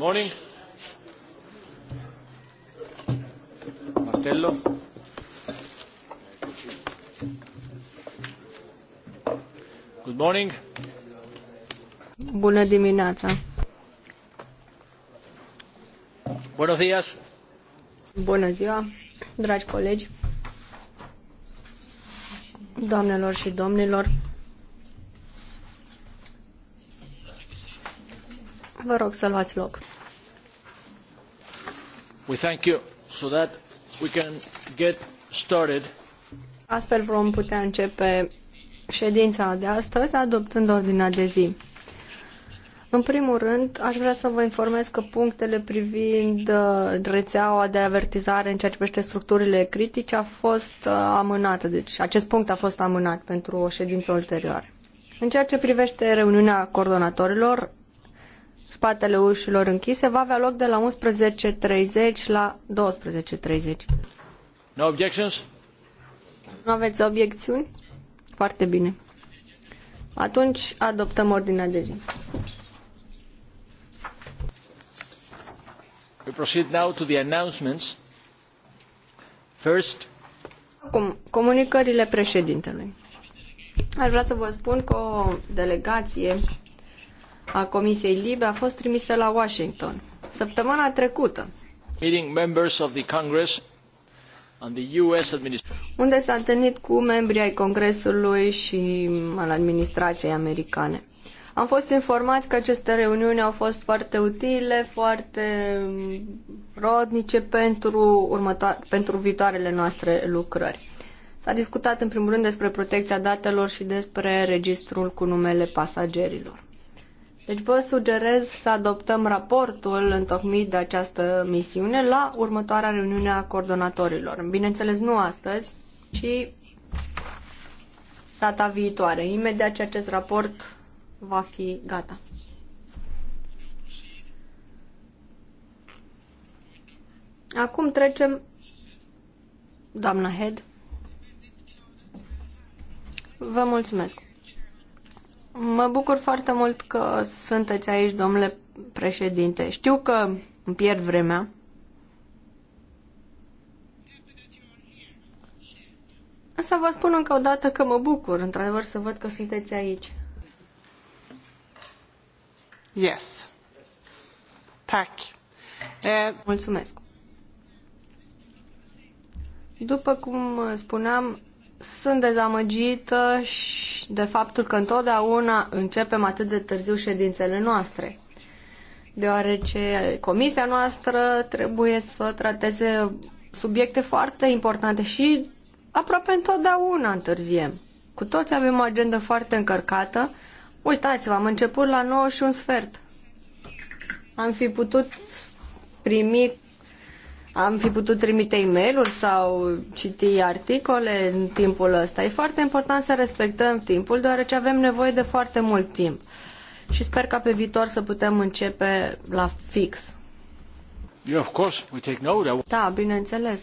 Morning. Martello. Good morning. Bună dimineața. Buenos días. Bună ziua, dragi colegi, doamnelor și domnilor. Vă rog să luați loc. We thank you so that we can get started. Astfel vom putea începe ședința de astăzi adoptând ordinea de zi. În primul rând, aș vrea să vă informez că punctele privind uh, rețeaua de avertizare în ceea ce privește structurile critice a fost uh, amânată, deci acest punct a fost amânat pentru o ședință ulterioară. În ceea ce privește reuniunea coordonatorilor, spatele ușilor închise, va avea loc de la 11.30 la 12.30. No objections? Nu aveți obiecțiuni? Foarte bine. Atunci adoptăm ordinea de zi. We proceed now to the announcements. First. Acum, comunicările președintelui. Aș vrea să vă spun că o delegație a Comisiei Libe a fost trimisă la Washington săptămâna trecută. Unde s-a întâlnit cu membrii ai Congresului și al administrației americane. Am fost informați că aceste reuniuni au fost foarte utile, foarte mm, rodnice pentru, următoare, pentru viitoarele noastre lucrări. S-a discutat în primul rând despre protecția datelor și despre registrul cu numele pasagerilor. Deci vă sugerez să adoptăm raportul întocmit de această misiune la următoarea reuniune a coordonatorilor. Bineînțeles, nu astăzi, ci data viitoare, imediat ce acest raport va fi gata. Acum trecem, doamna Head. Vă mulțumesc. Mă bucur foarte mult că sunteți aici, domnule președinte. Știu că îmi pierd vremea. Să vă spun încă o dată că mă bucur, într-adevăr, să văd că sunteți aici. Yes. E... Eh, Mulțumesc. După cum spuneam, sunt dezamăgită și de faptul că întotdeauna începem atât de târziu ședințele noastre, deoarece comisia noastră trebuie să trateze subiecte foarte importante și aproape întotdeauna întârziem. Cu toți avem o agendă foarte încărcată. Uitați-vă, am început la 9 și un sfert. Am fi putut primi am fi putut trimite e mail sau citi articole în timpul ăsta. E foarte important să respectăm timpul, deoarece avem nevoie de foarte mult timp. Și sper ca pe viitor să putem începe la fix. Yeah, of course, we take note. Da, bineînțeles.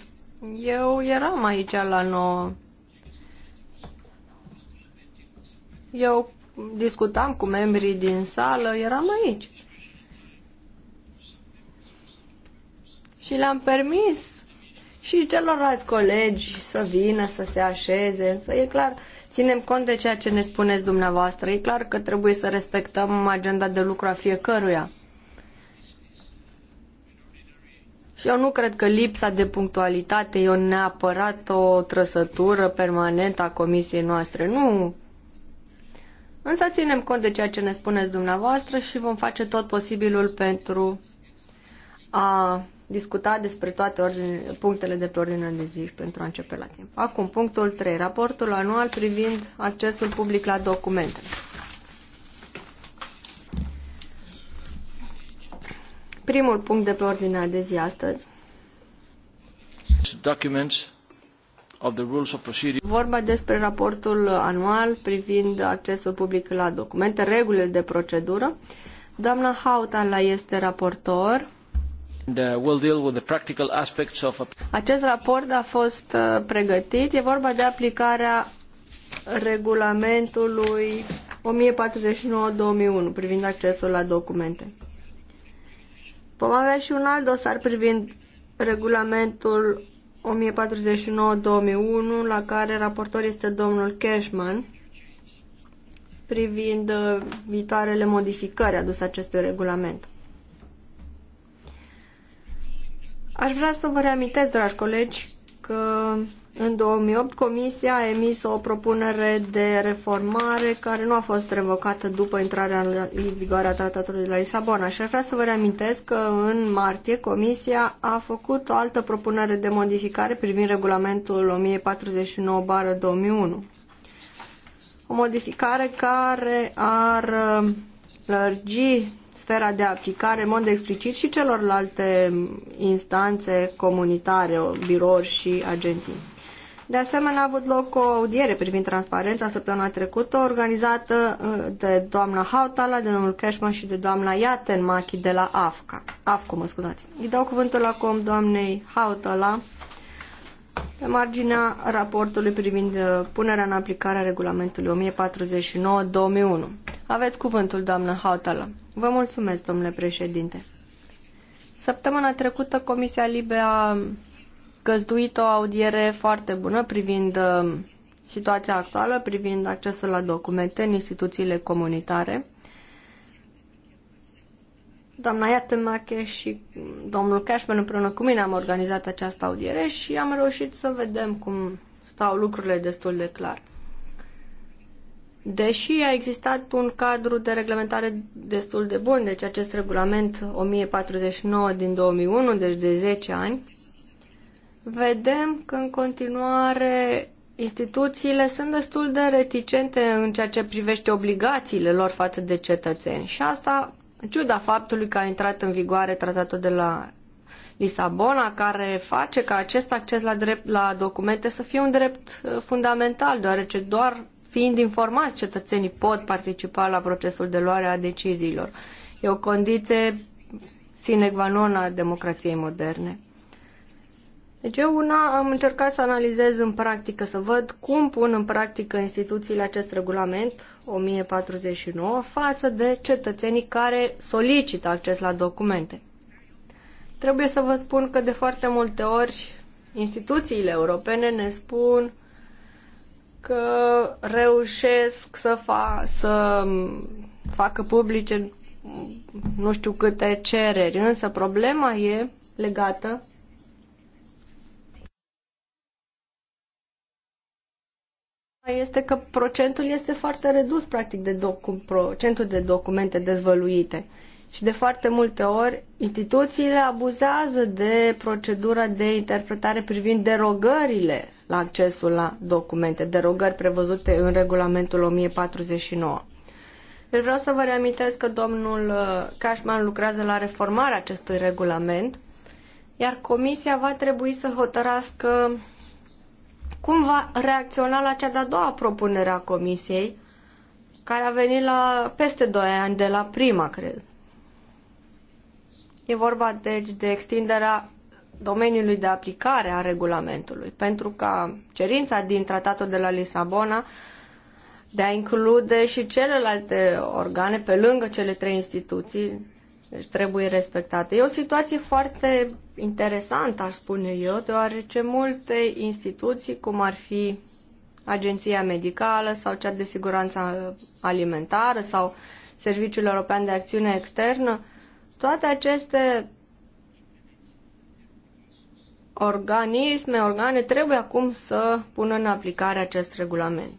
Eu eram aici la 9. Eu discutam cu membrii din sală, eram aici. Și le-am permis și celorlalți colegi să vină, să se așeze, însă e clar, ținem cont de ceea ce ne spuneți dumneavoastră. E clar că trebuie să respectăm agenda de lucru a fiecăruia. Și eu nu cred că lipsa de punctualitate e o neapărat o trăsătură permanentă a comisiei noastre. Nu. Însă ținem cont de ceea ce ne spuneți dumneavoastră și vom face tot posibilul pentru a discuta despre toate ordine, punctele de pe ordine de zi pentru a începe la timp. Acum, punctul 3. Raportul anual privind accesul public la documente. Primul punct de pe ordinea de zi astăzi. Documents of the rules of procedure. Vorba despre raportul anual privind accesul public la documente, regulile de procedură. Doamna Hautala este raportor Uh, Acest raport a fost uh, pregătit. E vorba de aplicarea regulamentului 1049-2001 privind accesul la documente. Vom avea și un alt dosar privind regulamentul 1049-2001 la care raportor este domnul Cashman privind uh, viitoarele modificări aduse acestui regulament. Aș vrea să vă reamintesc, dragi colegi, că în 2008 Comisia a emis o propunere de reformare care nu a fost revocată după intrarea în vigoare a Tratatului de la Lisabona. Și aș vrea să vă reamintesc că în martie Comisia a făcut o altă propunere de modificare privind regulamentul 1049-2001. O modificare care ar uh, lărgi sfera de aplicare în mod explicit și celorlalte instanțe comunitare, birouri și agenții. De asemenea, a avut loc o audiere privind transparența săptămâna trecută, organizată uh, de doamna Hautala, de domnul Cashman și de doamna Iaten Machi de la AFCA. AFCO, mă scuzați. Îi dau cuvântul acum doamnei Hautala pe marginea raportului privind uh, punerea în aplicare a regulamentului 1049-2001. Aveți cuvântul, doamnă Hautala. Vă mulțumesc, domnule președinte. Săptămâna trecută, Comisia Libe a găzduit o audiere foarte bună privind uh, situația actuală, privind accesul la documente în instituțiile comunitare. Doamna Iatemache și domnul Cashman împreună cu mine am organizat această audiere și am reușit să vedem cum stau lucrurile destul de clar. Deși a existat un cadru de reglementare destul de bun, deci acest regulament 1049 din 2001, deci de 10 ani, vedem că în continuare instituțiile sunt destul de reticente în ceea ce privește obligațiile lor față de cetățeni și asta în ciuda faptului că a intrat în vigoare tratatul de la Lisabona, care face ca acest acces la, drept, la documente să fie un drept uh, fundamental, deoarece doar fiind informați cetățenii pot participa la procesul de luare a deciziilor. E o condiție sine qua non a democrației moderne. Deci eu una am încercat să analizez în practică, să văd cum pun în practică instituțiile acest regulament 1049 față de cetățenii care solicită acces la documente. Trebuie să vă spun că de foarte multe ori instituțiile europene ne spun că reușesc să, fa- să facă publice nu știu câte cereri, însă problema e legată este că procentul este foarte redus, practic, de docu- procentul de documente dezvăluite. Și de foarte multe ori instituțiile abuzează de procedura de interpretare privind derogările la accesul la documente, derogări prevăzute în regulamentul 1049. Deci vreau să vă reamintesc că domnul uh, Cashman lucrează la reformarea acestui regulament, iar comisia va trebui să hotărască cum va reacționa la cea de-a doua propunere a Comisiei, care a venit la peste 2 ani de la prima, cred. E vorba, deci, de extinderea domeniului de aplicare a regulamentului, pentru ca cerința din tratatul de la Lisabona de a include și celelalte organe pe lângă cele trei instituții, deci trebuie respectate. E o situație foarte interesant, aș spune eu, deoarece multe instituții, cum ar fi Agenția Medicală sau cea de siguranță alimentară sau Serviciul European de Acțiune Externă, toate aceste organisme, organe, trebuie acum să pună în aplicare acest regulament.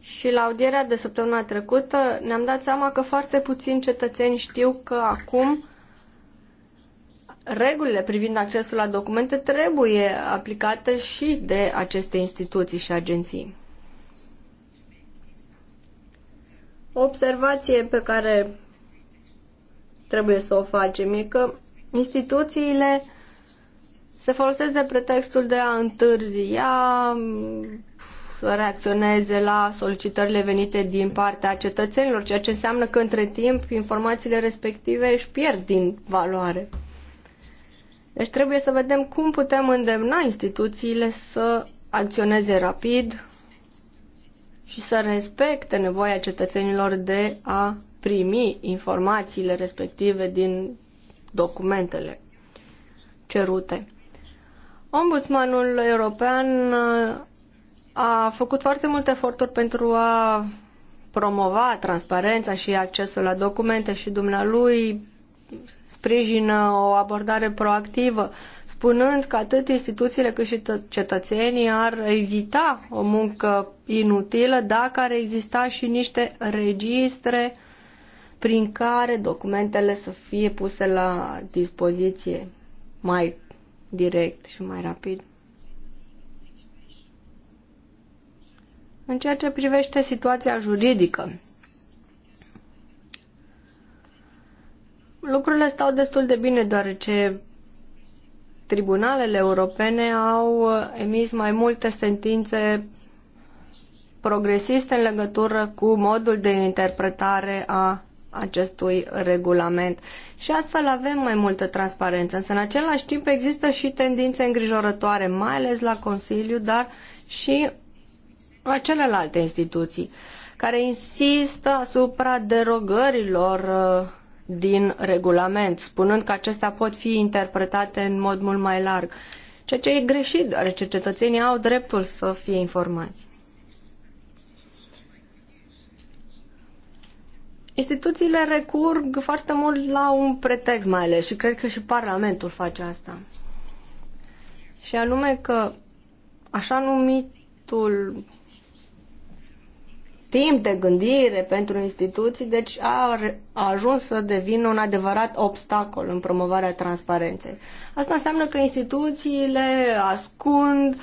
Și la audierea de săptămâna trecută ne-am dat seama că foarte puțini cetățeni știu că acum regulile privind accesul la documente trebuie aplicate și de aceste instituții și agenții. O observație pe care trebuie să o facem e că instituțiile se folosesc de pretextul de a întârzia, să reacționeze la solicitările venite din partea cetățenilor, ceea ce înseamnă că între timp informațiile respective își pierd din valoare. Deci trebuie să vedem cum putem îndemna instituțiile să acționeze rapid și să respecte nevoia cetățenilor de a primi informațiile respective din documentele cerute. Ombudsmanul european uh, a făcut foarte multe eforturi pentru a promova transparența și accesul la documente și dumnealui sprijină o abordare proactivă, spunând că atât instituțiile cât și cetățenii ar evita o muncă inutilă dacă ar exista și niște registre prin care documentele să fie puse la dispoziție mai direct și mai rapid. În ceea ce privește situația juridică, lucrurile stau destul de bine, deoarece tribunalele europene au emis mai multe sentințe progresiste în legătură cu modul de interpretare a acestui regulament. Și astfel avem mai multă transparență, însă în același timp există și tendințe îngrijorătoare, mai ales la Consiliu, dar și la celelalte instituții, care insistă asupra derogărilor uh, din regulament, spunând că acestea pot fi interpretate în mod mult mai larg, ceea ce e greșit, deoarece cetățenii au dreptul să fie informați. Instituțiile recurg foarte mult la un pretext mai ales și cred că și Parlamentul face asta. Și anume că așa numitul timp de gândire pentru instituții, deci a, a ajuns să devină un adevărat obstacol în promovarea transparenței. Asta înseamnă că instituțiile ascund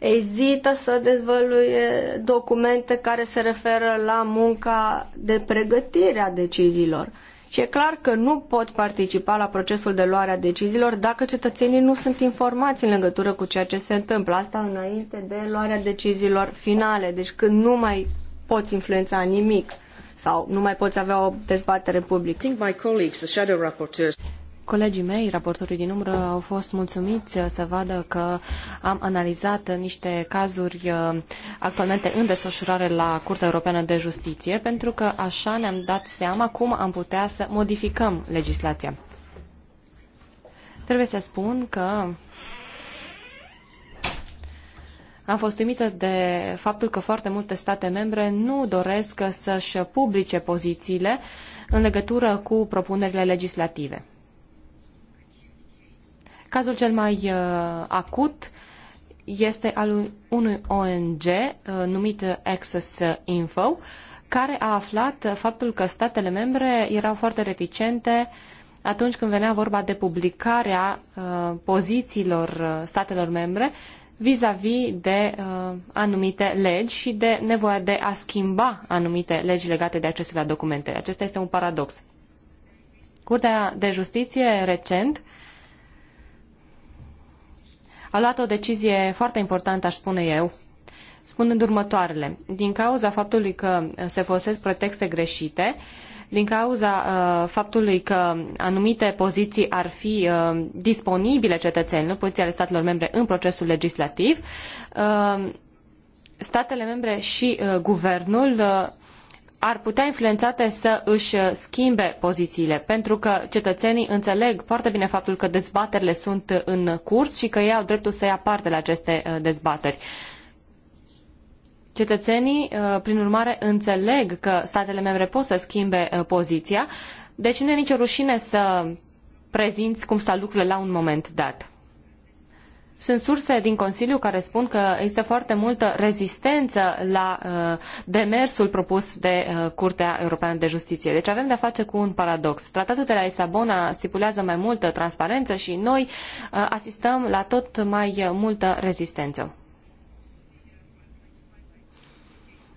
ezită să dezvăluie documente care se referă la munca de pregătire a deciziilor. Și e clar că nu pot participa la procesul de luare a deciziilor dacă cetățenii nu sunt informați în legătură cu ceea ce se întâmplă. Asta înainte de luarea deciziilor finale, deci când nu mai poți influența nimic sau nu mai poți avea o dezbatere publică. Colegii mei, raportorii din umbră, au fost mulțumiți uh, să vadă că am analizat uh, niște cazuri uh, actualmente în desfășurare la Curtea Europeană de Justiție, pentru că așa ne-am dat seama cum am putea să modificăm legislația. Trebuie să spun că am fost uimită de faptul că foarte multe state membre nu doresc să-și publice pozițiile în legătură cu propunerile legislative. Cazul cel mai uh, acut este al unui ONG uh, numit Access Info, care a aflat faptul că statele membre erau foarte reticente atunci când venea vorba de publicarea uh, pozițiilor statelor membre vis-a-vis de uh, anumite legi și de nevoia de a schimba anumite legi legate de accesul la documente. Acesta este un paradox. Curtea de Justiție recent a luat o decizie foarte importantă, aș spune eu, spunând următoarele. Din cauza faptului că se folosesc pretexte greșite, uh, din cauza uh, faptului că anumite poziții ar fi uh, disponibile cetățenilor, poziții ale statelor membre în procesul legislativ, uh, statele membre și guvernul ar putea influențate să își schimbe pozițiile, pentru că cetățenii înțeleg foarte bine faptul că dezbaterile sunt în curs și că ei au dreptul să ia parte la aceste dezbateri. Cetățenii, uh, prin urmare, înțeleg că statele membre pot să schimbe uh, poziția, deci nu e nicio rușine să prezinți cum stau lucrurile la un moment dat. Sunt surse din Consiliu care spun că există foarte multă rezistență la uh, demersul propus de Curtea Europeană de Justiție. Deci avem de-a face cu un paradox. Tratatul de la Lisabona stipulează mai multă transparență și noi asistăm la tot mai multă rezistență.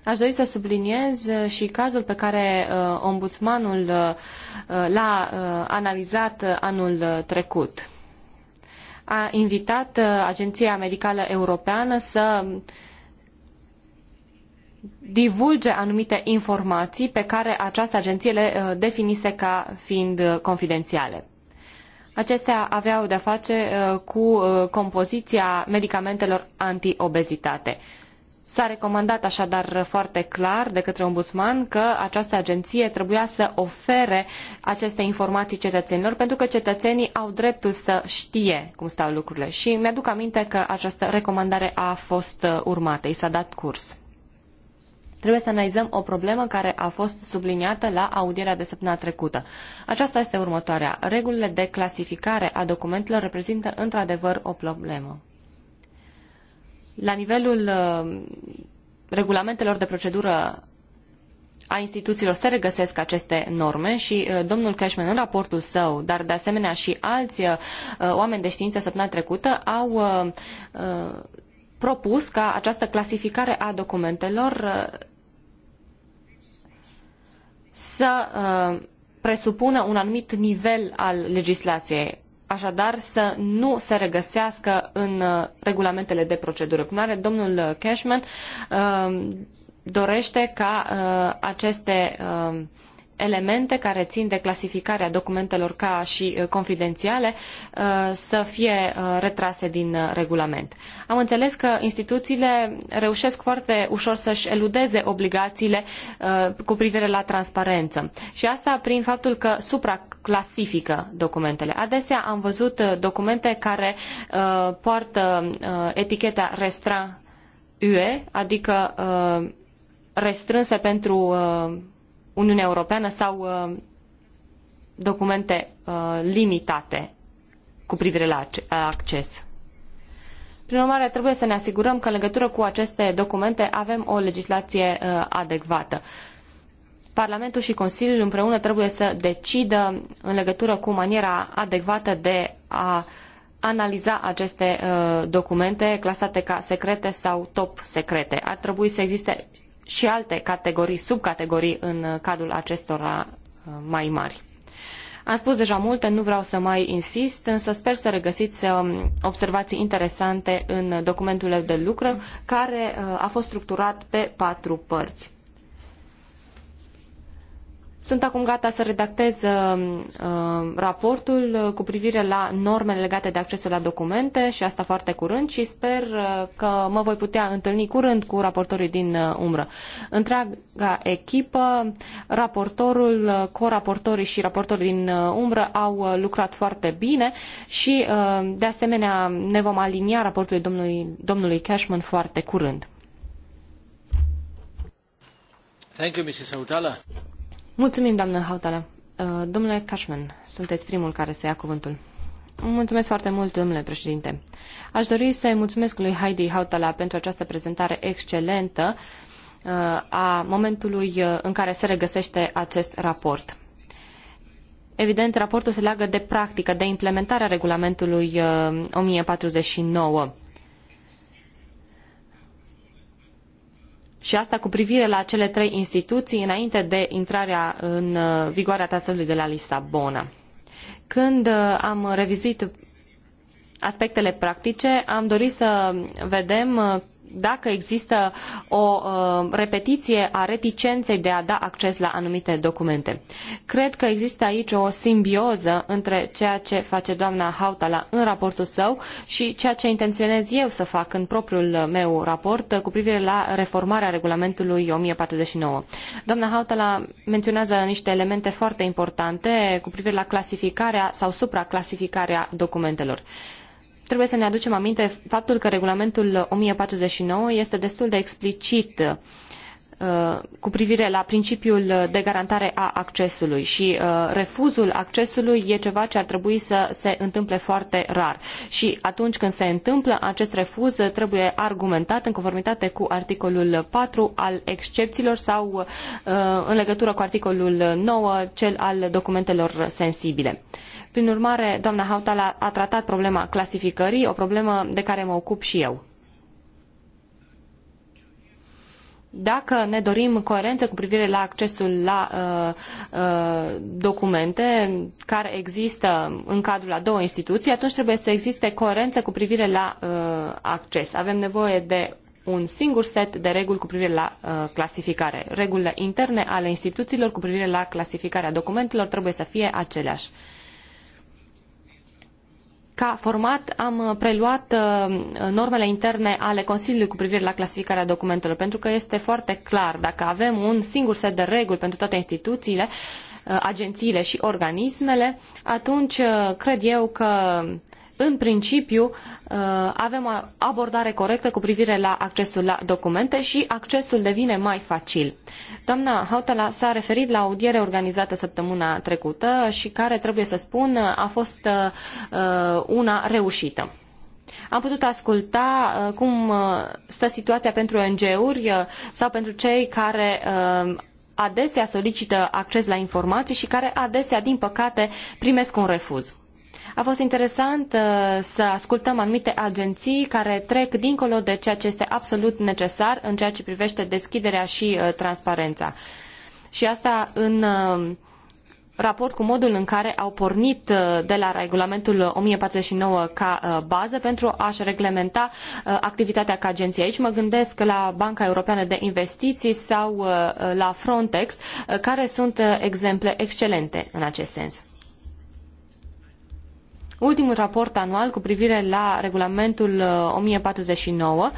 Aș dori să subliniez uh, și cazul pe care uh, ombudsmanul uh, l-a analizat anul trecut. A invitat Agenția Medicală Europeană să divulge anumite informații pe care această agenție le definise ca fiind confidențiale. Acestea aveau de-a face cu compoziția medicamentelor antiobezitate. obezitate S-a recomandat așadar foarte clar de către ombudsman că această agenție trebuia să ofere aceste informații cetățenilor pentru că cetățenii au dreptul să știe cum stau lucrurile și mi-aduc aminte că această recomandare a fost uh, urmată, i s-a dat curs. Trebuie să analizăm o problemă care a fost subliniată la audierea de săptămâna trecută. Aceasta este următoarea. Regulile de clasificare a documentelor reprezintă într-adevăr o problemă la nivelul uh, regulamentelor de procedură a instituțiilor se regăsesc aceste norme și uh, domnul Cashman în raportul său, dar de asemenea și alți uh, oameni de știință săptămâna trecută au propus ca această clasificare a documentelor să presupună un anumit nivel al legislației așadar să nu se regăsească în uh, regulamentele de procedură. Prin urmare, domnul Cashman uh, dorește ca uh, aceste elemente care țin de clasificarea documentelor ca și uh, confidențiale uh, să fie uh, retrase din regulament. Am înțeles că instituțiile reușesc foarte ușor să-și eludeze obligațiile cu privire la transparență și asta prin faptul că supraclasifică documentele. Adesea am văzut documente care poartă eticheta restra UE, adică restrânse pentru Uniunea Europeană sau uh, documente uh, limitate cu privire la acces. Prin urmare, trebuie să ne asigurăm că în legătură cu aceste documente avem o legislație uh, adecvată. Parlamentul și Consiliul împreună trebuie să decidă în legătură cu maniera adecvată de a analiza aceste documente clasate ca secrete sau top secrete. Ar trebui să existe și alte categorii, subcategorii în cadrul acestora uh, mai mari. Am spus deja multe, nu vreau să mai insist, însă sper să regăsiți um, observații interesante în documentul de lucru, care uh, a fost structurat pe patru părți. Sunt acum gata să redactez uh, uh raportul uh, cu privire la normele legate de accesul la documente și asta foarte curând și sper uh, că mă voi putea întâlni curând cu raportorii din umbră. Întreaga echipă, raportorul, coraportorii și raportorii din umbră au lucrat foarte bine și uh, de asemenea ne vom alinia raportului domnului, domnului Cashman foarte curând. Thank you, Mrs. Autala. Mulțumim, doamnă Hautala. Uh, domnule Cashman, sunteți primul care să ia cuvântul. Mulțumesc foarte mult, domnule președinte. Aș dori să-i mulțumesc lui Heidi Hautala pentru această prezentare excelentă uh, a momentului uh, în care se regăsește acest raport. Evident, raportul se leagă de practică, de implementarea regulamentului 1049 și asta cu privire la cele trei instituții înainte de intrarea în uh, vigoare a tratatului de la Lisabona. Când uh, am revizuit aspectele practice, am dorit să vedem uh, dacă există o uh, repetiție a reticenței de a da acces la anumite documente. Cred că există aici o simbioză între ceea ce face doamna Hautala în raportul său și ceea ce intenționez eu să fac în propriul meu raport cu privire la reformarea regulamentului 1049. Doamna Hautala menționează niște elemente foarte importante cu privire la clasificarea sau supraclasificarea documentelor trebuie să ne aducem aminte faptul că regulamentul 1049 este destul de explicit uh, cu privire la principiul de garantare a accesului și uh, refuzul accesului e ceva ce ar trebui să se întâmple foarte rar. Și atunci când se întâmplă, acest refuz trebuie argumentat în conformitate cu articolul 4 al excepțiilor sau uh, în legătură cu articolul 9, cel al documentelor sensibile. Prin urmare, doamna Hautala a tratat problema clasificării, o problemă de care mă ocup și eu. Dacă ne dorim coerență cu privire la accesul la uh, uh, documente care există în cadrul a două instituții, atunci trebuie să existe coerență cu privire la uh, acces. Avem nevoie de un singur set de reguli cu privire la uh, clasificare. Regulile interne ale instituțiilor cu privire la clasificarea documentelor trebuie să fie aceleași. Ca format am uh, preluat uh, normele interne ale Consiliului cu privire la clasificarea documentelor, pentru că este foarte clar, dacă avem un singur set de reguli pentru toate instituțiile, uh, agențiile și organismele, atunci cred eu că în principiu uh, avem o abordare corectă cu privire la accesul la documente și accesul devine mai facil. Doamna Hautala s-a referit la audiere organizată săptămâna trecută și care, trebuie să spun, a fost uh, una reușită. Am putut asculta uh, cum stă situația pentru ONG-uri sau pentru cei care adesea solicită acces la informații și care adesea, din păcate, primesc un refuz. A fost interesant uh, să ascultăm anumite agenții care trec dincolo de ceea ce este absolut necesar în ceea ce privește deschiderea și uh, transparența. Și asta în uh, raport cu modul în care au pornit de la regulamentul 1049 ca bază pentru a-și reglementa activitatea ca agenție. Aici mă gândesc la Banca Europeană de Investiții sau la Frontex, care sunt exemple excelente în acest sens. Ultimul raport anual cu privire la regulamentul 1049 uh,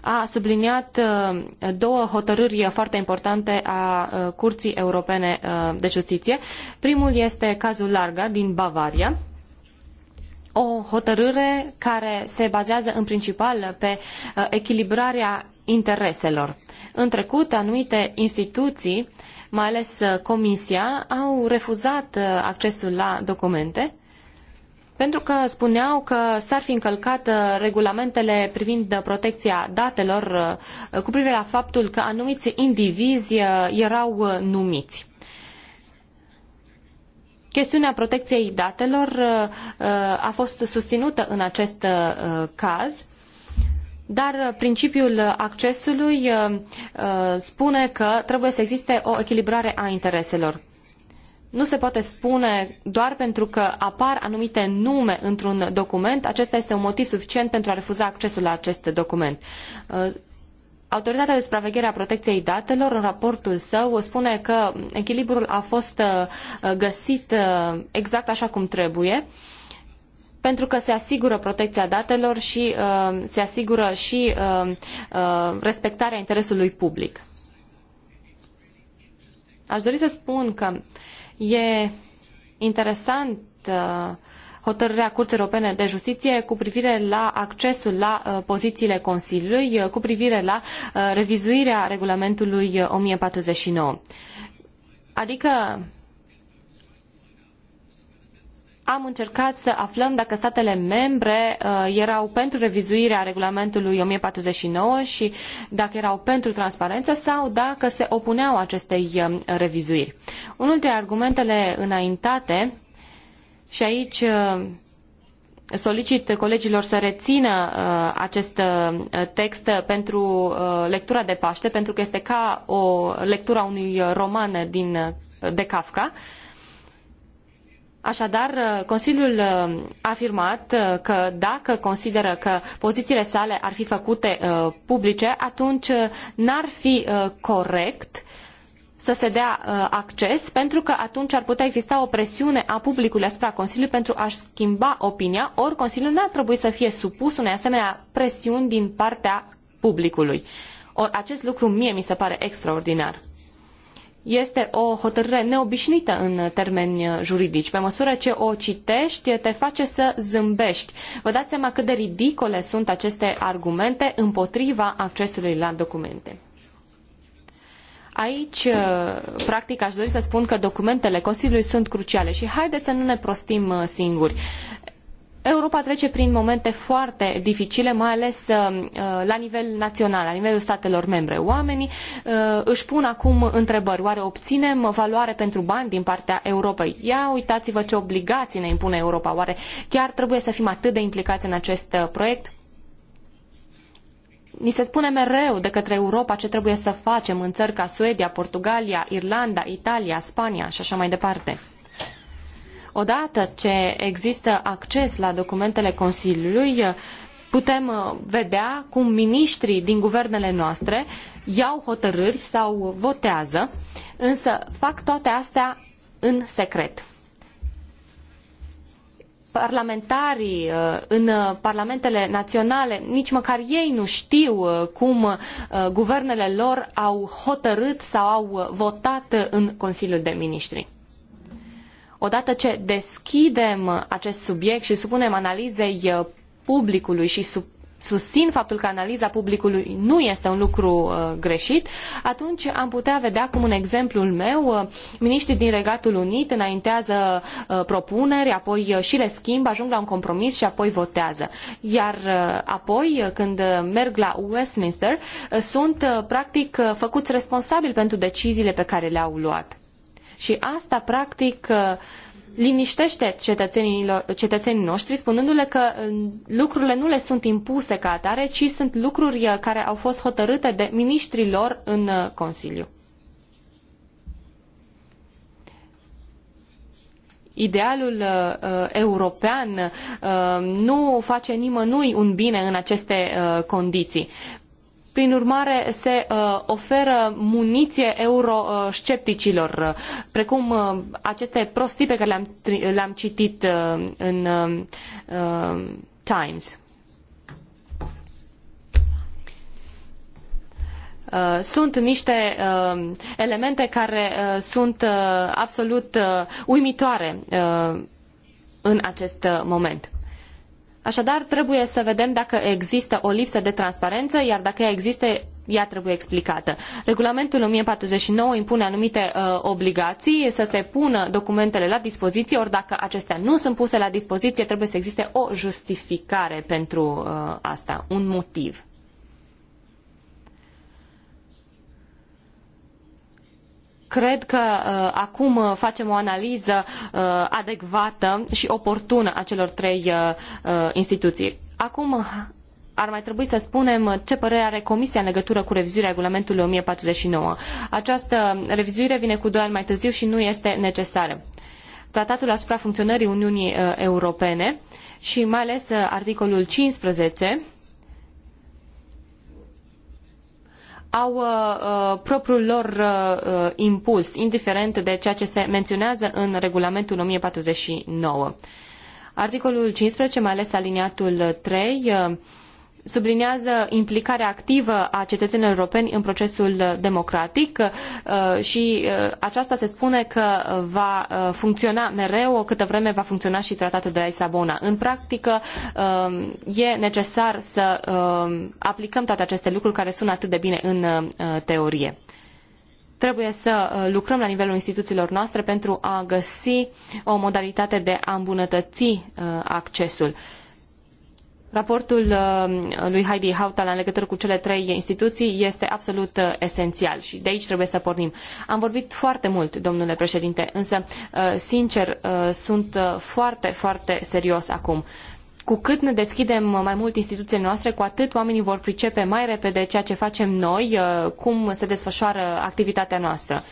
a subliniat uh, două hotărâri foarte importante a uh, Curții Europene de Justiție. Primul este cazul Larga din Bavaria, o hotărâre care se bazează în principal pe echilibrarea intereselor. În trecut, anumite instituții, mai ales Comisia, au refuzat accesul la documente pentru că spuneau că s-ar fi încălcat uh, regulamentele privind uh, protecția datelor uh, cu privire la faptul că anumiți indivizi erau numiți. Chestiunea protecției datelor a fost susținută în acest caz dar principiul accesului spune că trebuie să existe o echilibrare a intereselor nu se poate spune doar pentru că apar anumite nume într-un document, acesta este un motiv suficient pentru a refuza accesul la acest document. Uh, Autoritatea de supraveghere a protecției datelor, în raportul său, spune că echilibrul a fost uh, găsit uh, exact așa cum trebuie, pentru că se asigură protecția datelor și se asigură și respectarea interesului public. Aș dori să spun că E interesant uh, hotărârea Curții Europene de Justiție cu privire la accesul la uh, pozițiile Consiliului, uh, cu privire la revizuirea regulamentului 1049. Adică am încercat să aflăm dacă statele membre uh, erau pentru revizuirea regulamentului 1049 și dacă erau pentru transparență sau dacă se opuneau acestei um, revizuiri. Unul dintre argumentele înaintate și aici uh, solicit colegilor să rețină uh, acest text pentru lectura de Paște, pentru că este ca o lectura unui roman din, de Kafka. Uh, Așadar, uh, Consiliul uh, a afirmat uh, că dacă consideră că pozițiile sale ar fi făcute publice, atunci n-ar fi corect să se dea acces, pentru că atunci ar putea exista o presiune a publicului asupra Consiliului pentru a-și schimba opinia, ori Consiliul n-ar trebui să fie supus unei asemenea presiuni din partea publicului. Or, acest lucru mie mi se pare extraordinar. Este o hotărâre neobișnuită în termeni juridici. Pe măsură ce o citești, te face să zâmbești. Vă dați seama cât de ridicole sunt aceste argumente împotriva accesului la documente. Aici, uh, practic, aș dori să spun că documentele Consiliului sunt cruciale și haideți să nu ne prostim uh, singuri. Europa trece prin momente foarte dificile, mai ales uh, uh, la nivel național, la nivelul statelor membre. Oamenii uh, își pun acum întrebări. Oare obținem valoare pentru bani din partea Europei? Ia uitați-vă ce obligații ne impune Europa. Oare chiar trebuie să fim atât de implicați în acest proiect? Ni se spune mereu de către Europa ce trebuie să facem în țări ca Suedia, Portugalia, Irlanda, Italia, Spania și așa mai departe. Odată ce există acces la documentele Consiliului, putem uh, vedea cum miniștrii din guvernele noastre iau hotărâri sau votează, însă fac toate astea în secret parlamentarii uh, în parlamentele naționale, nici măcar ei nu știu uh, cum guvernele lor au hotărât sau au votat în Consiliul de Ministri odată ce deschidem acest subiect și supunem analizei uh, publicului și sub, susțin faptul că analiza publicului nu este un lucru uh, greșit, atunci am putea vedea cum în exemplul meu, uh, miniștrii din Regatul Unit înaintează uh, propuneri, apoi uh, și le schimb, ajung la un compromis și apoi votează. Iar uh, apoi, uh, când uh, merg la Westminster, sunt practic uh, făcuți responsabili pentru deciziile pe care le-au luat. Și asta, practic, uh, liniștește cetățenii noștri, spunându-le că uh, lucrurile nu le sunt impuse ca atare, ci sunt lucruri uh, care au fost hotărâte de miniștrii lor în Consiliu. idealul uh, european uh, nu face nimănui un bine în aceste uh, condiții. Prin urmare, se uh, oferă muniție euroscepticilor, uh, precum uh, aceste prostii pe care le-am, le-am citit în Times. sunt niște elemente care sunt absolut uimitoare în acest moment. Așadar, trebuie să vedem dacă există o lipsă de transparență, iar dacă ea există, ea trebuie explicată. Regulamentul 1049 impune anumite uh, obligații să se pună documentele la dispoziție, ori dacă acestea nu sunt puse la dispoziție, trebuie să existe o justificare pentru uh, asta, un motiv. cred că uh, acum uh, facem o analiză uh, adecvată și oportună a celor trei instituții. Acum ar mai trebui să spunem ce părere are Comisia în legătură cu revizuirea regulamentului 1049. Această revizuire vine cu doi ani mai târziu și nu este necesară. Tratatul asupra funcționării Uniunii Europene și mai ales articolul 15 au uh, uh, propriul lor uh, uh, impuls, indiferent de ceea ce se menționează în regulamentul 1049. Articolul 15, mai ales aliniatul 3, uh, subliniază implicarea activă a cetățenilor europeni în procesul democratic uh, și uh, aceasta se spune că va uh, funcționa mereu, câtă vreme va funcționa și tratatul de la Lisabona. În practică e necesar să aplicăm toate aceste lucruri care sună atât de bine în teorie trebuie să lucrăm la nivelul instituțiilor noastre pentru a găsi o modalitate de a îmbunătăți accesul. Raportul uh, lui Heidi Hautala în legătură cu cele trei instituții este absolut uh, esențial și de aici trebuie să pornim. Am vorbit foarte mult, domnule președinte, însă, uh, sincer, sunt foarte, foarte serios acum. Cu cât ne deschidem mai mult instituțiile noastre, cu atât oamenii vor pricepe mai repede ceea ce facem noi, cum se desfășoară activitatea noastră.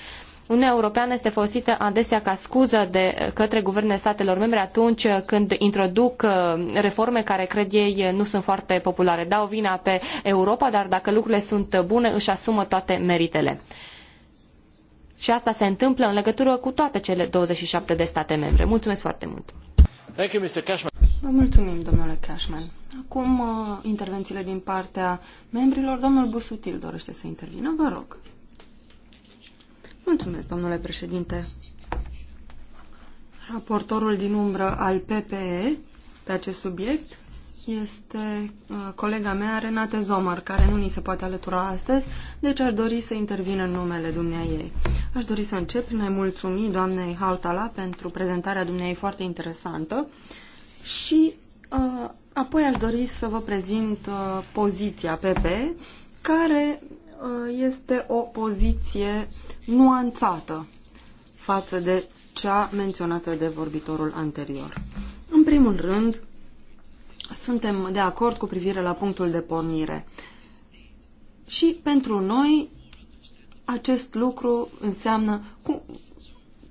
Uniunea Europeană este folosită adesea ca scuză de către guvernele statelor membre atunci când introduc uh, reforme care cred ei nu sunt foarte populare. Dau vina pe Europa, dar dacă lucrurile sunt bune, își asumă toate meritele. Și asta se întâmplă în legătură cu toate cele 27 de state membre. Mulțumesc foarte mult! Vă mulțumim, domnule Cashman. Acum uh, intervențiile din partea membrilor. Domnul Busutil dorește să intervină. Vă rog. Mulțumesc, domnule președinte. Raportorul din umbră al PPE pe acest subiect este uh, colega mea, Renate Zomar, care nu ni se poate alătura astăzi, deci aș dori să intervină în numele ei. Aș dori să încep prin a-i mulțumi doamnei Hautala pentru prezentarea dumneai foarte interesantă și uh, apoi aș dori să vă prezint uh, poziția PPE, care Uh, este o poziție nuanțată față de cea menționată de vorbitorul anterior. În primul rând, suntem de acord cu privire la punctul de pornire. Și pentru noi acest lucru înseamnă cum,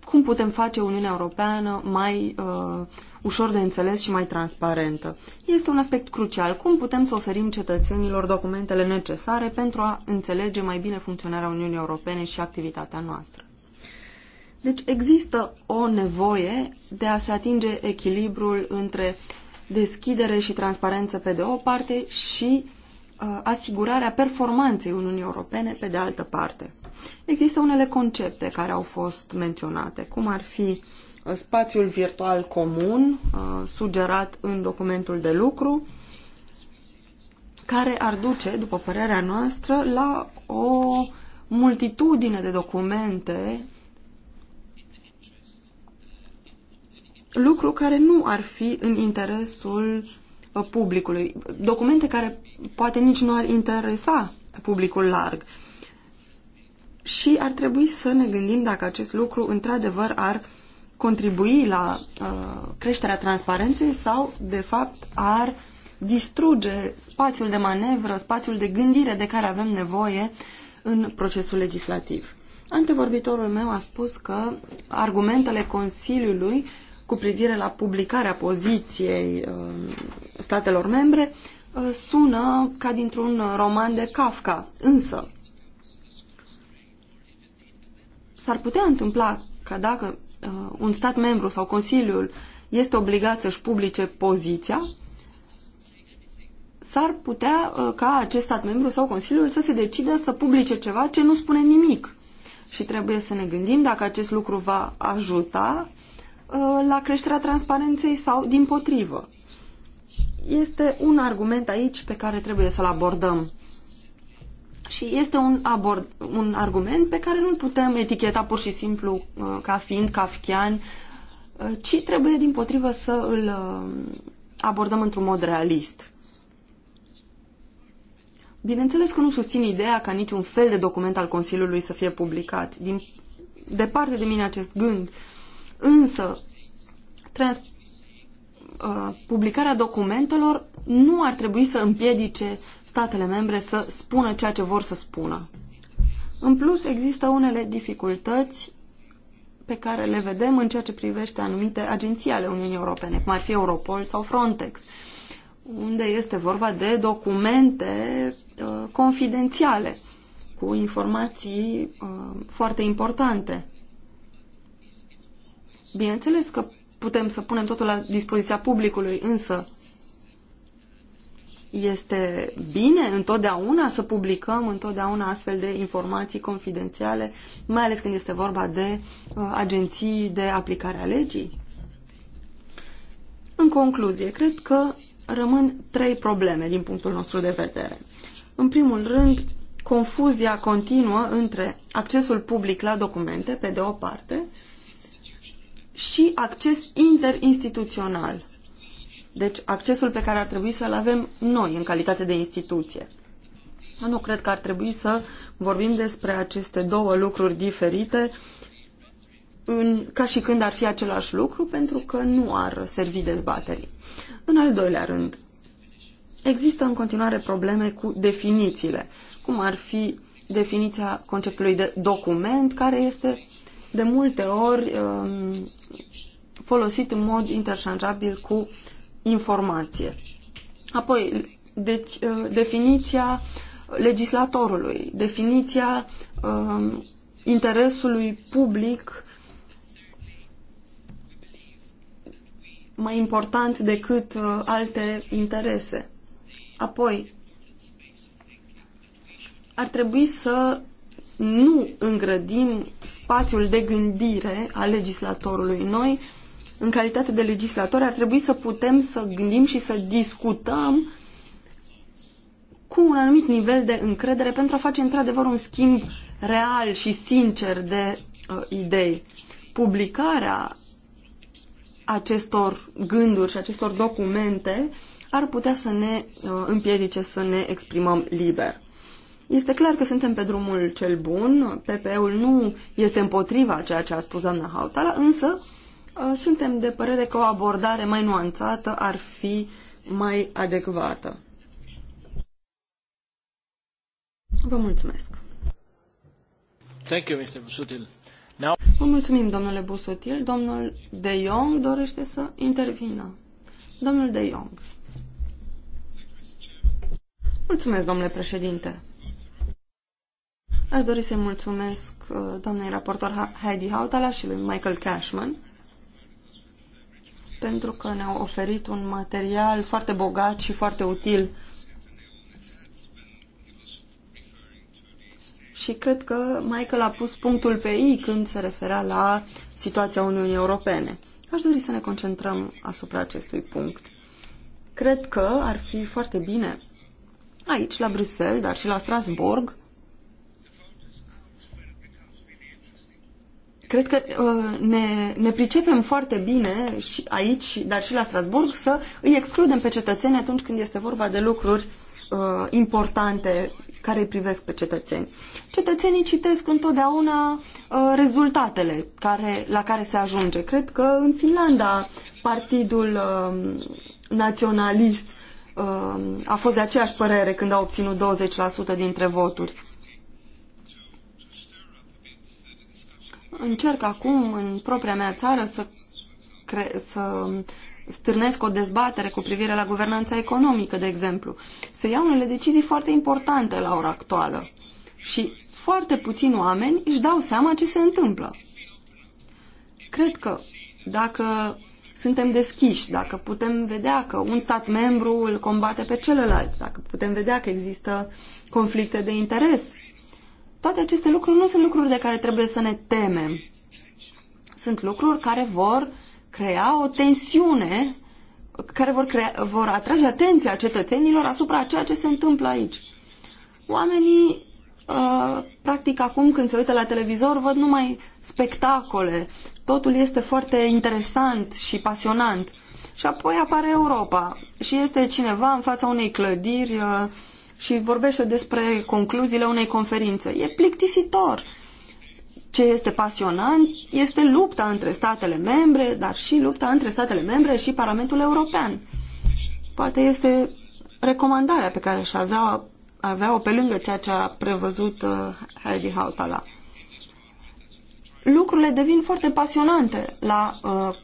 cum putem face Uniunea Europeană mai uh, ușor de înțeles și mai transparentă. Este un aspect crucial. Cum putem să oferim cetățenilor documentele necesare pentru a înțelege mai bine funcționarea Uniunii Europene și activitatea noastră? Deci există o nevoie de a se atinge echilibrul între deschidere și transparență pe de o parte și uh, asigurarea performanței Uniunii Europene pe de altă parte. Există unele concepte care au fost menționate, cum ar fi uh, spațiul virtual comun sugerat în documentul de lucru, care ar duce, după părerea noastră, la o multitudine de documente, lucru care nu ar fi în interesul publicului, documente care poate nici nu ar interesa publicul larg. Și ar trebui să ne gândim dacă acest lucru într-adevăr ar uh, contribui la uh, creșterea transparenței sau, de fapt, ar distruge spațiul de manevră, spațiul de gândire de care avem nevoie în procesul legislativ. Antevorbitorul meu a spus că argumentele Consiliului cu privire la publicarea poziției uh, statelor membre uh, sună ca dintr-un roman de Kafka. Însă, s-ar putea întâmpla ca dacă Uh, un stat membru sau Consiliul este obligat să-și publice poziția, s-ar putea uh, ca acest stat membru sau Consiliul să se decidă să publice ceva ce nu spune nimic. Și trebuie să ne gândim dacă acest lucru va ajuta uh, la creșterea transparenței sau din potrivă. Este un argument aici pe care trebuie să-l abordăm. Și este un, abord, un argument pe care nu-l putem eticheta pur și simplu uh, ca fiind kafkian, uh, ci trebuie din potrivă să îl uh, abordăm într-un mod realist. Bineînțeles că nu susțin ideea ca niciun fel de document al Consiliului să fie publicat. Din, departe de mine acest gând. Însă, trans, publicarea documentelor nu ar trebui să împiedice statele membre să spună ceea ce vor să spună. În plus, există unele dificultăți pe care le vedem în ceea ce privește anumite agenții ale Uniunii Europene, cum ar fi Europol sau Frontex, unde este vorba de documente uh, confidențiale cu informații uh, foarte importante. Bineînțeles că putem să punem totul la dispoziția publicului, însă este bine întotdeauna să publicăm întotdeauna astfel de informații confidențiale, mai ales când este vorba de uh, agenții de aplicare a legii? În concluzie, cred că rămân trei probleme din punctul nostru de vedere. În primul rând, confuzia continuă între accesul public la documente, pe de o parte, și acces interinstituțional. Deci accesul pe care ar trebui să-l avem noi în calitate de instituție. Eu nu cred că ar trebui să vorbim despre aceste două lucruri diferite în, ca și când ar fi același lucru, pentru că nu ar servi dezbaterii. În al doilea rând, există în continuare probleme cu definițiile, cum ar fi definiția conceptului de document, care este de multe ori um, folosit în mod interșanjabil cu informație. Apoi, deci, uh, definiția legislatorului, definiția uh, interesului public mai important decât uh, alte interese. Apoi, ar trebui să nu îngrădim spațiul de gândire al legislatorului. Noi uh, în calitate de legislatori, ar trebui să putem să gândim și să discutăm cu un anumit nivel de încredere pentru a face într-adevăr un schimb real și sincer de uh, idei. Publicarea acestor gânduri și acestor documente ar putea să ne uh, împiedice să ne exprimăm liber. Este clar că suntem pe drumul cel bun, PPE-ul nu este împotriva ceea ce a spus doamna Hautala, însă uh, Uh, suntem de părere că o abordare mai nuanțată ar fi mai adecvată. Vă mulțumesc. Thank you, Mr. Busutil. Now... Vă mulțumim, domnule Busutil. Domnul De Jong dorește să intervină. Domnul De Jong. Mulțumesc, domnule președinte. Aș dori să-i mulțumesc uh, doamnei raportor Heidi Hautala și lui Michael Cashman pentru că ne-au oferit un material foarte bogat și foarte util. Și cred că Michael a pus punctul pe I când se referea la situația Uniunii Europene. Aș dori să ne concentrăm asupra acestui punct. Cred că ar fi foarte bine aici, la Bruxelles, dar și la Strasbourg, Cred că uh, ne, ne pricepem foarte bine și aici, dar și la Strasburg, să îi excludem pe cetățeni atunci când este vorba de lucruri uh, importante care îi privesc pe cetățeni. Cetățenii citesc întotdeauna uh, rezultatele care, la care se ajunge. Cred că în Finlanda Partidul uh, Naționalist uh, a fost de aceeași părere când a obținut 20% dintre voturi. încerc acum în propria mea țară să, cre- să stârnesc o dezbatere cu privire la guvernanța economică, de exemplu. să iau unele decizii foarte importante la ora actuală și foarte puțini oameni își dau seama ce se întâmplă. Cred că dacă suntem deschiși, dacă putem vedea că un stat membru îl combate pe celălalt, dacă putem vedea că există conflicte de interes, toate aceste lucruri nu sunt lucruri de care trebuie să ne temem. Sunt lucruri care vor crea o tensiune, care vor, crea, vor atrage atenția cetățenilor asupra ceea ce se întâmplă aici. Oamenii Uh, practic acum când se uită la televizor văd numai spectacole, totul este foarte interesant și pasionant. Și apoi apare Europa și este cineva în fața unei clădiri uh, și vorbește despre concluziile unei conferințe. E plictisitor. Ce este pasionant este lupta între statele membre, dar și lupta între statele membre și Parlamentul European. Poate este recomandarea pe care și avea, avea-o pe lângă ceea ce a prevăzut uh, Heidi Hautala. Lucrurile devin foarte pasionante la, uh,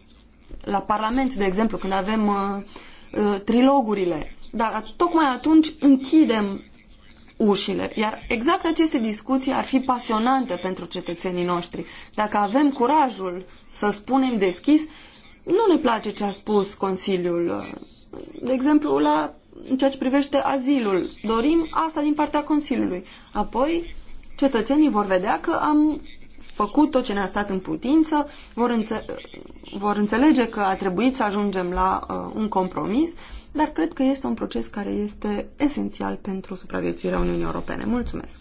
la Parlament, de exemplu, când avem uh, uh, trilogurile dar tocmai atunci închidem ușile. Iar exact aceste discuții ar fi pasionante pentru cetățenii noștri. Dacă avem curajul să spunem deschis, nu ne place ce a spus Consiliul. De exemplu, la în ceea ce privește azilul. Dorim asta din partea Consiliului. Apoi, cetățenii vor vedea că am făcut tot ce ne-a stat în putință, vor, înțe- vor înțelege că a trebuit să ajungem la uh, un compromis dar cred că este un proces care este esențial pentru supraviețuirea Uniunii Europene. Mulțumesc!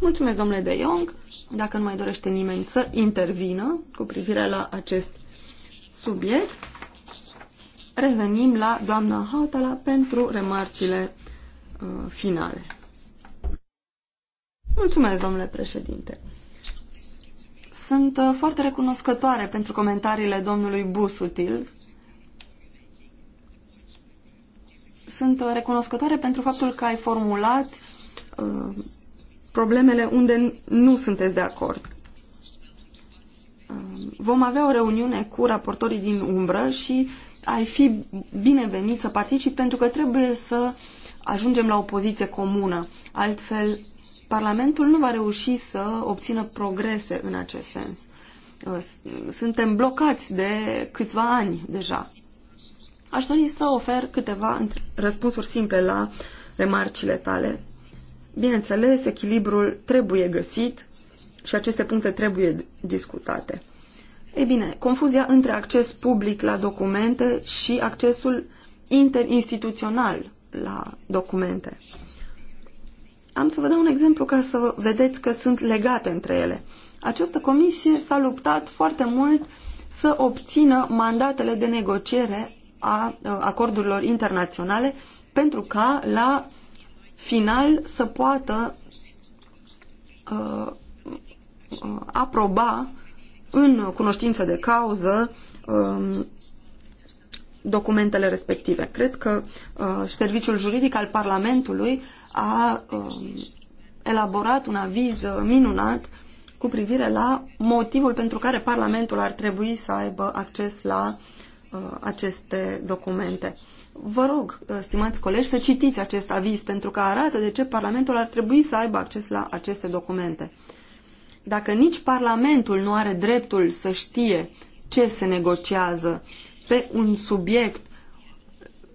Mulțumesc, domnule De Jong. Dacă nu mai dorește nimeni să intervină cu privire la acest subiect, revenim la doamna Hautala pentru remarcile uh, finale. Mulțumesc, domnule președinte. Sunt uh, foarte recunoscătoare pentru comentariile domnului Busutil, sunt uh, recunoscătoare pentru faptul că ai formulat uh, problemele unde nu sunteți de acord. Uh, vom avea o reuniune cu raportorii din umbră și ai fi binevenit să participi pentru că trebuie să ajungem la o poziție comună. Altfel, Parlamentul nu va reuși să obțină progrese în acest sens. Uh, suntem blocați de câțiva ani deja. Aș dori să ofer câteva răspunsuri simple la remarcile tale. Bineînțeles, echilibrul trebuie găsit și aceste puncte trebuie discutate. Ei bine, confuzia între acces public la documente și accesul interinstituțional la documente. Am să vă dau un exemplu ca să vedeți că sunt legate între ele. Această comisie s-a luptat foarte mult să obțină mandatele de negociere a acordurilor internaționale pentru ca la final să poată uh, aproba în cunoștință de cauză documentele respective. Cred că uh, serviciul juridic al Parlamentului a elaborat un aviz minunat cu privire la motivul pentru care Parlamentul ar trebui să aibă acces la uh, Uh, aceste documente. Vă rog, uh, stimați colegi, să citiți acest aviz pentru că arată de ce Parlamentul ar trebui să aibă acces la aceste documente. Dacă nici Parlamentul nu are dreptul să știe ce se negociază pe un subiect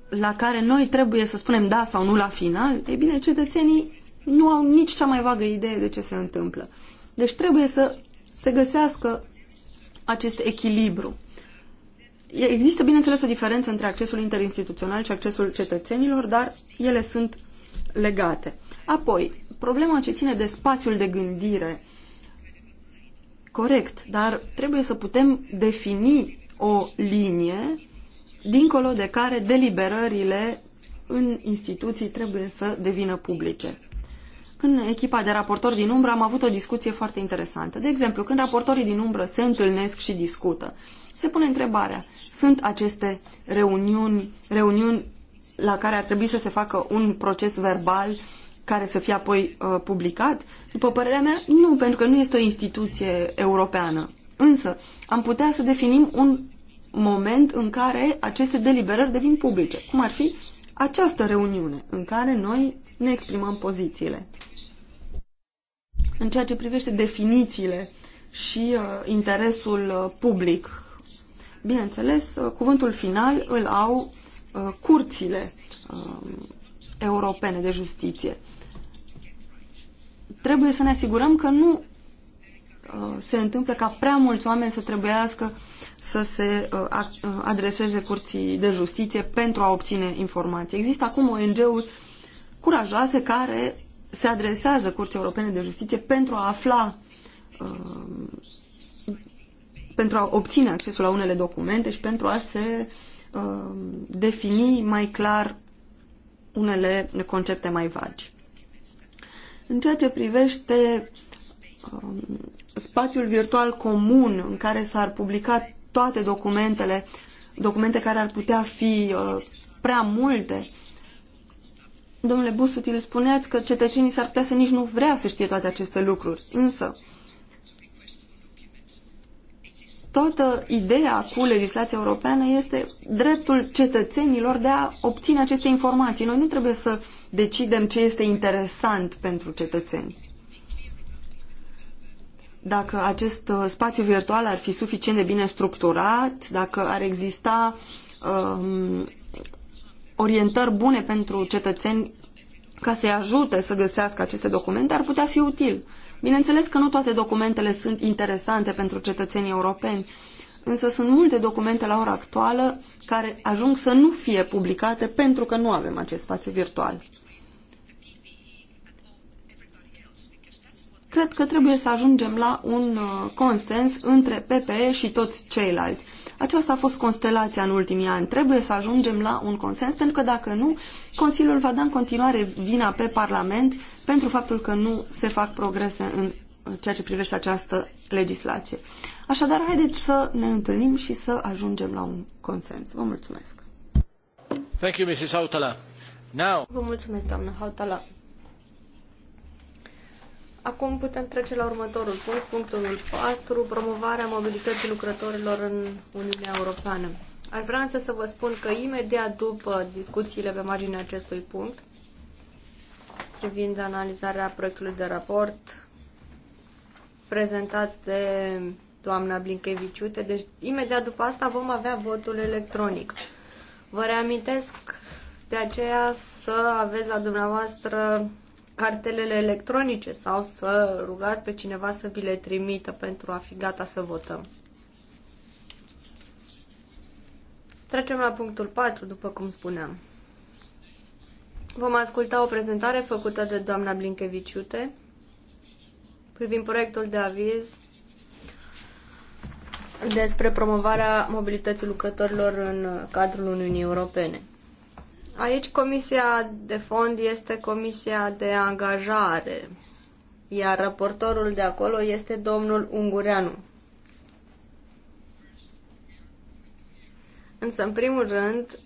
la care noi trebuie să spunem da sau nu la final, e bine, cetățenii nu au nici cea mai vagă idee de ce se întâmplă. Deci trebuie să se găsească acest echilibru. Există, bineînțeles, o diferență între accesul interinstituțional și accesul cetățenilor, dar ele sunt legate. Apoi, problema ce ține de spațiul de gândire. Corect, dar trebuie să putem defini o linie dincolo de care deliberările în instituții trebuie să devină publice. În echipa de raportori din umbră am avut o discuție foarte interesantă. De exemplu, când raportorii din umbră se întâlnesc și discută, se pune întrebarea, sunt aceste reuniuni, reuniuni la care ar trebui să se facă un proces verbal care să fie apoi uh, publicat? După părerea mea, nu, pentru că nu este o instituție europeană. Însă, am putea să definim un moment în care aceste deliberări devin publice, cum ar fi această reuniune în care noi ne exprimăm pozițiile. În ceea ce privește definițiile și uh, interesul uh, public, bineînțeles, uh, cuvântul final îl au uh, curțile uh, europene de justiție. Trebuie să ne asigurăm că nu uh, se întâmplă ca prea mulți oameni să trebuiască să se uh, uh, adreseze curții de justiție pentru a obține informații. Există acum ONG-uri curajoase care se adresează Curții Europene de Justiție pentru a afla uh, pentru a obține accesul la unele documente și pentru a se defini mai clar unele concepte mai vagi. În ceea ce privește um, spațiul virtual comun în care s-ar publica toate documentele, documente care ar putea fi uh, prea multe. Domnule Busutil, spuneați că cetățenii s-ar putea să nici nu vrea să știe toate aceste lucruri, însă toată ideea cu legislația europeană este dreptul cetățenilor de a obține aceste informații. Noi nu trebuie să decidem ce este interesant pentru cetățeni dacă acest uh, spațiu virtual ar fi suficient de bine structurat, dacă ar exista um, orientări bune pentru cetățeni ca să-i ajute să găsească aceste documente, ar putea fi util. Bineînțeles că nu toate documentele sunt interesante pentru cetățenii europeni, însă sunt multe documente la ora actuală care ajung să nu fie publicate pentru că nu avem acest spațiu virtual. Cred că trebuie să ajungem la un uh, consens între PPE și toți ceilalți. Aceasta a fost constelația în ultimii ani. Trebuie să ajungem la un consens, pentru că dacă nu, Consiliul va da în continuare vina pe Parlament pentru faptul că nu se fac progrese în uh, ceea ce privește această legislație. Așadar, haideți să ne întâlnim și să ajungem la un consens. Vă mulțumesc! Thank you, Mrs. Hautala. Now... Vă mulțumesc, doamnă Hautala. Acum putem trece la următorul punct, punctul 4, promovarea mobilității lucrătorilor în Uniunea Europeană. Ar vrea însă să vă spun că imediat după discuțiile pe marginea acestui punct, privind analizarea proiectului de raport prezentat de doamna Blinkeviciute, deci imediat după asta vom avea votul electronic. Vă reamintesc de aceea să aveți la dumneavoastră cartelele electronice sau să rugați pe cineva să vi le trimită pentru a fi gata să votăm. Trecem la punctul 4, după cum spuneam. Vom asculta o prezentare făcută de doamna Blinkeviciute privind proiectul de aviz despre promovarea mobilității lucrătorilor în cadrul Uniunii Europene. Aici comisia de fond este comisia de angajare, iar raportorul de acolo este domnul Ungureanu. Însă, în primul rând,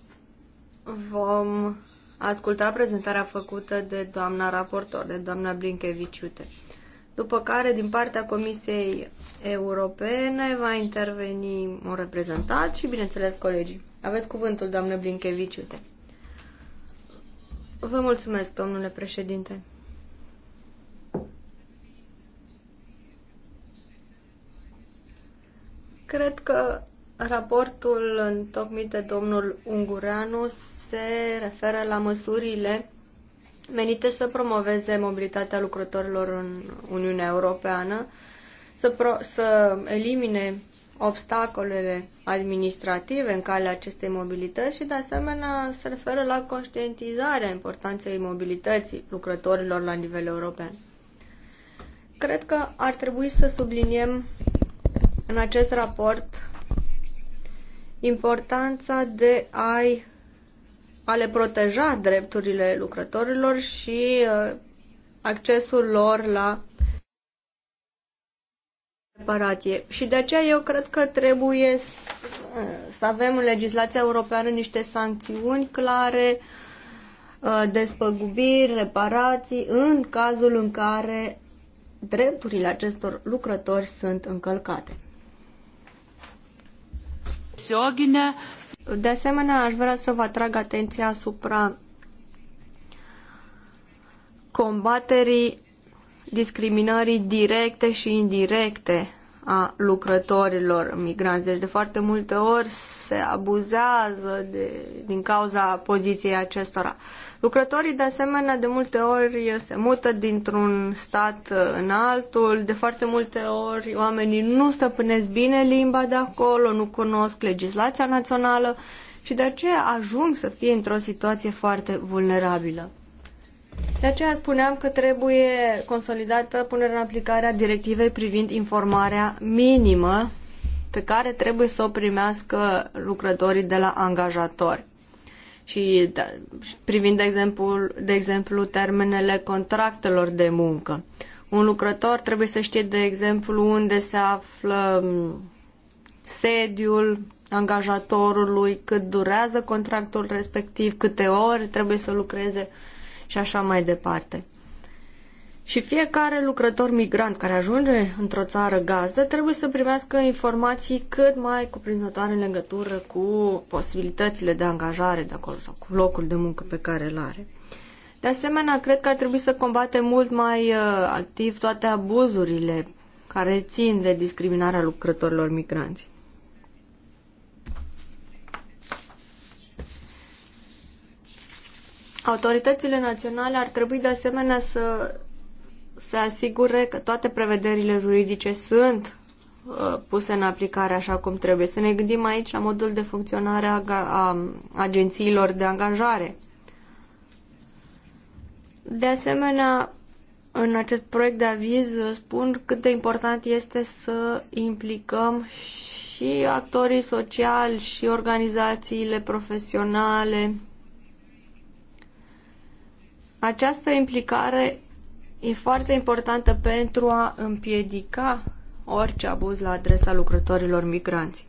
vom asculta prezentarea făcută de doamna raportor, de doamna Blinkeviciute. După care, din partea Comisiei Europene, va interveni un reprezentant și, bineînțeles, colegii. Aveți cuvântul, doamnă Blinkeviciute. Vă mulțumesc, domnule președinte. Cred că raportul întocmit de domnul Ungureanu se referă la măsurile menite să promoveze mobilitatea lucrătorilor în Uniunea Europeană, să, pro- să elimine obstacolele administrative în calea acestei mobilități și, de asemenea, se referă la conștientizarea importanței mobilității lucrătorilor la nivel european. Cred că ar trebui să subliniem în acest raport importanța de a-i a le proteja drepturile lucrătorilor și uh, accesul lor la reparație. Și de aceea eu cred că trebuie să avem în legislația europeană niște sancțiuni clare, uh, despăgubiri, reparații, în cazul în care drepturile acestor lucrători sunt încălcate. De asemenea, aș vrea să vă atrag atenția asupra combaterii discriminării directe și indirecte a lucrătorilor migranți. Deci de foarte multe ori se abuzează de, din cauza poziției acestora. Lucrătorii de asemenea de multe ori se mută dintr-un stat în altul, de foarte multe ori oamenii nu stăpânesc bine limba de acolo, nu cunosc legislația națională și de aceea ajung să fie într-o situație foarte vulnerabilă. De aceea spuneam că trebuie consolidată punerea în aplicare a directivei privind informarea minimă pe care trebuie să o primească lucrătorii de la angajatori. Și da, privind, de exemplu, de exemplu, termenele contractelor de muncă. Un lucrător trebuie să știe, de exemplu, unde se află mm, sediul angajatorului, cât durează contractul respectiv, câte ori trebuie să lucreze uh, și așa mai departe. Și fiecare lucrător migrant care ajunge într-o țară gazdă trebuie să primească informații cât mai cuprinzătoare în legătură cu posibilitățile de angajare de acolo sau cu locul de muncă pe care îl are. De asemenea, cred că ar trebui să combate mult mai uh, activ toate abuzurile care țin de discriminarea lucrătorilor migranți. Autoritățile naționale ar trebui de asemenea să se asigure că toate prevederile juridice sunt uh, puse în aplicare așa cum trebuie. Să ne gândim aici la modul de funcționare a, a agențiilor de angajare. De asemenea, în acest proiect de aviz spun cât de important este să implicăm și actorii sociali și organizațiile profesionale această implicare e foarte importantă pentru a împiedica orice abuz la adresa lucrătorilor migranți.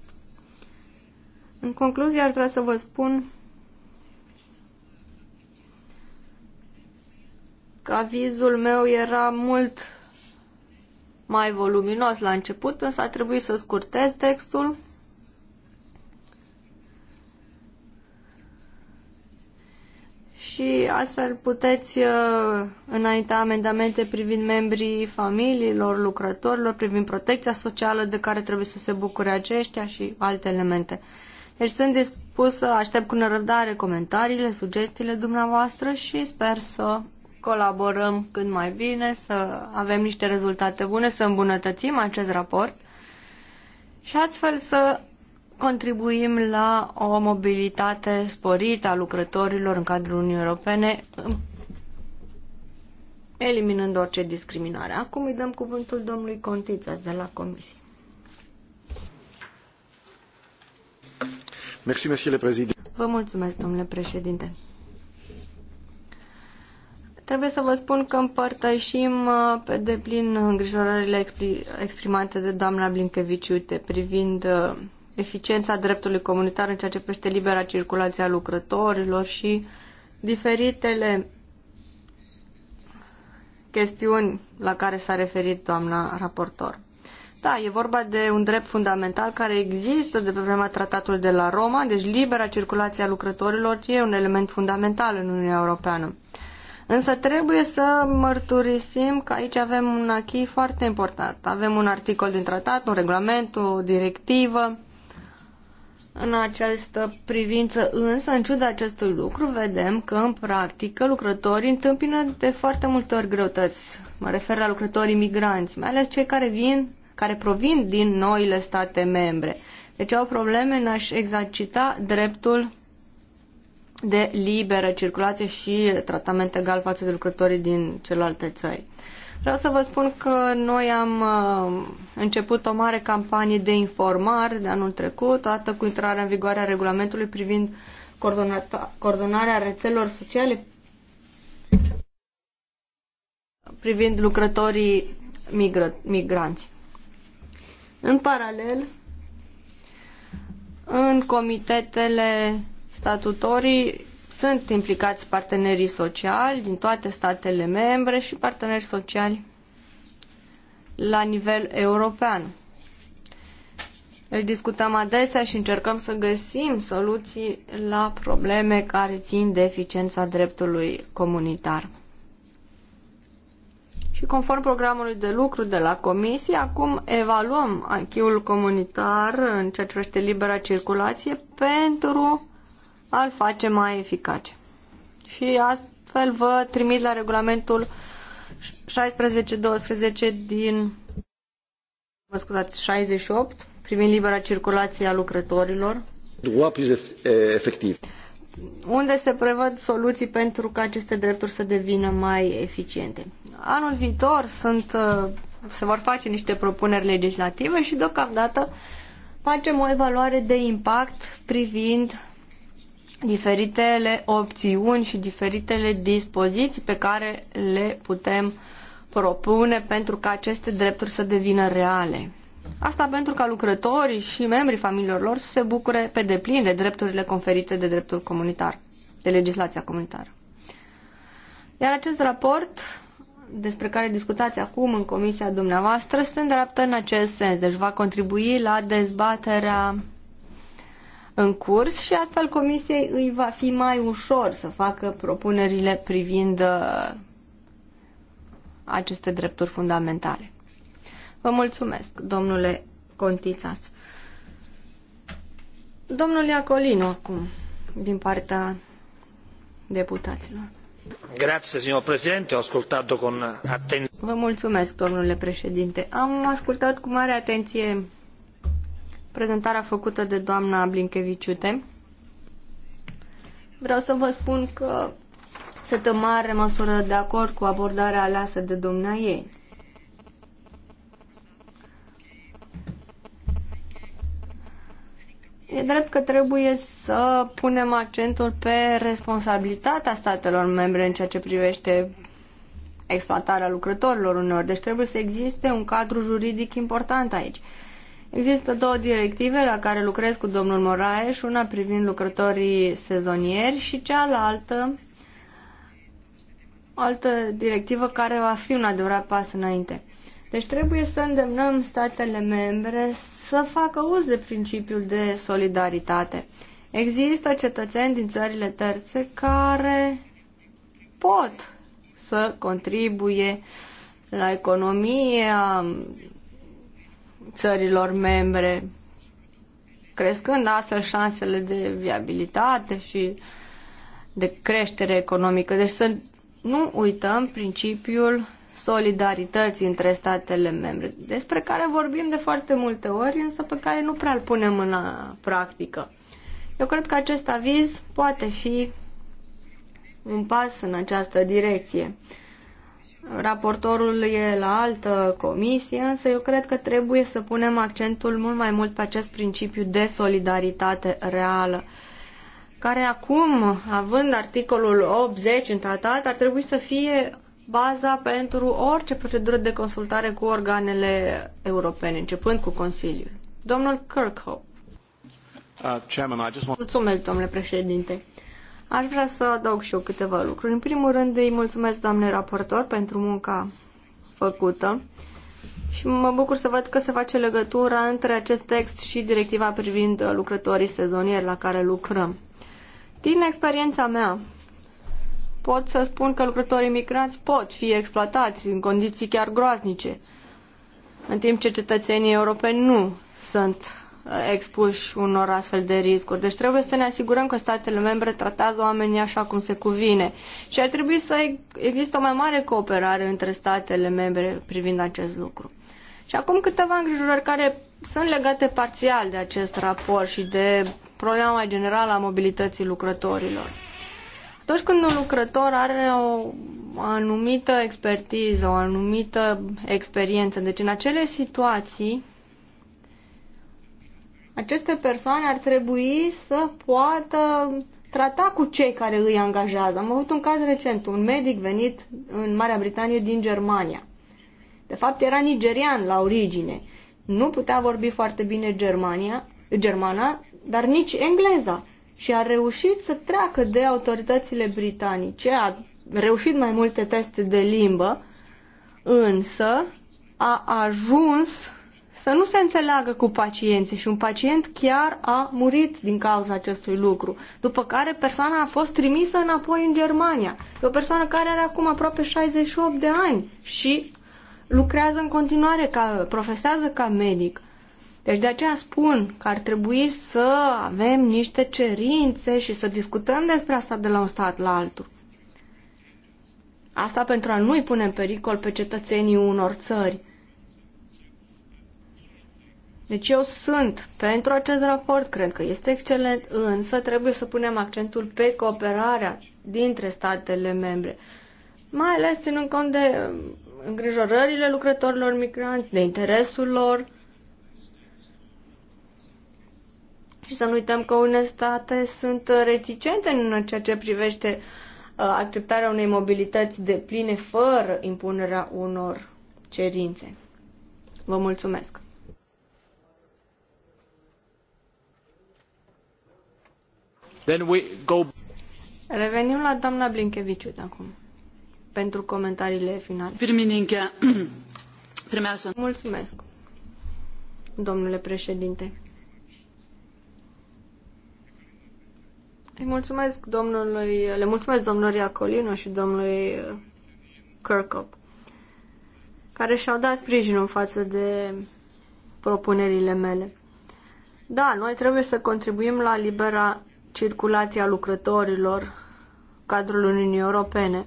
În concluzie, ar vrea să vă spun că avizul meu era mult mai voluminos la început, însă a trebuit să scurtez textul și astfel puteți uh, înainta amendamente privind membrii familiilor, lucrătorilor, privind protecția socială de care trebuie să se bucure aceștia și alte elemente. Deci sunt dispus să aștept cu nerăbdare comentariile, sugestiile dumneavoastră și sper să colaborăm cât mai bine, să avem niște rezultate bune, să îmbunătățim acest raport și astfel să contribuim la o mobilitate sporită a lucrătorilor în cadrul Uniunii Europene, eliminând orice discriminare. Acum îi dăm cuvântul domnului Contițas de la Comisie. Vă mulțumesc, domnule președinte. Trebuie să vă spun că împărtășim uh, pe deplin îngrijorările exprimate de doamna Blinkeviciute privind uh, eficiența dreptului comunitar în ceea ce privește libera circulație a lucrătorilor și diferitele chestiuni la care s-a referit doamna raportor. Da, e vorba de un drept fundamental care există de pe vremea tratatului de la Roma, deci libera circulație a lucrătorilor e un element fundamental în Uniunea Europeană. Însă trebuie să mărturisim că aici avem un achii foarte important. Avem un articol din tratat, un regulament, o directivă în această privință însă, în ciuda acestui lucru, vedem că în practică lucrătorii întâmpină de foarte multe ori greutăți. Mă refer la lucrătorii migranți, mai ales cei care vin, care provin din noile state membre. Deci au probleme în a-și exercita dreptul de liberă circulație și tratament egal față de lucrătorii din celelalte țări. Vreau să vă spun că noi am uh, început o mare campanie de informare de anul trecut, toată cu intrarea în vigoare a regulamentului privind coordonarea rețelor sociale privind lucrătorii migră- migranți. În paralel, în comitetele statutorii sunt implicați partenerii sociali din toate statele membre și parteneri sociali la nivel european. Deci discutăm adesea și încercăm să găsim soluții la probleme care țin de eficiența dreptului comunitar. Și conform programului de lucru de la Comisie, acum evaluăm achiul comunitar în ceea ce privește libera circulație pentru al face mai eficace. Și astfel vă trimit la regulamentul 16-12 din vă scuzați, 68 privind libera circulație a lucrătorilor. plus eh, efectiv. Unde se prevăd soluții pentru ca aceste drepturi să devină mai eficiente. Anul viitor sunt, eh, se vor face niște propuneri legislative și deocamdată facem o evaluare de impact privind diferitele opțiuni și diferitele dispoziții pe care le putem propune pentru ca aceste drepturi să devină reale. Asta pentru ca lucrătorii și membrii familiilor lor să se bucure pe deplin de drepturile conferite de dreptul comunitar, de legislația comunitară. Iar acest raport despre care discutați acum în comisia dumneavoastră se îndreaptă în acest sens, deci va contribui la dezbaterea în curs și astfel comisiei îi va fi mai ușor să facă propunerile privind uh, aceste drepturi fundamentale. Vă mulțumesc, domnule Contițas. Domnul Iacolino, acum, din partea deputaților. Grazie, signor Presidente, ho ascoltato con attenzione. Vă mulțumesc, domnule președinte. Am ascultat cu mare atenție prezentarea făcută de doamna Blinkeviciute. Vreau să vă spun că sunt mare măsură de acord cu abordarea aleasă de domna ei. E drept că trebuie să punem accentul pe responsabilitatea statelor membre în ceea ce privește exploatarea lucrătorilor uneori. Deci trebuie să existe un cadru juridic important aici. Există două directive la care lucrez cu domnul Moraes, una privind lucrătorii sezonieri și cealaltă o altă directivă care va fi un adevărat pas înainte. Deci trebuie să îndemnăm statele membre să facă uz de principiul de solidaritate. Există cetățeni din țările terțe care pot să contribuie la economia țărilor membre, crescând astfel șansele de viabilitate și de creștere economică. Deci să nu uităm principiul solidarității între statele membre, despre care vorbim de foarte multe ori, însă pe care nu prea îl punem în practică. Eu cred că acest aviz poate fi un pas în această direcție. Raportorul e la altă comisie, însă eu cred că trebuie să punem accentul mult mai mult pe acest principiu de solidaritate reală, care acum, având articolul 80 în tratat, ar trebui să fie baza pentru orice procedură de consultare cu organele europene, începând cu Consiliul. Domnul Kirkhope. Uh, chairman, I just want... Mulțumesc, domnule președinte. Uh, Aș vrea să adaug și eu câteva lucruri. În primul rând îi mulțumesc doamne raportor pentru munca făcută și mă bucur să văd că se face legătura între acest text și directiva privind lucrătorii sezonieri la care lucrăm. Din experiența mea, pot să spun că lucrătorii migrați pot fi exploatați în condiții chiar groaznice, în timp ce cetățenii europeni nu sunt Uh, expuși unor astfel de riscuri. Deci trebuie să ne asigurăm că statele membre tratează oamenii așa cum se cuvine și ar trebui să există o mai mare cooperare între statele membre privind acest lucru. Și acum câteva îngrijorări care sunt legate parțial de acest raport și de problema mai generală a mobilității lucrătorilor. Atunci când un lucrător are o anumită expertiză, o anumită experiență, deci în acele situații aceste persoane ar trebui să poată trata cu cei care îi angajează. Am avut un caz recent, un medic venit în Marea Britanie din Germania. De fapt, era nigerian la origine. Nu putea vorbi foarte bine Germania, germana, dar nici engleza. Și a reușit să treacă de autoritățile britanice, a reușit mai multe teste de limbă, însă a ajuns să nu se înțeleagă cu pacienții și un pacient chiar a murit din cauza acestui lucru, după care persoana a fost trimisă înapoi în Germania. E o persoană care are acum aproape 68 de ani și lucrează în continuare, ca, profesează ca medic. Deci de aceea spun că ar trebui să avem niște cerințe și să discutăm despre asta de la un stat la altul. Asta pentru a nu-i pune în pericol pe cetățenii unor țări deci eu sunt pentru acest raport, cred că este excelent, însă trebuie să punem accentul pe cooperarea dintre statele membre, mai ales ținând cont de um, îngrijorările lucrătorilor migranți, de interesul lor. Și să nu uităm că unele state sunt reticente în ceea ce privește uh, acceptarea unei mobilități de pline fără impunerea unor cerințe. Vă mulțumesc! Then we go... Revenim la doamna Blinkeviciu acum, pentru comentariile finale. Pirmininke, primează. Mulțumesc, domnule președinte. Îi mulțumesc domnului, le mulțumesc domnului Iacolino și domnului uh, Kirkop, care și-au dat sprijinul față de propunerile mele. Da, noi trebuie să contribuim la libera circulația lucrătorilor cadrul Uniunii Europene.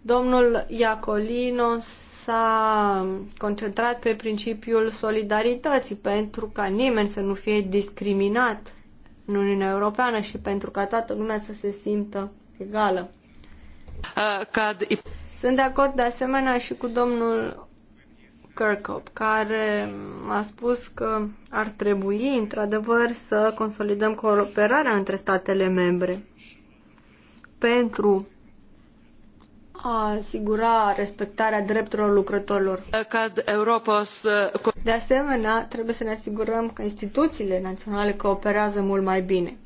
Domnul Iacolino s-a concentrat pe principiul solidarității pentru ca nimeni să nu fie discriminat în Uniunea Europeană și pentru ca toată lumea să se simtă egală. Uh, Sunt de acord de asemenea și cu domnul Kirkhope, care a spus că ar trebui, într-adevăr, să consolidăm cooperarea între statele membre pentru a asigura respectarea drepturilor lucrătorilor. De asemenea, trebuie să ne asigurăm că instituțiile naționale cooperează mult mai bine.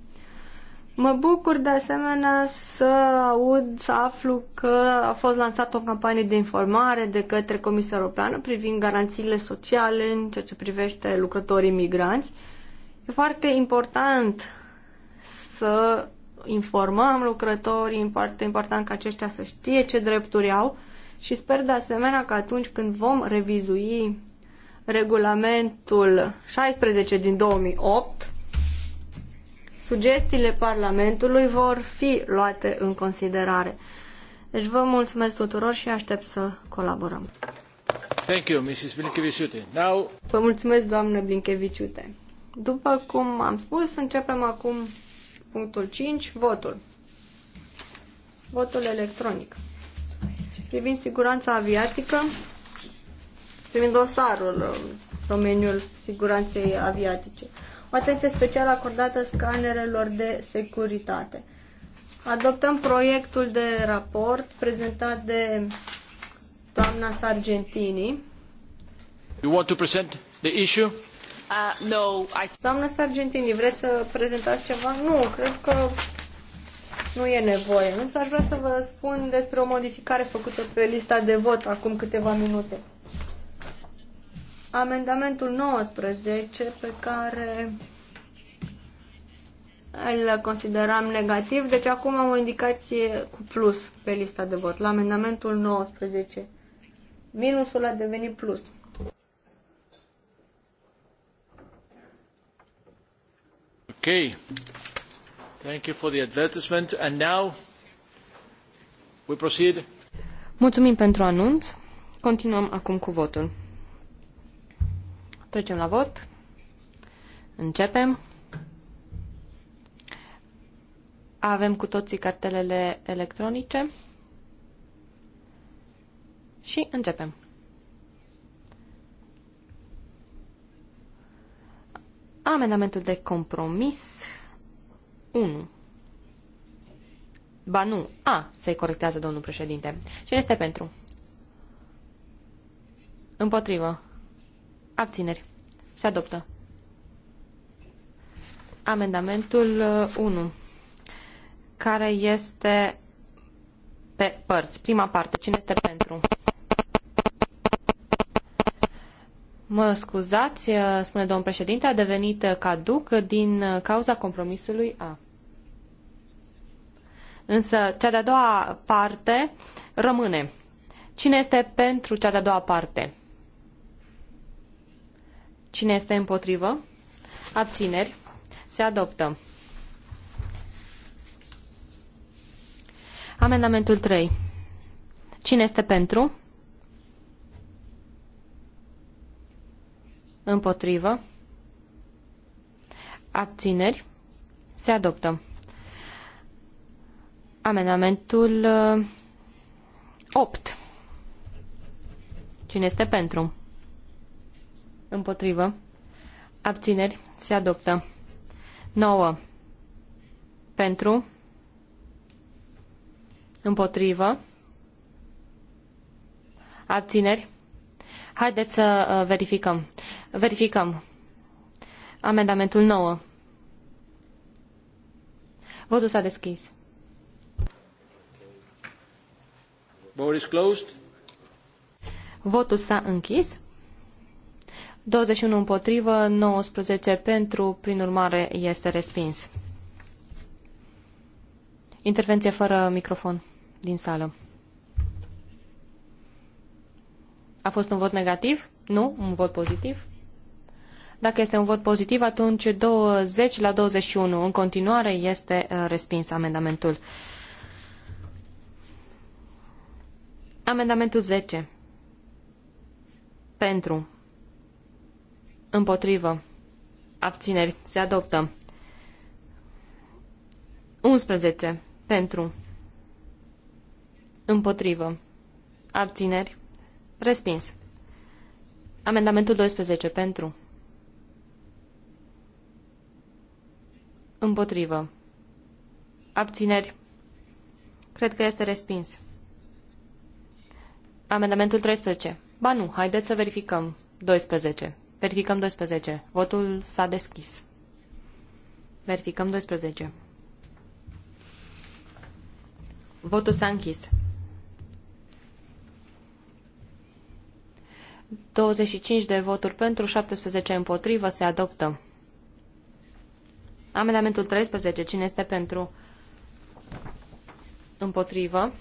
Mă bucur de asemenea să aud, să aflu că a fost lansată o campanie de informare de către Comisia Europeană privind garanțiile sociale în ceea ce privește lucrătorii migranți. E foarte important să informăm lucrătorii, foarte important ca aceștia să știe ce drepturi au și sper de asemenea că atunci când vom revizui regulamentul 16 din 2008, sugestiile Parlamentului vor fi luate în considerare. Deci vă mulțumesc tuturor și aștept să colaborăm. Thank you, Mrs. Blinkeviciute. Now... Vă mulțumesc, doamnă Blinkeviciute. După cum am spus, începem acum punctul 5, votul. Votul electronic. Privind siguranța aviatică, privind dosarul uh, domeniul siguranței aviatice o atenție specială acordată scanerelor de securitate. Adoptăm proiectul de raport prezentat de doamna Sargentini. You want to present the issue? Uh, no, I... Doamna Sargentini, vreți să prezentați ceva? Nu, cred că nu e nevoie. Însă aș vrea să vă spun despre o modificare făcută pe lista de vot acum câteva minute. Amendamentul 19 pe care îl consideram negativ, deci acum am o indicație cu plus pe lista de vot. La amendamentul 19. Minusul a devenit plus. Okay. Thank you for the advertisement and now we proceed. Mulțumim pentru anunț. Continuăm acum cu votul. Trecem la vot. Începem. Avem cu toții cartelele electronice. Și începem. Amendamentul de compromis 1. Ba nu, A, se corectează domnul președinte. Cine este pentru? Împotrivă. Abțineri. Se adoptă. Amendamentul 1, uh, care este pe părți. Prima parte. Cine este pentru? Mă scuzați, uh, spune domnul președinte, a devenit caduc din cauza compromisului A. Însă cea de-a doua parte rămâne. Cine este pentru cea de-a doua parte? Cine este împotrivă? Abțineri. Se adoptă. Amendamentul 3. Cine este pentru? Împotrivă. Abțineri. Se adoptă. Amendamentul 8. Uh, Cine este pentru? Împotrivă. Abțineri. Se adoptă. 9. Pentru. Împotrivă. Abțineri. Haideți să uh, verificăm. Verificăm. Amendamentul 9. Votul s-a deschis. Votul s-a închis. 21 împotrivă, 19 pentru, prin urmare este respins. Intervenție fără microfon din sală. A fost un vot negativ? Nu, un vot pozitiv. Dacă este un vot pozitiv, atunci 20 la 21. În continuare este uh, respins amendamentul. Amendamentul 10. Pentru. Împotrivă. Abțineri. Se adoptă. 11. Pentru. Împotrivă. Abțineri. Respins. Amendamentul 12. Pentru. Împotrivă. Abțineri. Cred că este respins. Amendamentul 13. Ba nu, haideți să verificăm. 12. Verificăm 12. Votul s-a deschis. Verificăm 12. Votul s-a închis. 25 de voturi pentru, 17 împotrivă, se adoptă. Amendamentul 13. Cine este pentru? Împotrivă.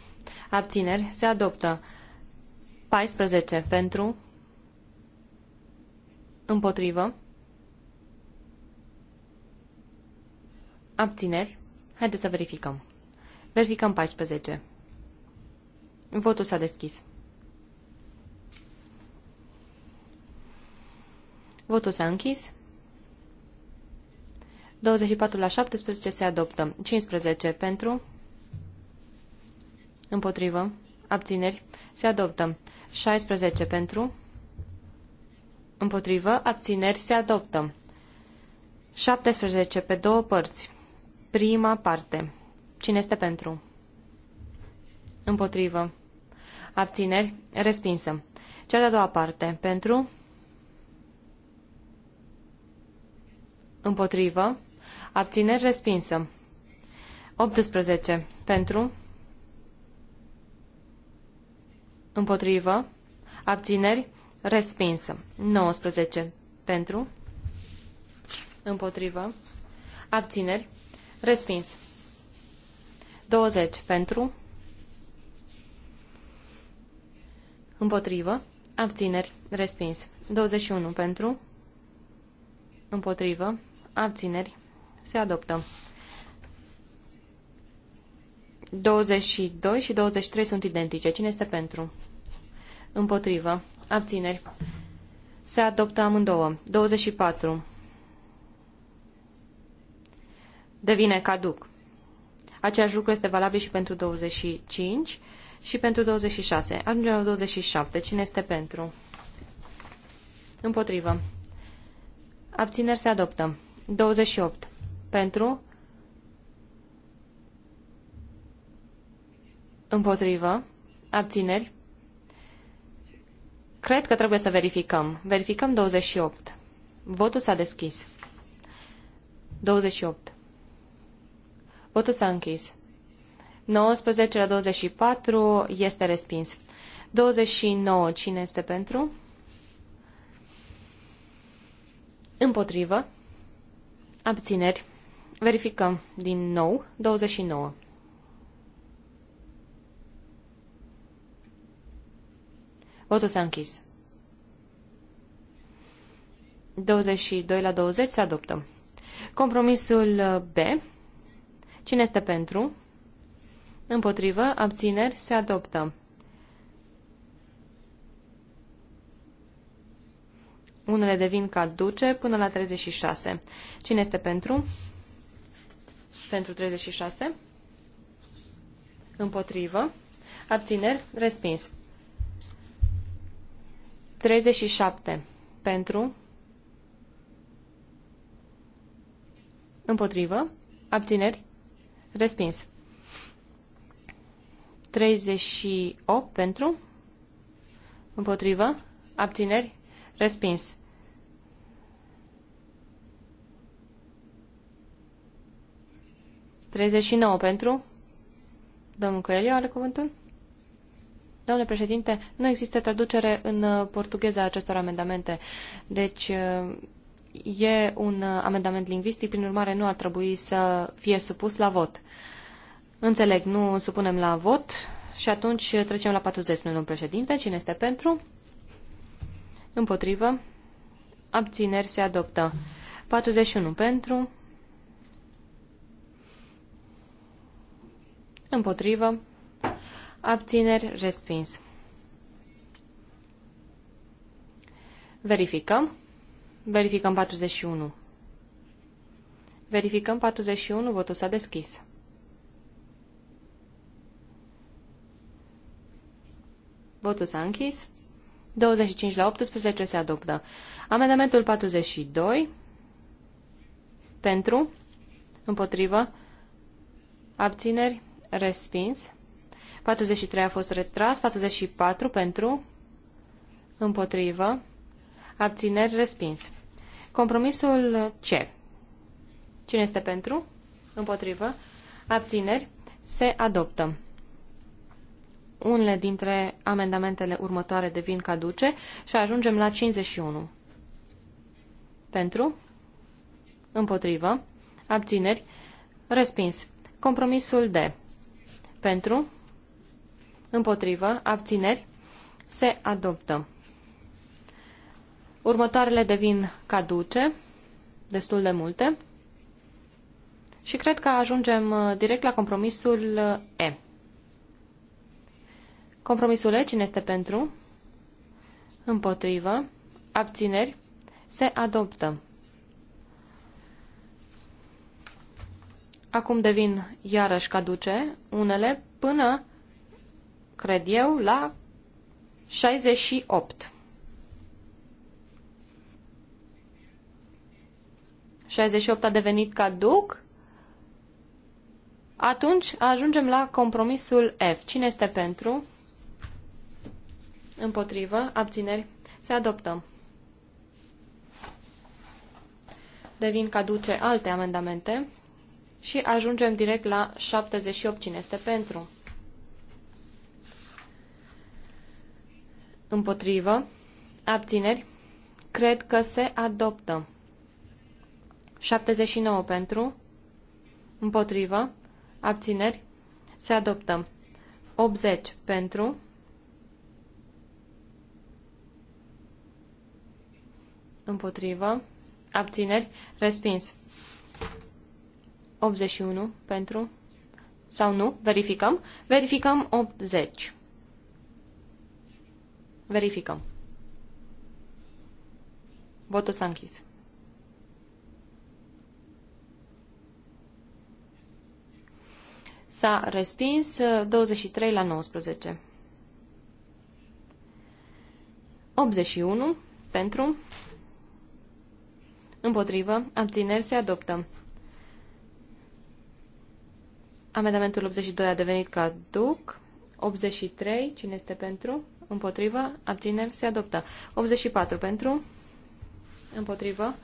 Abțineri. Se adoptă. 14. Pentru. Împotrivă. Abțineri. Haideți să verificăm. Verificăm 14. Votul s-a deschis. Votul s-a închis. 24 la 17 se adoptă. 15 pentru. Împotrivă. Abțineri. Se adoptă. 16 pentru. Împotrivă, abțineri se adoptă. 17 pe două părți. Prima parte. Cine este pentru? Împotrivă. Abțineri respinsă. Cea de-a doua parte. Pentru? Împotrivă. Abțineri respinsă. 18. Pentru? Împotrivă. Abțineri respinsă. 19 pentru, împotrivă, abțineri, respins. 20 pentru, împotrivă, abțineri, respins. 21 pentru, împotrivă, abțineri, se adoptă. 22 și 23 sunt identice. Cine este pentru? Împotrivă. Abțineri. Se adoptă amândouă. 24. Devine caduc. Același lucru este valabil și pentru 25 și pentru 26. Ajungem la 27. Cine este pentru? Împotrivă. Abțineri se adoptă. 28. Pentru. Împotrivă. Abțineri. Cred că trebuie să verificăm. Verificăm 28. Votul s-a deschis. 28. Votul s-a închis. 19 la 24 este respins. 29. Cine este pentru? Împotrivă. Abțineri. Verificăm din nou. 29. Votul s-a închis. 22 la 20 se adoptă. Compromisul uh, B. Cine este pentru? Împotrivă, abțineri, se adoptă. Unele devin duce până la 36. Cine este pentru? Pentru 36. Împotrivă. Abțineri, respins. 37 pentru, împotrivă, abțineri, respins. 38 pentru, împotrivă, abțineri, respins. 39 pentru. Domnul Coelho are cuvântul? Domnule președinte, nu există traducere în uh, portugheză a acestor amendamente, deci uh, e un uh, amendament lingvistic, prin urmare nu ar trebui să fie supus la vot. Înțeleg, nu supunem la vot și atunci trecem la 40, domnul președinte. Cine este pentru? Împotrivă? Abțineri se adoptă. 41 pentru. Împotrivă? abțineri, respins. Verificăm. Verificăm 41. Verificăm 41, votul s-a deschis. Votul s-a închis. 25 la 18 se adoptă. Amendamentul 42. Pentru. Împotrivă. Abțineri. Respins. 43 a fost retras, 44 pentru, împotrivă, abțineri, respins. Compromisul C. Cine este pentru? Împotrivă. Abțineri. Se adoptă. Unele dintre amendamentele următoare devin caduce și ajungem la 51. Pentru? Împotrivă. Abțineri. Respins. Compromisul D. Pentru? Împotrivă. Abțineri. Se adoptă. Următoarele devin caduce, destul de multe. Și cred că ajungem uh, direct la compromisul uh, E. Compromisul E, cine este pentru? Împotrivă. Abțineri. Se adoptă. Acum devin iarăși caduce unele până cred eu, la 68. 68 a devenit caduc, atunci ajungem la compromisul F. Cine este pentru? Împotrivă? Abțineri? Se adoptăm. Devin caduce alte amendamente și ajungem direct la 78. Cine este pentru? Împotrivă. Abțineri. Cred că se adoptă. 79 pentru. Împotrivă. Abțineri. Se adoptă. 80 pentru. Împotrivă. Abțineri. Respins. 81 pentru. Sau nu? Verificăm. Verificăm 80. Verificăm. Votul s-a închis. S-a respins 23 uh, la 19. 81 pentru, împotrivă, abțineri se adoptă. Amendamentul 82 a devenit caduc. 83, cine este pentru? împotrivă, abțineri, se adoptă. 84 pentru, împotrivă,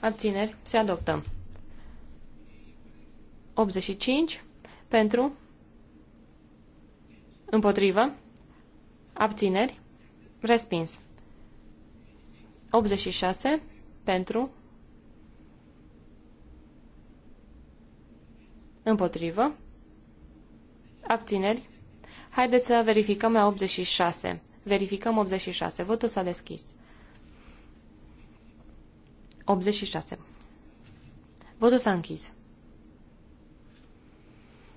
abțineri, se adoptă. 85 pentru, împotrivă, abțineri, respins. 86 pentru, împotrivă, abțineri. Haideți să verificăm la 86. Verificăm 86. Votul s-a deschis. 86. Votul s-a închis.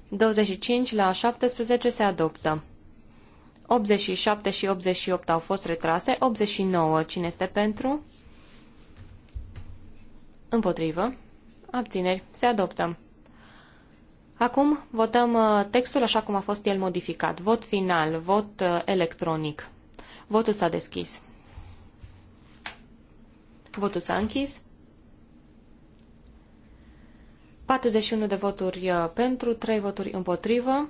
25 la 17 se adoptă. 87 și 88 au fost retrase. 89. Cine este pentru? Împotrivă. Abțineri. Se adoptă. Acum votăm uh, textul așa cum a fost el modificat. Vot final, vot uh, electronic. Votul s-a deschis. Votul s-a închis. 41 de voturi uh, pentru, 3 voturi împotrivă.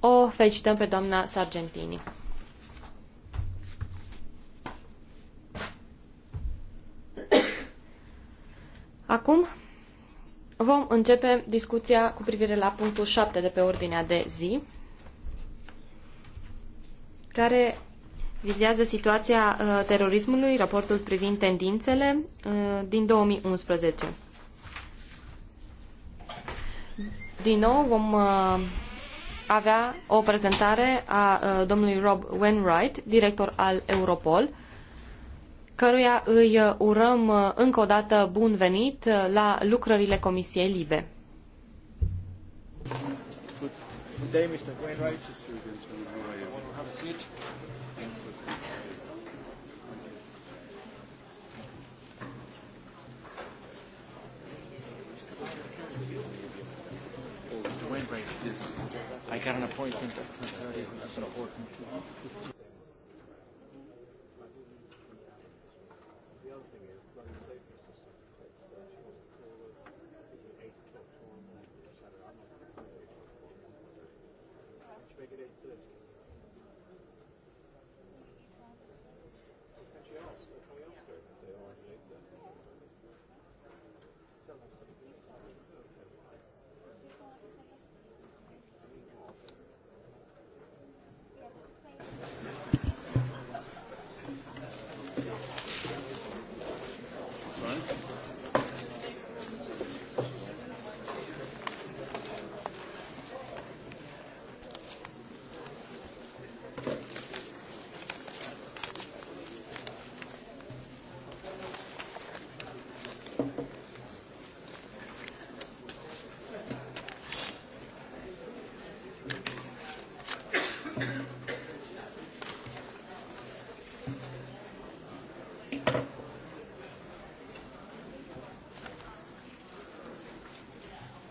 O felicităm pe doamna Sargentini. Acum vom începe discuția cu privire la punctul 7 de pe ordinea de zi care vizează situația uh, terorismului, raportul privind tendințele uh, din 2011. Din nou vom uh, avea o prezentare a domnului Rob Wainwright, director al Europol, căruia îi urăm încă o dată bun venit la lucrările Comisiei Libe. Good day, Mr. Wainwright. I got an appointment at 10.30, which important.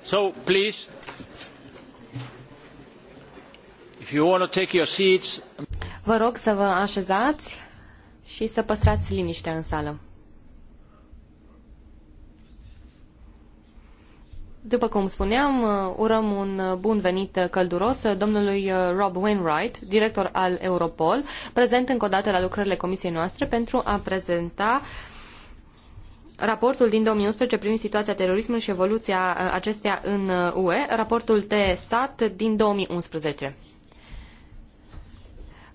So, please, if you want to take your seats... Vă rog să vă așezați și să păstrați liniștea în sală. După cum spuneam, urăm un bun venit călduros domnului Rob Wainwright, director al Europol, prezent încă o dată la lucrările comisiei noastre pentru a prezenta uh, raportul din 2011 privind situația terorismului și evoluția uh, acesteia în UE, uh, raportul TESAT din 2011.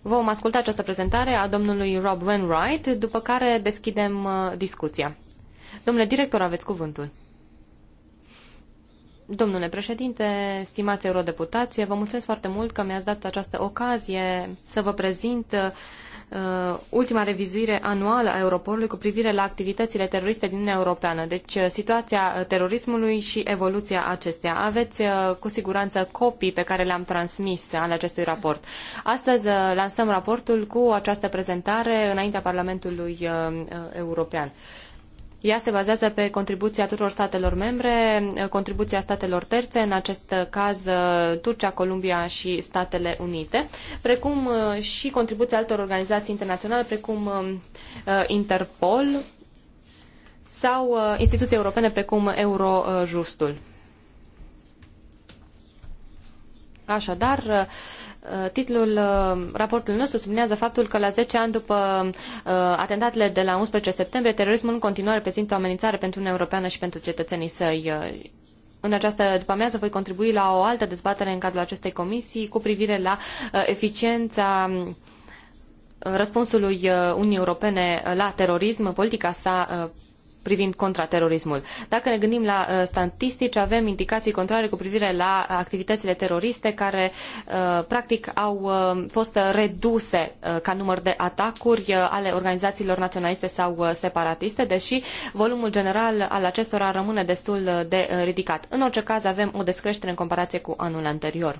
Vom asculta această prezentare a domnului Rob Wainwright, după care deschidem uh, discuția. Domnule director, aveți cuvântul. Domnule președinte, stimați eurodeputație, vă mulțumesc foarte mult că mi-ați dat această ocazie să vă prezint uh, Uh, ultima revizuire anuală a Europolului cu privire la activitățile teroriste din Uniunea Europeană. Deci uh, situația uh, terorismului și evoluția acesteia. Aveți cu siguranță copii pe care le-am transmis ale acestui raport. Astăzi lansăm raportul cu această prezentare înaintea Parlamentului European. Ea se bazează pe contribuția tuturor statelor membre, contribuția statelor terțe, în acest caz uh, Turcia, Columbia și Statele Unite, precum uh, și contribuția altor organizații internaționale, precum uh, Interpol sau instituții europene precum Eurojustul. Așadar, Uh, titlul uh, raportului nostru subliniază faptul că la zece ani după uh, atentatele de la 11 septembrie, terorismul în continuare reprezintă o amenințare pentru Uniunea Europeană și pentru cetățenii săi. În această după-amiază voi contribui la o altă dezbatere în cadrul acestei comisii cu privire la eficiența răspunsului Uniunii Europene la terorism, politica sa privind contraterorismul. Dacă ne gândim la uh, statistici, avem indicații contrare cu privire la activitățile teroriste care uh, practic au uh, fost reduse uh, ca număr de atacuri uh, ale organizațiilor naționaliste sau uh, separatiste, deși volumul general al acestora rămâne destul de uh, ridicat. În orice caz avem o descreștere în comparație cu anul anterior.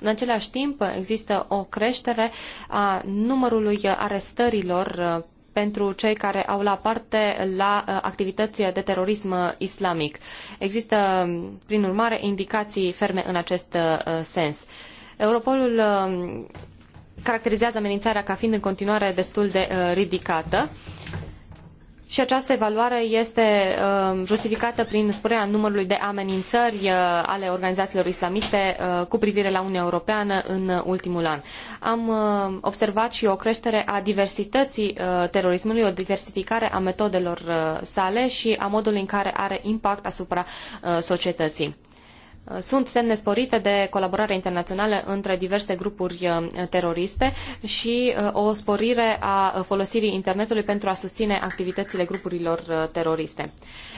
În același timp, există o creștere a numărului arestărilor pentru cei care au la parte la uh, activități de terorism islamic. Există, prin urmare, indicații ferme în acest uh, sens. Europolul um, caracterizează amenințarea ca fiind în continuare destul de uh, ridicată și această evaluare este um, justificată prin sporirea numărului de amenințări uh, ale organizațiilor islamiste uh, cu privire la Uniunea Europeană în ultimul an. Am uh, observat și o creștere a diversității terorismului, o diversificare a metodelor sale și a modului în care are impact asupra societății. Uh, sunt semne sporite de colaborare internațională între diverse grupuri uh, teroriste și uh, o sporire a folosirii internetului pentru a susține activitățile grupurilor teroriste.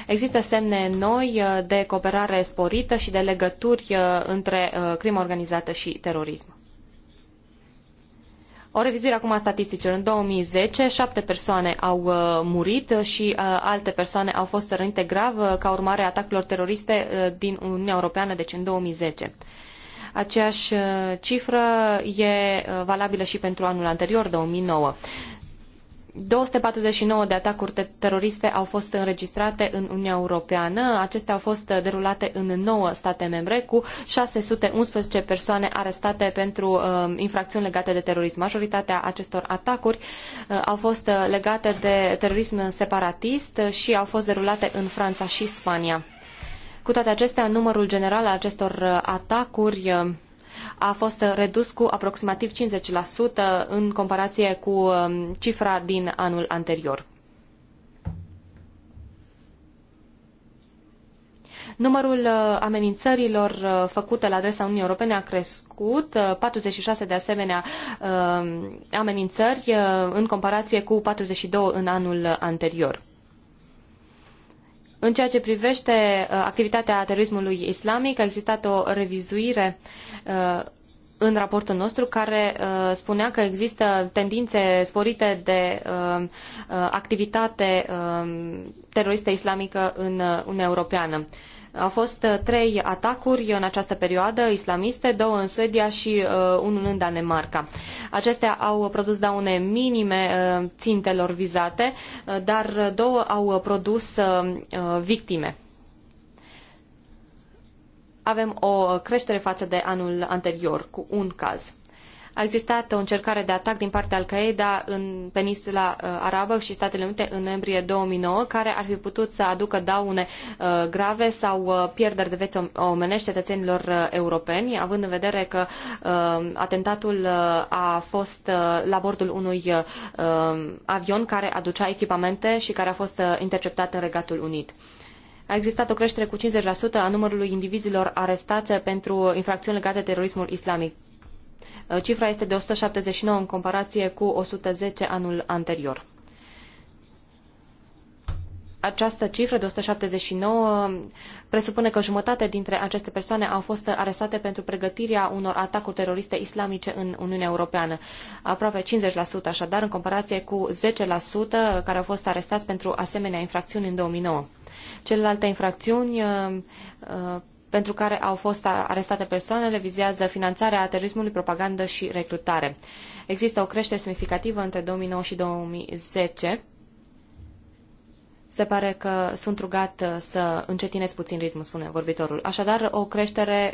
Există semne noi de cooperare sporită și de legături între crimă organizată și terorism. O revizuire acum a statisticilor. În 2010, șapte persoane au uh, murit și uh, alte persoane au fost rănite grav uh, ca urmare a atacurilor teroriste din Uniunea Europeană, deci în 2010. Aceeași cifră e valabilă și pentru anul anterior, 2009. 249 de atacuri teroriste au fost înregistrate în Uniunea Europeană. Acestea au fost uh, derulate în nouă state membre, cu 611 persoane arestate pentru uh, infracțiuni legate de terorism. Majoritatea acestor atacuri uh, au fost uh, legate de terorism separatist și au fost derulate în Franța și Spania. Cu toate acestea, numărul general al acestor uh, atacuri uh, a fost redus cu aproximativ 50% în comparație cu um, cifra din anul anterior. Numărul uh, amenințărilor uh, făcute la adresa Uniunii Europene a crescut, 46 uh, de asemenea um, amenințări în comparație cu 42 în anul anterior. În ceea ce privește activitatea terorismului islamic, a existat o revizuire uh, Uh, în raportul nostru care uh, spunea că există tendințe sporite de uh, activitate teroristă islamică în Uniunea Europeană. Au fost trei atacuri în această perioadă islamiste, două în Suedia și uh, unul în Danemarca. Acestea au produs daune minime uh, țintelor vizate, uh, dar două au produs uh, victime avem o creștere față de anul anterior, cu un caz. A existat o încercare de atac din partea Al-Qaeda în peninsula uh, arabă și Statele Unite în noiembrie 2009, care ar fi putut să aducă daune uh, grave sau uh, pierderi de vieți omenești cetățenilor europeni, având în vedere că atentatul a fost la bordul unui um, avion care aducea echipamente și care a fost interceptat în Regatul Unit a existat o creștere cu 50% a numărului indivizilor arestați pentru infracțiuni legate de terorismul islamic. Uh, cifra este de 179 în comparație cu 110 anul anterior. Această cifră de 179 presupune că jumătate dintre aceste persoane au fost arestate pentru pregătirea unor atacuri teroriste islamice în Uniunea Europeană. Aproape 50% așadar, în comparație cu 10% care au fost arestați pentru asemenea infracțiuni în 2009. Celelalte infracțiuni uh, uh, pentru care au fost arestate persoanele vizează finanțarea terorismului, propagandă și recrutare. Există o creștere semnificativă între 2009 și 2010. Se pare că sunt rugat uh, să încetinez puțin ritmul, spune vorbitorul. Așadar, o creștere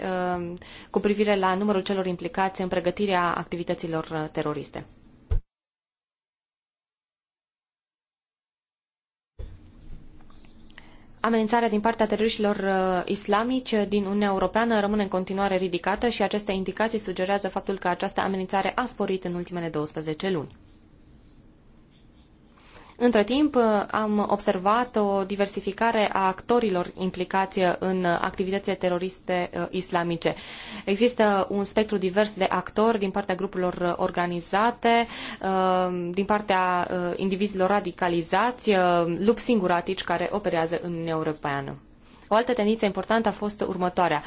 cu privire la numărul celor implicați în pregătirea activităților teroriste. Amenințarea din partea teroriștilor uh, islamici din Uniunea Europeană rămâne în continuare ridicată și aceste indicații sugerează faptul că această amenințare a sporit în ultimele 12 luni. Între timp, uh, am observat o diversificare a actorilor implicați uh, în activitățile teroriste uh, islamice. Există un spectru divers de actori din partea grupurilor organizate, din partea indivizilor radicalizați, lupi singuratici care operează în Uniunea Europeană. O altă tendință importantă a fost următoarea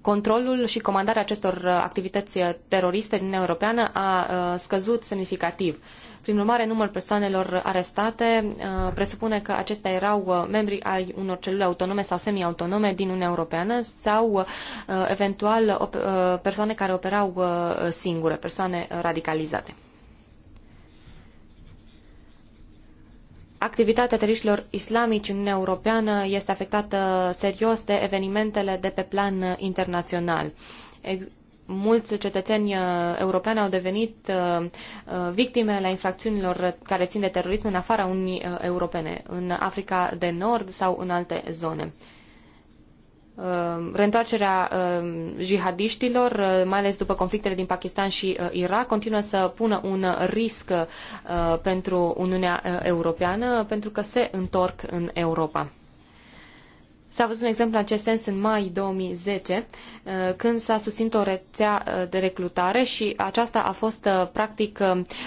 controlul și comandarea acestor activități teroriste din Europeană a scăzut semnificativ. Prin urmare, numărul persoanelor arestate uh, presupune că acestea erau uh, membri ai unor celule autonome sau semi-autonome din Uniunea Europeană sau uh, eventual persoane care operau singure, persoane radicalizate. Activitatea teroriștilor islamici în Uniunea Europeană este afectată serios de evenimentele de pe plan internațional mulți cetățeni uh, europeni au devenit uh, uh, victime la infracțiunilor care țin de terorism în afara Uniunii Europene, în Africa de Nord sau în alte zone. Reîntoarcerea jihadiștilor, mai ales după conflictele din Pakistan și Irak, continuă să pună un risc pentru Uniunea Europeană pentru că se întorc în Europa. S-a văzut un exemplu în acest sens în mai 2010, uh, când s-a susținut o rețea uh, de recrutare și aceasta a fost uh, practic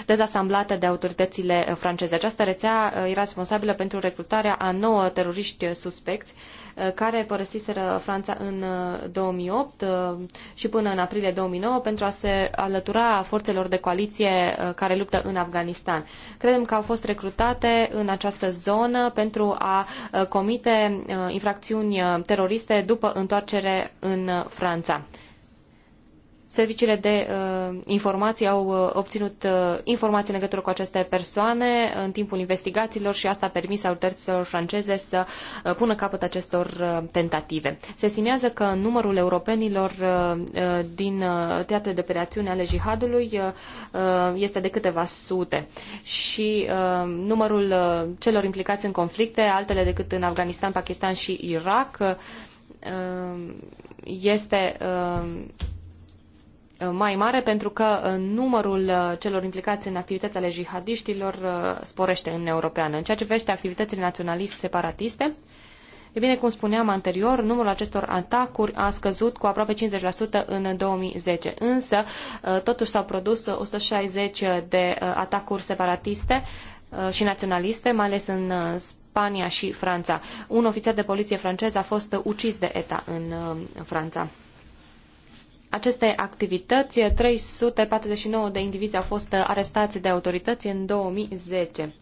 dezasamblată de autoritățile franceze. Această rețea era responsabilă pentru recrutarea a nouă teroriști suspecți, Uh, care părăsiseră Franța în 2008 uh, uh, și până în aprilie 2009 pentru a se alătura forțelor de coaliție care luptă în Afganistan. Credem că au fost recrutate în această zonă pentru a comite infracțiuni teroriste după întoarcere în Franța. Serviciile de uh, informații au uh, obținut uh, informații în legătură cu aceste persoane în timpul investigațiilor și asta a permis autorităților franceze să uh, pună capăt acestor uh, tentative. Se estimează că numărul europenilor uh, uh din uh, teatre de operațiune ale jihadului uh, uh, este de câteva sute și uh, numărul uh, celor implicați în conflicte, altele decât în Afganistan, Pakistan și Irak, uh, este uh, Uh, mai mare pentru că uh, numărul uh, celor implicați în activități ale jihadiștilor sporește în europeană. În ceea ce privește activitățile naționalist-separatiste, e bine, cum spuneam anterior, numărul acestor atacuri a scăzut cu aproape 50% în 2010, însă totuși s-au produs 160 de atacuri separatiste și naționaliste, mai ales în Spania și Franța. Un ofițer de poliție francez a fost ucis de ETA în Franța aceste activități, 349 de indivizi au fost uh, arestați de autorități în 2010.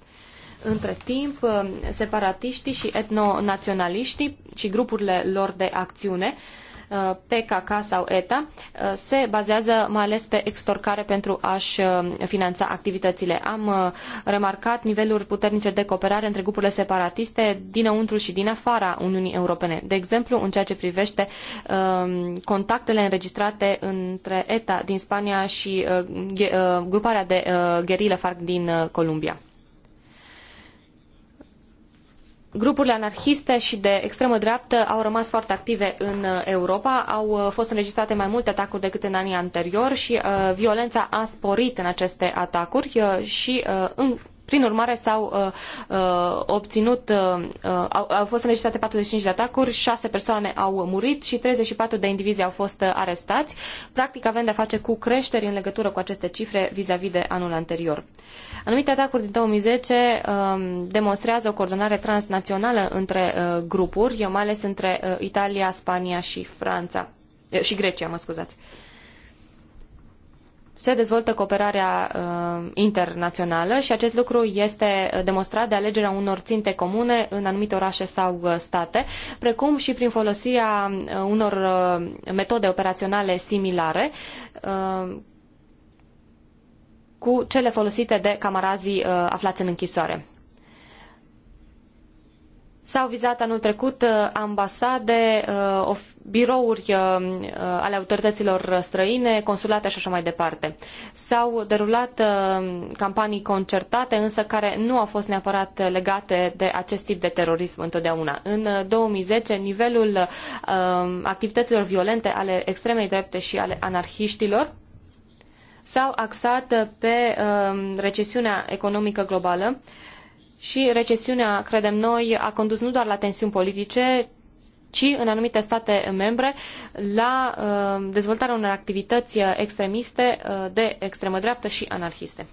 Între timp, uh, separatiștii și etnonaționaliștii și grupurile lor de acțiune PKK sau ETA, uh, se bazează mai ales pe extorcare pentru a-și uh, finanța activitățile. Am uh, remarcat niveluri puternice de cooperare între grupurile separatiste dinăuntru și din afara Uniunii Europene. De exemplu, în ceea ce privește um, contactele înregistrate între ETA din Spania și gruparea de gherilă FARC din Columbia grupurile anarhiste și de extremă dreaptă au rămas foarte active în uh, Europa, au uh, fost înregistrate mai multe atacuri decât în anii anteriori și uh, violența a sporit în aceste atacuri uh, și uh, în prin urmare, s-au uh, uh, obținut, uh, au, au fost înregistrate 45 de atacuri, 6 persoane au murit și 34 de indivizi au fost arestați. Practic avem de-a face cu creșteri în legătură cu aceste cifre vis-a-vis de anul anterior. Anumite atacuri din 2010 um, demonstrează o coordonare transnațională între grupuri, mai ales între Italia, Spania și Franța și Grecia, mă scuzați. Uh, se dezvoltă cooperarea uh, internațională și acest lucru este demonstrat de alegerea unor ținte comune în anumite orașe sau uh, state, precum și prin folosirea uh, unor uh, metode operaționale similare uh, cu cele folosite de camarazii uh, aflați în închisoare. S-au vizat anul trecut uh, ambasade, uh, birouri uh, ale autorităților străine, consulate și așa mai departe. S-au derulat campanii concertate, însă care nu au fost neapărat legate de acest tip de terorism întotdeauna. În 2010, nivelul activităților violente ale extremei drepte și ale anarhiștilor s-au axat pe recesiunea economică globală, și recesiunea, credem noi, a condus nu doar la tensiuni politice, ci în anumite state membre la uh, dezvoltarea unor activități uh, extremiste uh, de extremă dreaptă și anarhiste.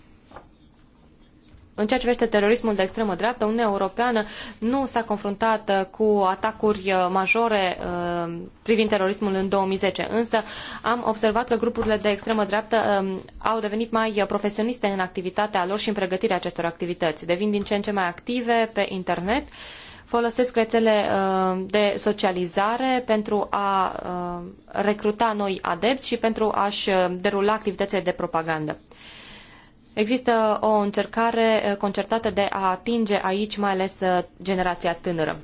În ceea ce privește terorismul de extremă dreaptă, Uniunea Europeană nu s-a confruntat uh, cu atacuri uh, majore uh, privind terorismul în 2010, însă am observat că grupurile de extremă dreaptă um, au devenit mai profesioniste în activitatea lor și în pregătirea acestor activități. Devin din ce în ce mai active pe internet, folosesc rețele de socializare pentru a recruta noi adepți și pentru a-și derula activitățile de propagandă. Există o încercare eh, concertată de a atinge aici mai ales eh, generația tânără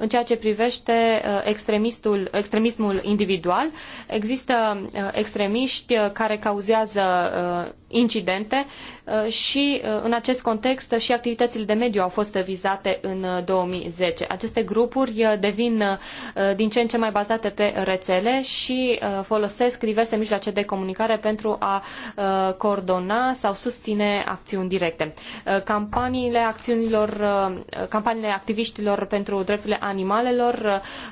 în ceea ce privește uh, extremistul, extremismul individual. Există uh, extremiști uh, care cauzează incidente și în acest context și activitățile de mediu au fost vizate în 2010. Aceste grupuri devin din ce în ce mai bazate pe rețele și folosesc diverse mijloace de comunicare pentru a coordona sau susține acțiuni directe. Campaniile acțiunilor, campaniile activiștilor pentru drepturile animalelor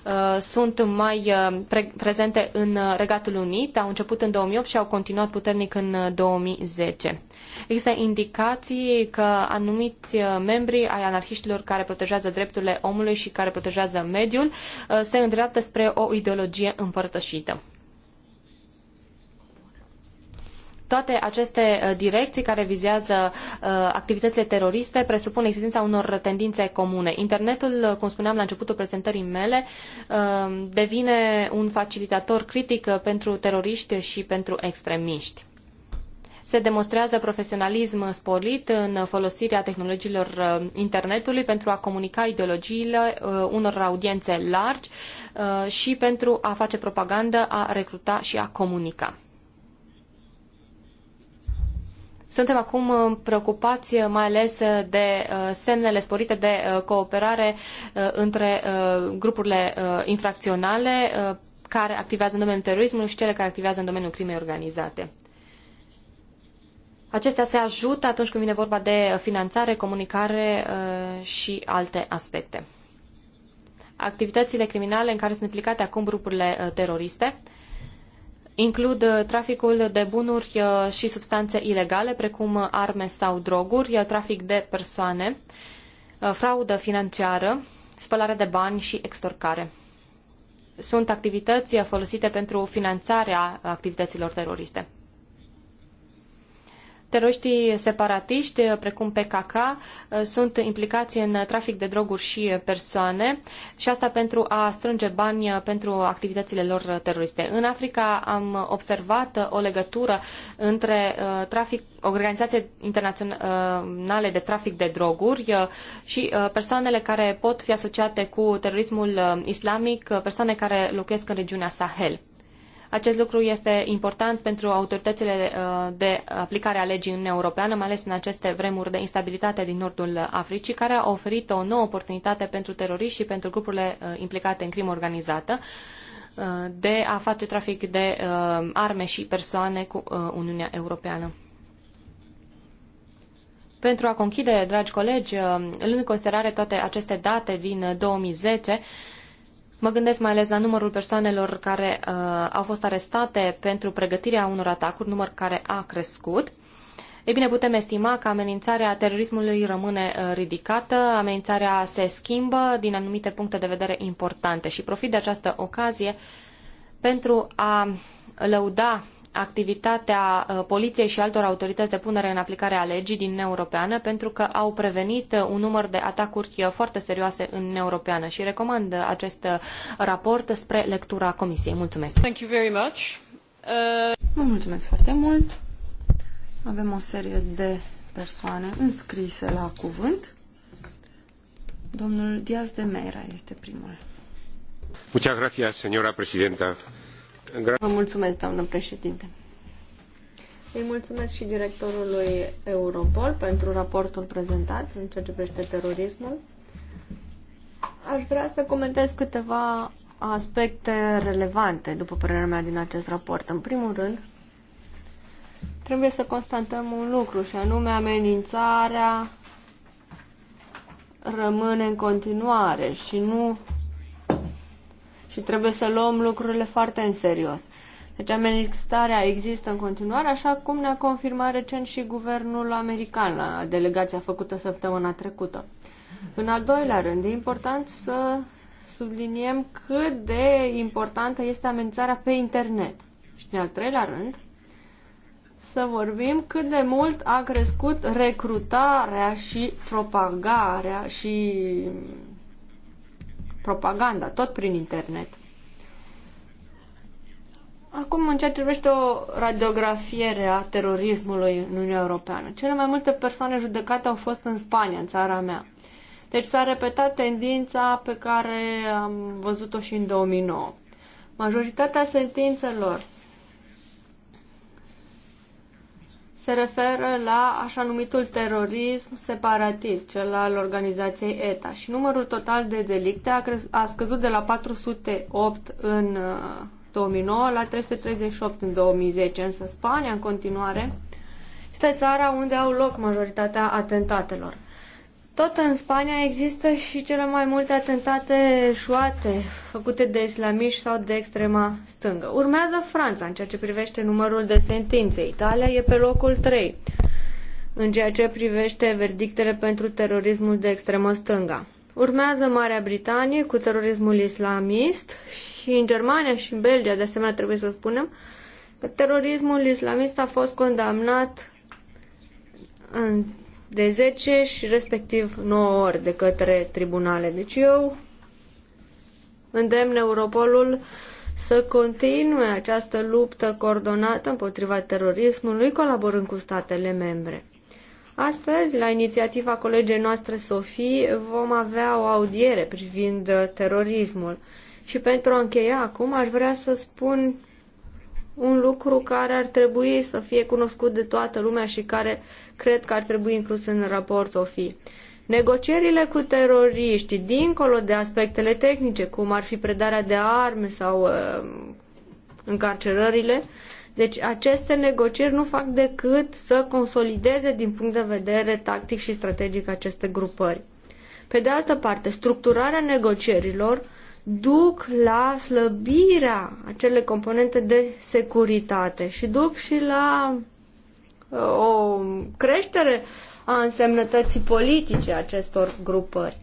uh, sunt mai uh, prezente în uh, Regatul Unit, au început în 2008 și au continuat puternic în 2010. Există indicații că anumiți membri ai anarhiștilor care protejează drepturile omului și care protejează mediul se îndreaptă spre o ideologie împărtășită. Toate aceste uh, direcții care vizează uh, activitățile teroriste presupun existența unor tendințe comune. Internetul, uh, cum spuneam la începutul prezentării mele, devine un facilitator critic pentru teroriști și pentru extremiști se demonstrează profesionalism sporit în folosirea tehnologiilor internetului pentru a comunica ideologiile unor audiențe largi și pentru a face propagandă, a recruta și a comunica. Suntem acum uh, preocupați uh, mai ales uh, de semnele sporite de cooperare între grupurile infracționale care activează în domeniul terorismului și cele care activează în domeniul crimei organizate. Acestea se ajută atunci când vine vorba de finanțare, comunicare și alte aspecte. Activitățile criminale în care sunt implicate acum grupurile teroriste includ uh, traficul de bunuri uh, și substanțe ilegale, precum arme sau droguri, uh, trafic de persoane, fraudă financiară, spălare de bani și extorcare. Sunt activități folosite pentru finanțarea activităților teroriste. Teroriștii separatiști, precum PKK, sunt implicați în trafic de droguri și persoane și asta pentru a strânge bani pentru activitățile lor teroriste. În Africa am observat o legătură între uh, trafic, organizații internaționale de trafic de droguri uh, și uh, persoanele care pot fi asociate cu terorismul islamic, persoane care locuiesc în regiunea Sahel. Acest lucru este important pentru autoritățile uh, de aplicare a legii în Europeană, mai ales în aceste vremuri de instabilitate din nordul Africii, care a oferit o nouă oportunitate pentru teroriști și pentru grupurile uh, implicate în crimă organizată uh, de a face trafic de arme și persoane cu Uniunea Europeană. Pentru a conchide, dragi colegi, luând în considerare toate aceste date din 2010, Mă gândesc mai ales la numărul persoanelor care uh, au fost arestate pentru pregătirea unor atacuri, număr care a crescut. Ei bine, putem estima că amenințarea terorismului rămâne uh, ridicată, amenințarea se schimbă din anumite puncte de vedere importante și profit de această ocazie pentru a lăuda activitatea uh, poliției și altor autorități de punere în aplicare a legii din Uniunea Europeană pentru că au prevenit uh, un număr de atacuri uh, foarte serioase în Uniunea Europeană și recomand acest raport spre lectura Comisiei. Mulțumesc! Thank you very much. Uh... Mă mulțumesc foarte mult! Avem o serie de persoane înscrise la cuvânt. Domnul Diaz de Meira este primul. Muchas gracias, señora presidenta. Vă mulțumesc, doamnă președinte. Îi mulțumesc și directorului Europol pentru raportul prezentat în ceea ce privește terorismul. Aș vrea să comentez câteva aspecte relevante, după părerea mea, din acest raport. În primul rând, trebuie să constatăm un lucru, și anume amenințarea rămâne în continuare și nu și trebuie să luăm lucrurile foarte în serios. Deci amenințarea există în continuare, așa cum ne-a confirmat recent și guvernul american la delegația făcută săptămâna trecută. În al doilea rând, e important să subliniem cât de importantă este amenințarea pe internet. Și în al treilea rând, să vorbim cât de mult a crescut recrutarea și propagarea și propaganda, tot prin internet. Acum, în ceea ce privește o radiografiere a terorismului în Uniunea Europeană, cele mai multe persoane judecate au fost în Spania, în țara mea. Deci s-a repetat tendința pe care am văzut-o și în 2009. Majoritatea sentințelor se referă la așa numitul terorism separatist, cel al organizației ETA. Și numărul total de delicte a, a scăzut de la 408 în 2009 uh, la 338 în 2010, însă Spania în continuare este țara unde au loc majoritatea atentatelor. Tot în Spania există și cele mai multe atentate șoate făcute de islamiști sau de extrema stângă. Urmează Franța în ceea ce privește numărul de sentințe. Italia e pe locul 3 în ceea ce privește verdictele pentru terorismul de extremă stânga. Urmează Marea Britanie cu terorismul islamist și în Germania și în Belgia, de asemenea trebuie să spunem, că terorismul islamist a fost condamnat în de 10 și respectiv 9 ori de către tribunale. Deci eu îndemn Europolul să continue această luptă coordonată împotriva terorismului, colaborând cu statele membre. Astăzi, la inițiativa colegei noastre Sofie, vom avea o audiere privind terorismul. Și pentru a încheia acum, aș vrea să spun un lucru care ar trebui să fie cunoscut de toată lumea și care cred că ar trebui inclus în raport o fi. Negocierile cu teroriștii, dincolo de aspectele tehnice, cum ar fi predarea de arme sau uh, încarcerările, deci aceste negocieri nu fac decât să consolideze din punct de vedere tactic și strategic aceste grupări. Pe de altă parte, structurarea negocierilor duc la slăbirea acele componente de securitate și duc și la uh, o creștere a însemnătății politice acestor grupări.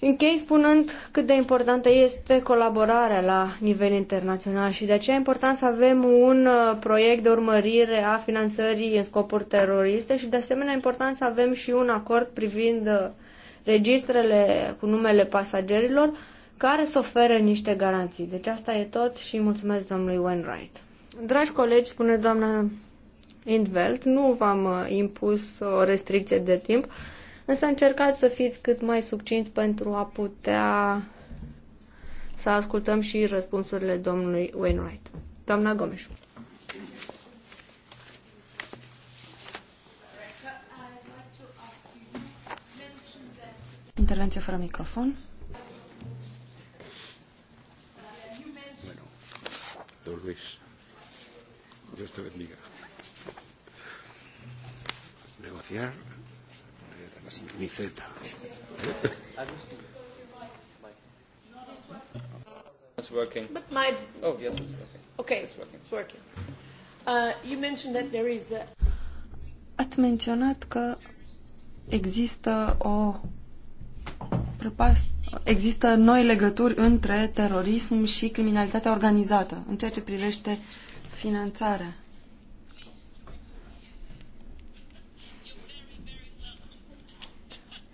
Închei spunând cât de importantă este colaborarea la nivel internațional și de aceea e important să avem un uh, proiect de urmărire a finanțării în scopuri teroriste și de asemenea e important să avem și un acord privind uh, registrele cu numele pasagerilor care să ofere niște garanții. Deci asta e tot și mulțumesc domnului Wainwright. Dragi colegi, spune doamna Indveld, nu v-am uh, impus o restricție de timp, însă încercați să fiți cât mai succinți pentru a putea să ascultăm și răspunsurile domnului Wainwright. Doamna Gomes. Intervenție fără microfon. don Luis. Dios te bendiga. Negociar Z. It's working. But my oh yes, it's working. Okay, it's working. It's working. Uh, you mentioned that there is a. Ați menționat că există o prăpastie există noi legături între terorism și criminalitatea organizată în ceea ce privește finanțarea.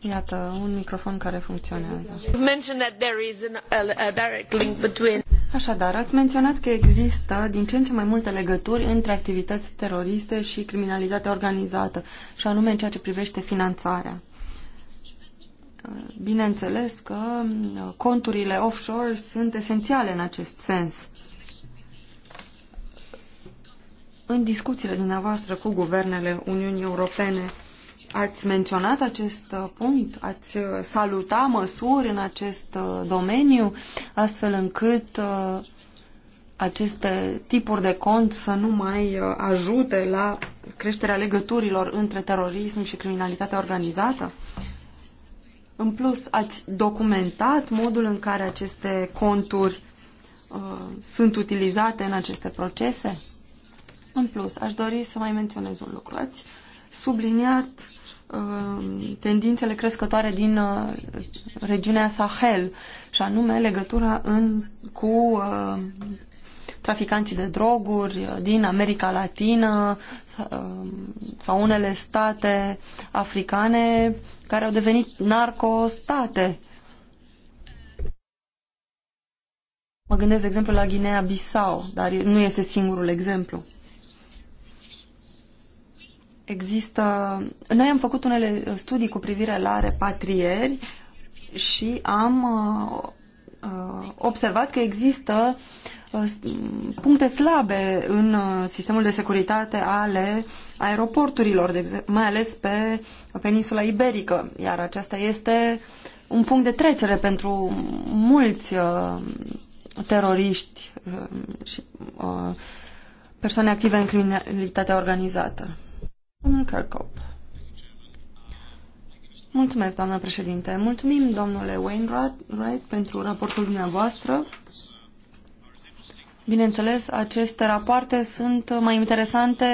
Iată, un microfon care funcționează. Așadar, ați menționat că există din ce în ce mai multe legături între activități teroriste și criminalitatea organizată, și anume în ceea ce privește finanțarea bineînțeles că uh, conturile offshore sunt esențiale în acest sens. În discuțiile dumneavoastră cu guvernele Uniunii Europene, ați menționat acest uh, punct? Ați uh, saluta măsuri în acest domeniu, astfel încât aceste tipuri de cont să nu mai ajute la creșterea legăturilor între terorism și criminalitatea organizată? În plus, ați documentat modul în care aceste conturi uh, sunt utilizate în aceste procese? În plus, aș dori să mai menționez un lucru. Ați subliniat uh, tendințele crescătoare din uh, regiunea Sahel și anume legătura în, cu uh, traficanții de droguri uh, din America Latină uh, sau unele state africane care au devenit narcostate. Mă gândesc, de exemplu, la Guinea-Bissau, dar nu este singurul exemplu. Există... Noi am făcut unele studii cu privire la repatrieri și am uh, Uh, observat că există uh, puncte slabe în uh, sistemul de securitate ale aeroporturilor, mai ales pe peninsula iberică, iar aceasta este un punct de trecere pentru mulți teroriști și persoane active în criminalitatea organizată. Domnul Mulțumesc, doamnă președinte. Mulțumim, domnule Wainwright, pentru raportul dumneavoastră. Bineînțeles, aceste rapoarte sunt mai interesante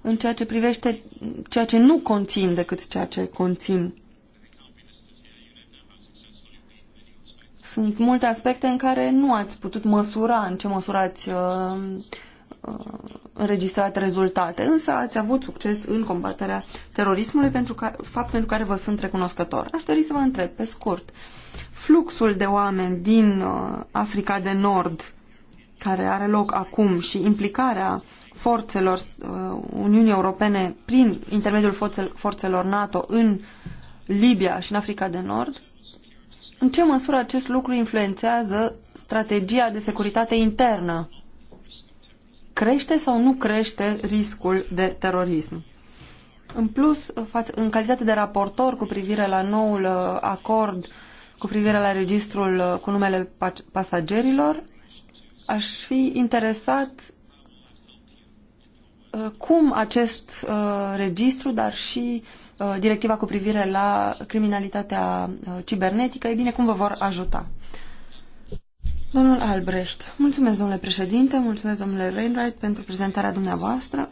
în ceea ce privește ceea ce nu conțin decât ceea ce conțin. Sunt multe aspecte în care nu ați putut măsura în ce măsură ați uh, Uh, înregistrat rezultate, însă ați avut succes în combaterea terorismului, pentru că, fapt pentru care vă sunt recunoscător. Aș dori să vă întreb, pe scurt, fluxul de oameni din uh, Africa de Nord, care are loc acum, și implicarea forțelor uh, Uniunii Europene prin intermediul forțel, forțelor NATO în Libia și în Africa de Nord, în ce măsură acest lucru influențează strategia de securitate internă crește sau nu crește riscul de terorism. În plus, în calitate de raportor cu privire la noul uh, acord cu privire la registrul uh, cu numele pasagerilor, aș fi interesat uh, cum acest registru, dar și directiva cu privire la criminalitatea cibernetică, e bine, cum vă vor ajuta. Domnul Albrecht, mulțumesc, domnule președinte, mulțumesc, domnule Reinright, pentru prezentarea dumneavoastră.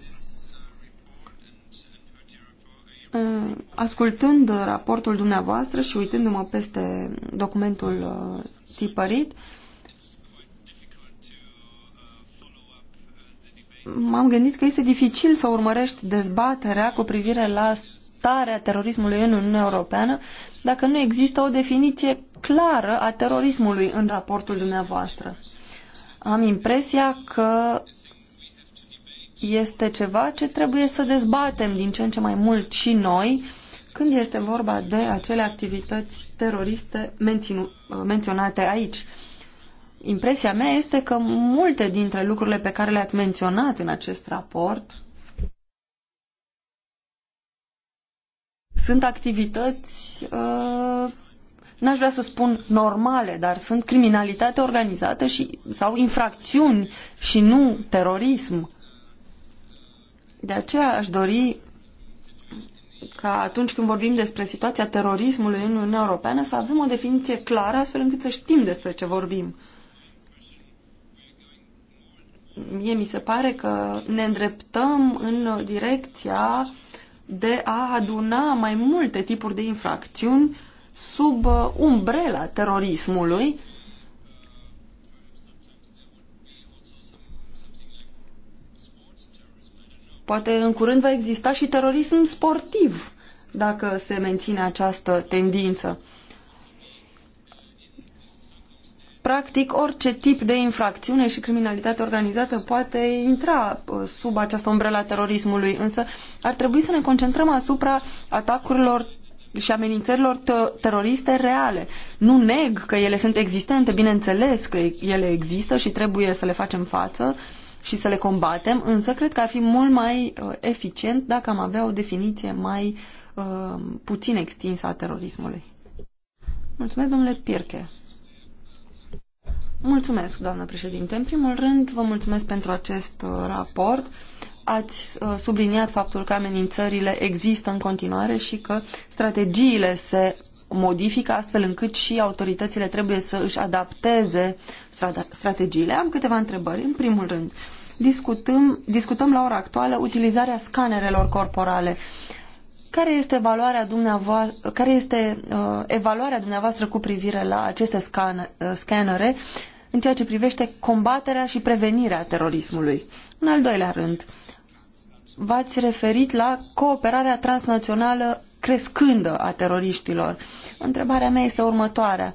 Uh, ascultând raportul dumneavoastră și uitându-mă peste documentul uh, tipărit, m-am gândit că este dificil să urmărești dezbaterea cu privire la tare a terorismului în Uniunea Europeană dacă nu există o definiție clară a terorismului în raportul dumneavoastră. Am impresia că este ceva ce trebuie să dezbatem din ce în ce mai mult și noi când este vorba de acele activități teroriste menținu, menționate aici. Impresia mea este că multe dintre lucrurile pe care le-ați menționat în acest raport sunt activități, uh, n-aș vrea să spun normale, dar sunt criminalitate organizată și, sau infracțiuni și nu terorism. De aceea aș dori ca atunci când vorbim despre situația terorismului în Uniunea Europeană să avem o definiție clară astfel încât să știm despre ce vorbim. Mie mi se pare că ne îndreptăm în direcția uh, de a aduna mai multe tipuri de infracțiuni sub uh, umbrela terorismului. Poate în curând va exista și terorism sportiv dacă se menține această tendință. practic orice tip de infracțiune și criminalitate organizată poate intra uh, sub această umbrela terorismului, însă ar trebui să ne concentrăm asupra atacurilor și amenințărilor teroriste reale. Nu neg că ele sunt existente, bineînțeles că ele există și trebuie să le facem față și să le combatem, însă cred că ar fi mult mai uh, eficient dacă am avea o definiție mai uh, puțin extinsă a terorismului. Mulțumesc, domnule Pirche. Mulțumesc, doamnă președinte. În primul rând, vă mulțumesc pentru acest uh, raport. Ați uh, subliniat faptul că amenințările există în continuare și că strategiile se modifică astfel încât și autoritățile trebuie să își adapteze strategiile. Am câteva întrebări. În primul rând, discutăm, discutăm la ora actuală utilizarea scanerelor corporale. Uh, care este, valoarea dumneavoastră, care este uh, evaluarea dumneavoastră cu privire la aceste scan, uh, scanere în ceea ce privește combaterea și prevenirea terorismului? În al doilea rând, v-ați referit la cooperarea transnațională crescândă a teroriștilor. Întrebarea mea este următoarea.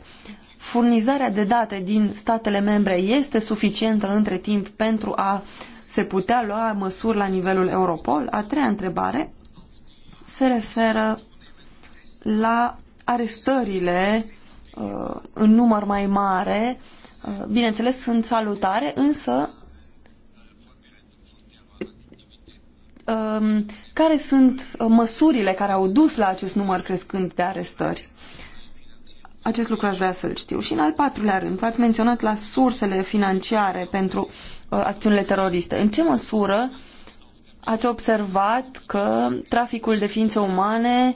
Furnizarea de date din statele membre este suficientă între timp pentru a se putea lua măsuri la nivelul Europol? A treia întrebare, se referă la arestările uh, în număr mai mare. Uh, bineînțeles, sunt salutare, însă um, care sunt uh, măsurile care au dus la acest număr crescând de arestări? Acest lucru aș vrea să-l știu. Și în al patrulea rând, v-ați menționat la sursele financiare pentru uh, acțiunile teroriste. În ce măsură uh, ați observat că traficul de ființe umane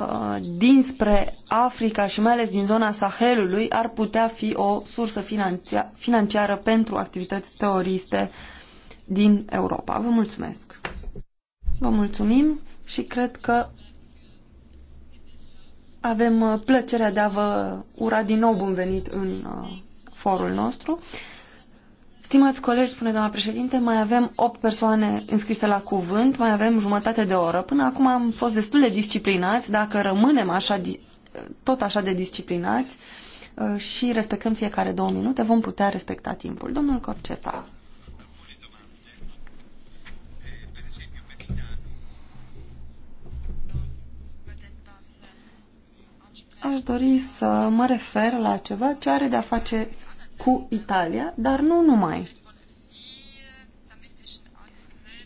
uh, dinspre Africa și mai ales din zona Sahelului ar putea fi o sursă financiară pentru activități teroriste din Europa. Vă mulțumesc! Vă mulțumim și cred că avem uh, plăcerea de a vă ura din nou bun venit în uh, forul nostru. Stimați colegi, spune doamna președinte, mai avem opt persoane înscrise la cuvânt, mai avem jumătate de oră. Până acum am fost destul de disciplinați, dacă rămânem așa, tot așa de disciplinați uh, și respectăm fiecare două minute, vom putea respecta timpul. Domnul Corceta. Aș dori să mă refer la ceva ce are de a face cu Italia, dar nu numai.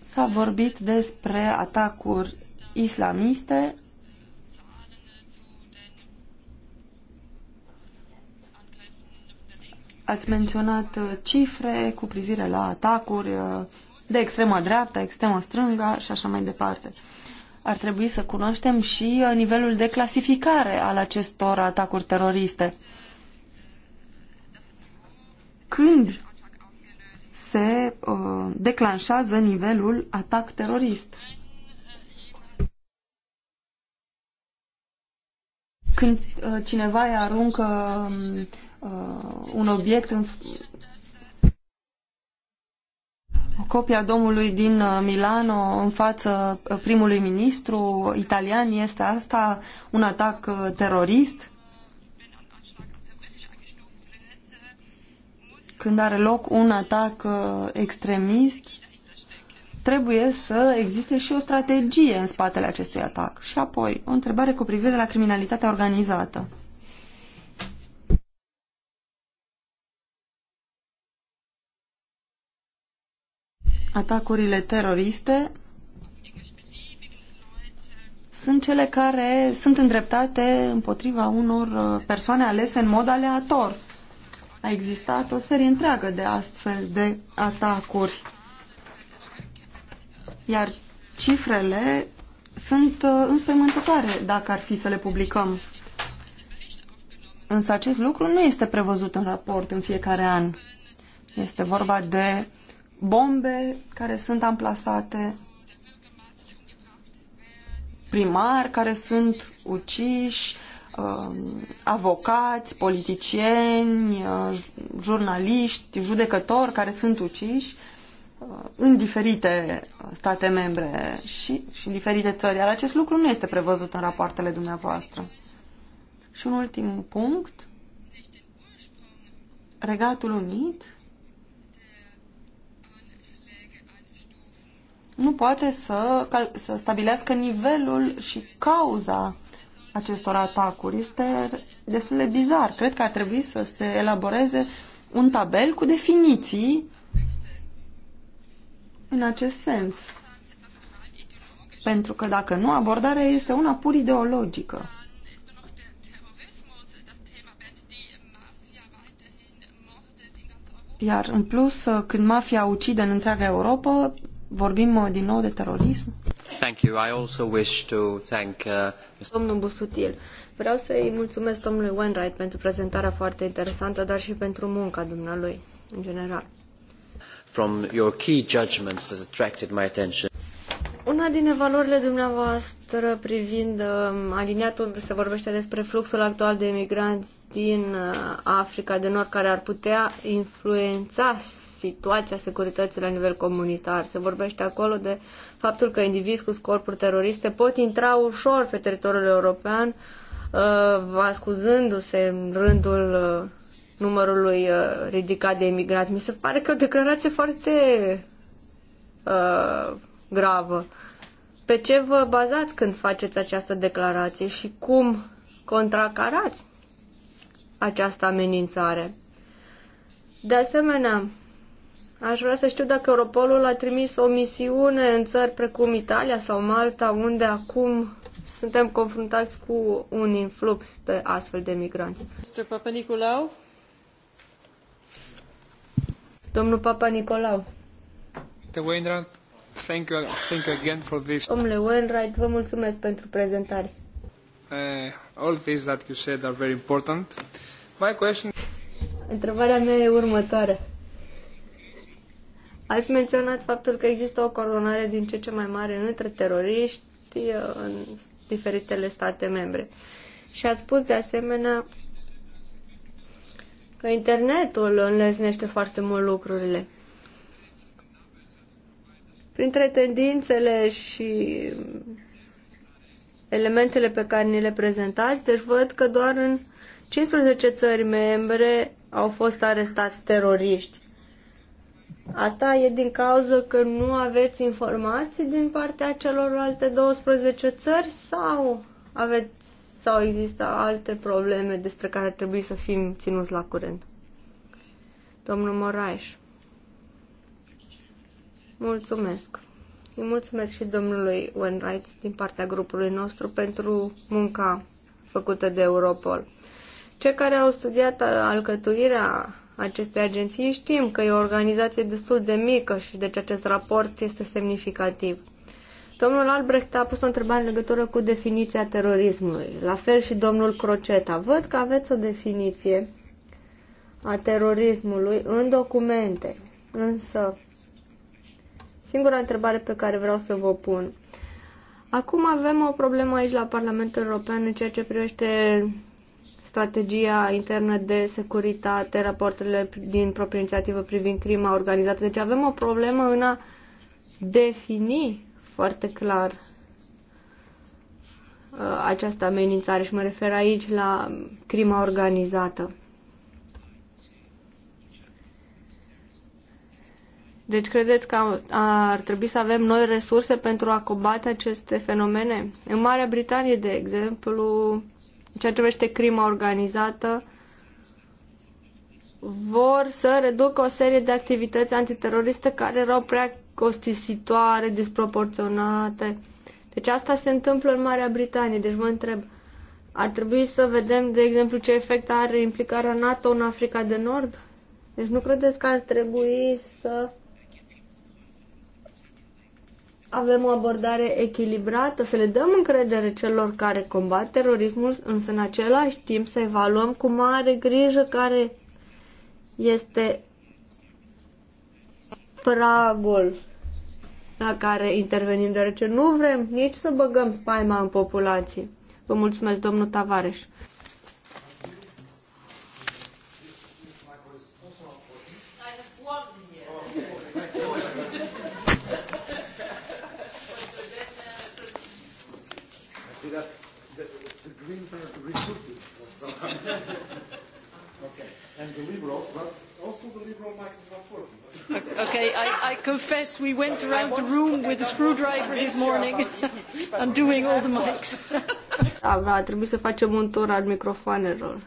S-a vorbit despre atacuri islamiste Ați menționat uh, cifre cu privire la atacuri uh, de extrema dreapta, extrema strânga și așa mai departe. Ar trebui să cunoaștem și uh, nivelul de clasificare al acestor atacuri teroriste când se uh, declanșează nivelul atac terorist. Când uh, cineva îi aruncă uh, un obiect în copia domnului din uh, Milano în față uh, primului ministru italian, este asta un atac uh, terorist? când are loc un atac uh, extremist, trebuie să existe și o strategie în spatele acestui atac. Și apoi, o întrebare cu privire la criminalitatea organizată. Atacurile teroriste sunt cele care sunt îndreptate împotriva unor uh, persoane alese în mod aleator a existat o serie întreagă de astfel de atacuri. Iar cifrele sunt uh, înspăimântătoare dacă ar fi să le publicăm. Însă acest lucru nu este prevăzut în raport în fiecare an. Este vorba de bombe care sunt amplasate, primari care sunt uciși, Um, avocați, politicieni, uh, jurnaliști, judecători care sunt uciși uh, în diferite uh, state membre și, și în diferite țări, iar acest lucru nu este prevăzut în rapoartele dumneavoastră. Și un ultim punct, Regatul Unit nu poate să, să stabilească nivelul și cauza acestor atacuri. Este destul de bizar. Cred că ar trebui să se elaboreze un tabel cu definiții în acest sens. Pentru că dacă nu, abordarea este una pur ideologică. Iar în plus, când mafia ucide în întreaga Europa, vorbim uh, din nou de terorism? Uh, Domnul Busutil, vreau să îi mulțumesc domnului Wainwright pentru prezentarea foarte interesantă, dar și pentru munca dumnealui, în general. From your key judgments that attracted my attention. Una din evaluările dumneavoastră privind uh, aliniatul unde se vorbește despre fluxul actual de emigranți din uh, Africa de Nord care ar putea influența situația securității la nivel comunitar. Se vorbește acolo de faptul că indivizi cu scorpuri teroriste pot intra ușor pe teritoriul european, uh, ascuzându-se în rândul uh, numărului uh, ridicat de imigranți. Mi se pare că o declarație foarte uh, gravă. Pe ce vă bazați când faceți această declarație și cum contracarați această amenințare? De asemenea, Aș vrea să știu dacă Europolul a trimis o misiune în țări precum Italia sau Malta, unde acum suntem confruntați cu un influx de astfel de migranți. Mr. Papa Nicolau? Domnul Papa Nicolau. Wainwright, thank you, thank you again for this. Domnule Wainwright, vă mulțumesc pentru prezentare. Uh, all things that you said are very important. My question... Întrebarea mea e următoare. Ați menționat faptul că există o coordonare din ce ce mai mare între teroriști uh, în diferitele state membre. Și ați spus de asemenea că internetul înlesnește foarte mult lucrurile. Printre tendințele și elementele pe care ni le prezentați, deci văd că doar în 15 țări membre au fost arestați teroriști. Asta e din cauza că nu aveți informații din partea celorlalte 12 țări sau aveți sau există alte probleme despre care trebuie să fim ținuți la curent? Domnul Moraes. Mulțumesc. Îi mulțumesc și domnului Wainwright din partea grupului nostru pentru munca făcută de Europol. Cei care au studiat alcătuirea acestei agenții. Știm că e o organizație destul de mică și deci acest raport este semnificativ. Domnul Albrecht a pus o întrebare în legătură cu definiția terorismului. La fel și domnul Croceta. Văd că aveți o definiție a terorismului în documente. Însă, singura întrebare pe care vreau să vă pun. Acum avem o problemă aici la Parlamentul European în ceea ce privește strategia internă de securitate, rapoartele din proprie inițiativă privind crima organizată. Deci avem o problemă în a defini foarte clar uh, această amenințare și mă refer aici la crima organizată. Deci credeți că ar trebui să avem noi resurse pentru a combate aceste fenomene? În Marea Britanie, de exemplu, ceea ce privește crima organizată, vor să reducă o serie de activități antiteroriste care erau prea costisitoare, disproporționate. Deci asta se întâmplă în Marea Britanie. Deci mă întreb, ar trebui să vedem, de exemplu, ce efect are implicarea NATO în Africa de Nord? Deci nu credeți că ar trebui să avem o abordare echilibrată, să le dăm încredere celor care combat terorismul, însă în același timp să evaluăm cu mare grijă care este pragul la care intervenim, deoarece nu vrem nici să băgăm spaima în populație. Vă mulțumesc, domnul Tavareș. So. okay. And the liberals, but also the liberal Michael Van Okay, I, I confess we went around the room with a screwdriver this morning and doing all the mics. Avea, a trebuit să facem un tur al microfoanelor.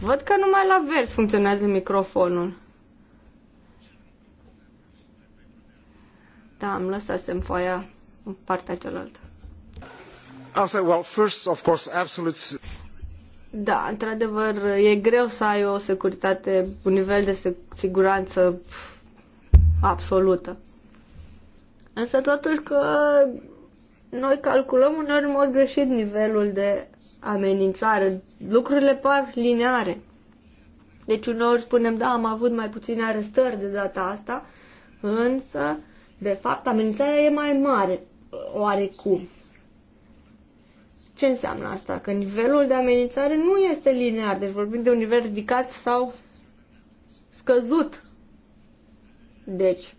Văd că numai la vers funcționează microfonul. Da, am lăsat să-mi foaia în partea cealaltă. Also, well, first, of course, absolute... Da, într-adevăr, e greu să ai o securitate, un nivel de siguranță absolută. Însă totuși că noi calculăm uneori în mod greșit nivelul de amenințare. Lucrurile par lineare. Deci uneori spunem, da, am avut mai puține arestări de data asta, însă, de fapt, amenințarea e mai mare, oarecum. Ce înseamnă asta? Că nivelul de amenințare nu este linear, deci vorbim de un nivel ridicat sau scăzut. Deci,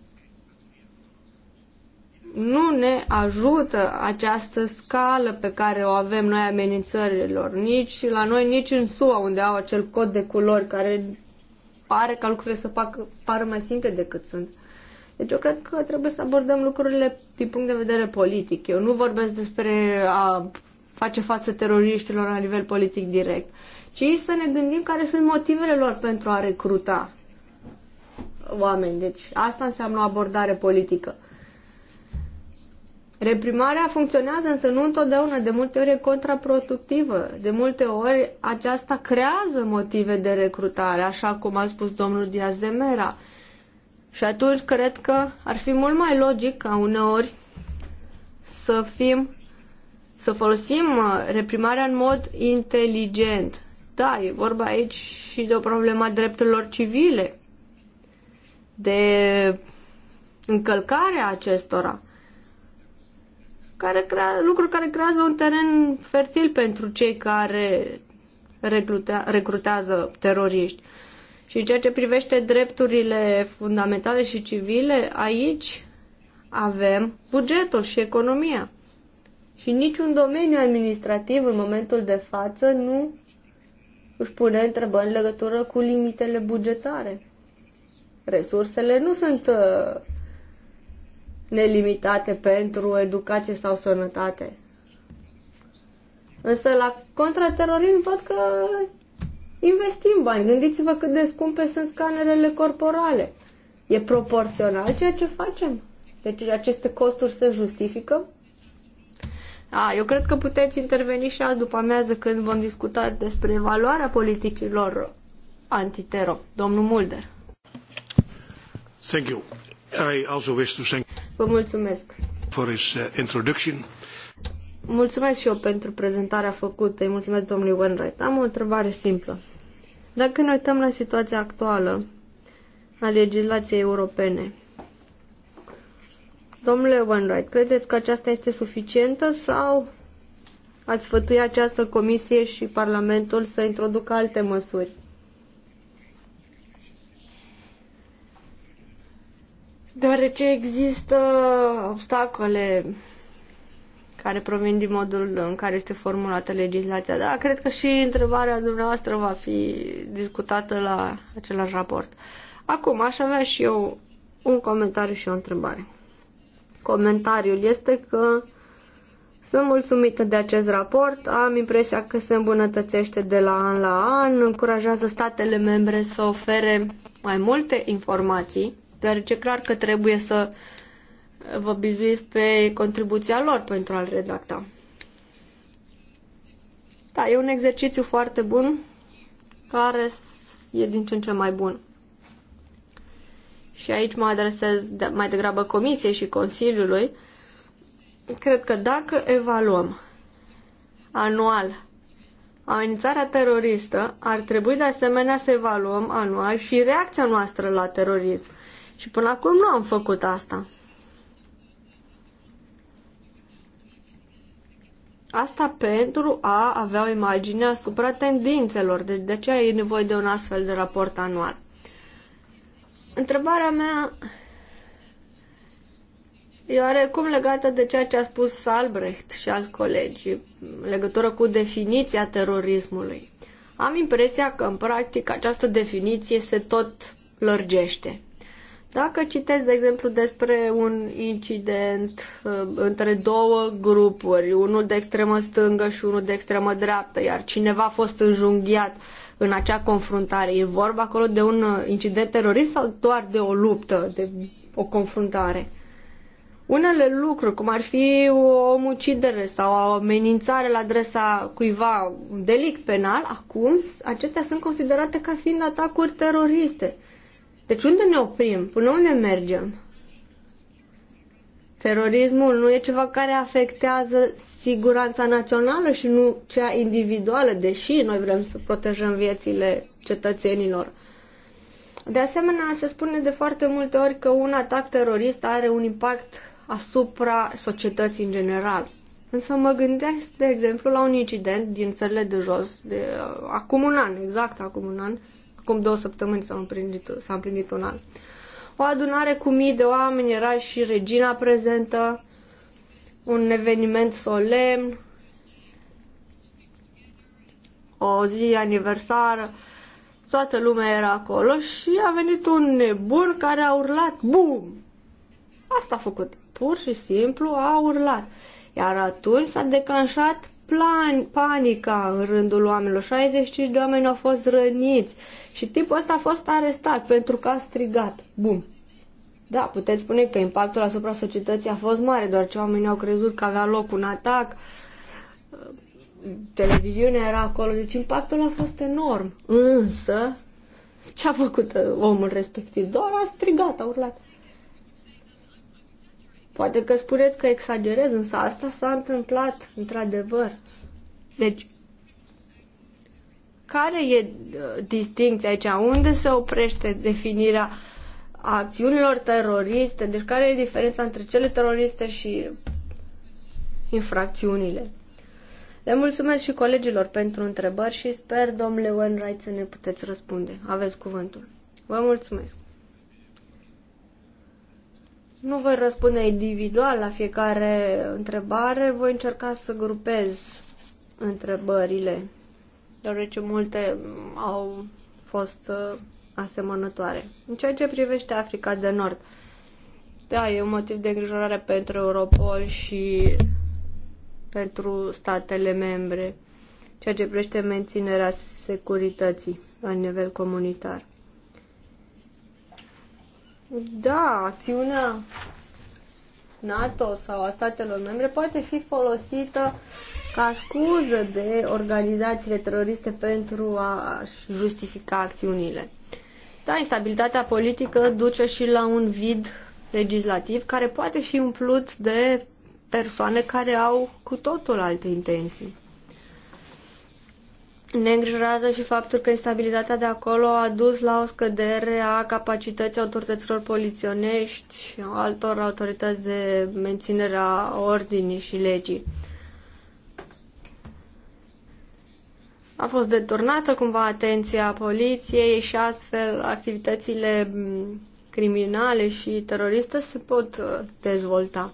nu ne ajută această scală pe care o avem noi amenințărilor, nici la noi, nici în SUA, unde au acel cod de culori care pare ca lucrurile să facă, pară mai simple decât sunt. Deci eu cred că trebuie să abordăm lucrurile din punct de vedere politic. Eu nu vorbesc despre a face față teroriștilor la nivel politic direct, ci să ne gândim care sunt motivele lor pentru a recruta oameni. Deci asta înseamnă o abordare politică. Reprimarea funcționează, însă nu întotdeauna, de multe ori e contraproductivă. De multe ori aceasta creează motive de recrutare, așa cum a spus domnul Diaz de Mera. Și atunci cred că ar fi mult mai logic ca uneori să fim să folosim uh, reprimarea în mod inteligent. Da, e vorba aici și de o problemă a drepturilor civile, de încălcarea acestora, care crea, lucru care creează un teren fertil pentru cei care recrutea, recrutează teroriști. Și ceea ce privește drepturile fundamentale și civile, aici avem bugetul și economia. Și niciun domeniu administrativ în momentul de față nu își pune întrebări în legătură cu limitele bugetare. Resursele nu sunt uh, nelimitate pentru educație sau sănătate. Însă la contraterorism văd că investim bani. Gândiți-vă cât de scumpe sunt scanerele corporale. E proporțional ceea ce facem? Deci aceste costuri se justifică? A, eu cred că puteți interveni și azi după amiază când vom discuta despre evaluarea politicilor antitero. Domnul Mulder. Thank you. I also wish to thank Vă mulțumesc. For his uh, introduction. Mulțumesc și eu pentru prezentarea făcută. Îi mulțumesc domnului Wainwright. Am o întrebare simplă. Dacă ne uităm la situația actuală a legislației europene, Domnule Wainwright, credeți că aceasta este suficientă sau ați sfătui această comisie și Parlamentul să introducă alte măsuri? Deoarece există obstacole care provin din modul în care este formulată legislația. Da, cred că și întrebarea dumneavoastră va fi discutată la același raport. Acum, aș avea și eu un comentariu și o întrebare. Comentariul este că sunt mulțumită de acest raport, am impresia că se îmbunătățește de la an la an, încurajează statele membre să ofere mai multe informații, deoarece clar că trebuie să vă bizuiți pe contribuția lor pentru a-l redacta. Da, e un exercițiu foarte bun care e din ce în ce mai bun și aici mă adresez mai degrabă Comisiei și Consiliului, cred că dacă evaluăm anual amenințarea teroristă, ar trebui de asemenea să evaluăm anual și reacția noastră la terorism. Și până acum nu am făcut asta. Asta pentru a avea o imagine asupra tendințelor, deci de aceea e nevoie de un astfel de raport anual. Întrebarea mea e oarecum legată de ceea ce a spus Albrecht și alți colegi legătură cu definiția terorismului. Am impresia că, în practic, această definiție se tot lărgește. Dacă citesc, de exemplu, despre un incident uh, între două grupuri, unul de extremă stângă și unul de extremă dreaptă, iar cineva a fost înjunghiat uh, în acea confruntare? E vorba acolo de un uh, incident terorist sau doar de o luptă, de o confruntare? Unele lucruri, cum ar fi o omucidere sau o amenințare la adresa cuiva, un delict penal, acum acestea sunt considerate ca fiind atacuri teroriste. Deci unde ne oprim? Până unde mergem? Terorismul nu e ceva care afectează siguranța națională și nu cea individuală, deși noi vrem să protejăm viețile cetățenilor. De asemenea, se spune de foarte multe ori că un atac terorist are un impact asupra societății în general. Însă mă gândesc, de exemplu, la un incident din țările de jos, de uh, acum un an, exact acum un an, acum două săptămâni s-a împlinit, s-a împlinit un an. Uh, o adunare cu mii de oameni, era și regina prezentă, un eveniment solemn, o zi aniversară, toată lumea era acolo și a venit un nebun care a urlat BUM! Asta a făcut, pur și simplu a urlat. Iar atunci s-a declanșat plan, panica în rândul oamenilor. 65 de oameni au fost răniți și tipul ăsta a fost arestat pentru că a strigat. Bum, Da, puteți spune că impactul asupra societății a fost mare, doar ce oamenii au crezut că avea loc un atac, televiziunea era acolo, deci impactul a fost enorm. Însă, ce a făcut uh, omul respectiv? Doar a strigat, a urlat. Poate că spuneți că exagerez, însă asta s-a întâmplat, într-adevăr. Deci, care e uh, distinția aici? Unde se oprește definirea acțiunilor teroriste? Deci, care e diferența între cele teroriste și infracțiunile? Le mulțumesc și colegilor pentru întrebări și sper, domnule Wainwright, să ne puteți răspunde. Aveți cuvântul. Vă mulțumesc! Nu voi răspunde individual la fiecare întrebare, voi încerca să grupez întrebările, deoarece multe au fost uh, asemănătoare. În ceea ce privește Africa de Nord, da, e un motiv de îngrijorare pentru Europol și pentru statele membre, ceea ce privește menținerea securității la nivel comunitar. Da, acțiunea NATO sau a statelor membre poate fi folosită ca scuză de organizațiile teroriste pentru a justifica acțiunile. Da, instabilitatea politică duce și la un vid legislativ care poate fi umplut de persoane care au cu totul alte intenții. Ne îngrijorează și faptul că instabilitatea de acolo a dus la o scădere a capacității autorităților poliționești și altor autorități de menținere a ordinii și legii. A fost deturnată cumva atenția poliției și astfel activitățile criminale și teroriste se pot dezvolta.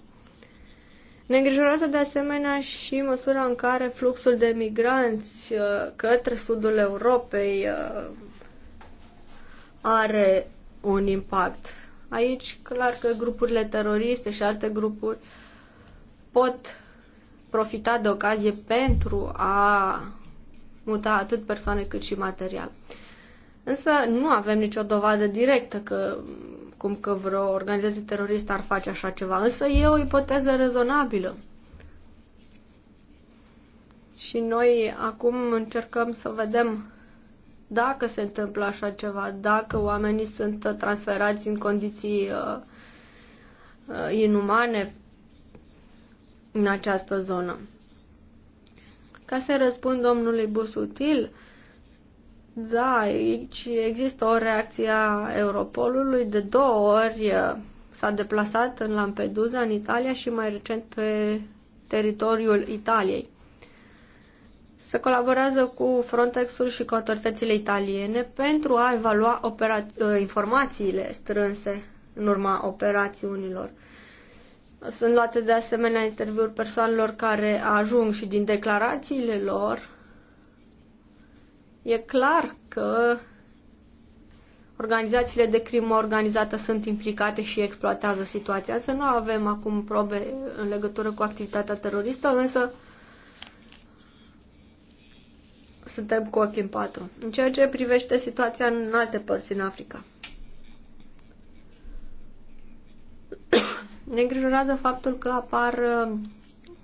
Ne îngrijorează de asemenea și măsura în care fluxul de migranți uh, către sudul Europei uh, are un impact. Aici, clar că grupurile teroriste și alte grupuri pot profita de ocazie pentru a muta atât persoane cât și material. Însă nu avem nicio dovadă directă că cum că vreo organizație teroristă ar face așa ceva, însă e o ipoteză rezonabilă. Și noi acum încercăm să vedem dacă se întâmplă așa ceva, dacă oamenii sunt transferați în condiții uh, uh, inumane în această zonă. Ca să răspund domnului Busutil, uh, da, aici există o reacție a Europolului. De două ori uh, s-a deplasat în Lampedusa, în Italia și mai recent pe teritoriul Italiei. Se colaborează cu Frontex-ul și cu autoritățile italiene pentru a evalua opera- uh, informațiile strânse în urma operațiunilor. Sunt luate de asemenea interviuri persoanelor care ajung și din declarațiile lor E clar că organizațiile de crimă organizată sunt implicate și exploatează situația. Să nu avem acum probe în legătură cu activitatea teroristă, însă suntem cu ochii în patru. În ceea ce privește situația în alte părți în Africa. Ne îngrijorează faptul că apar uh,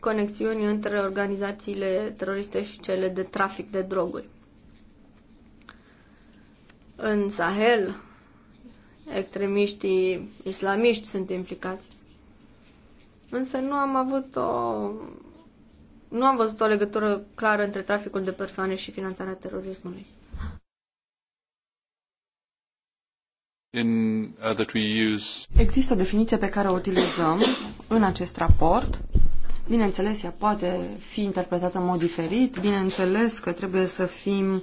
conexiuni între organizațiile teroriste și cele de trafic de droguri. În Sahel, extremiștii islamiști sunt implicați. Însă nu am avut o... Nu am văzut o legătură clară între traficul de persoane și finanțarea terorismului. In, uh, that we use... Există o definiție pe care o utilizăm în acest raport Bineînțeles, ea poate fi interpretată în mod diferit, bineînțeles că trebuie să fim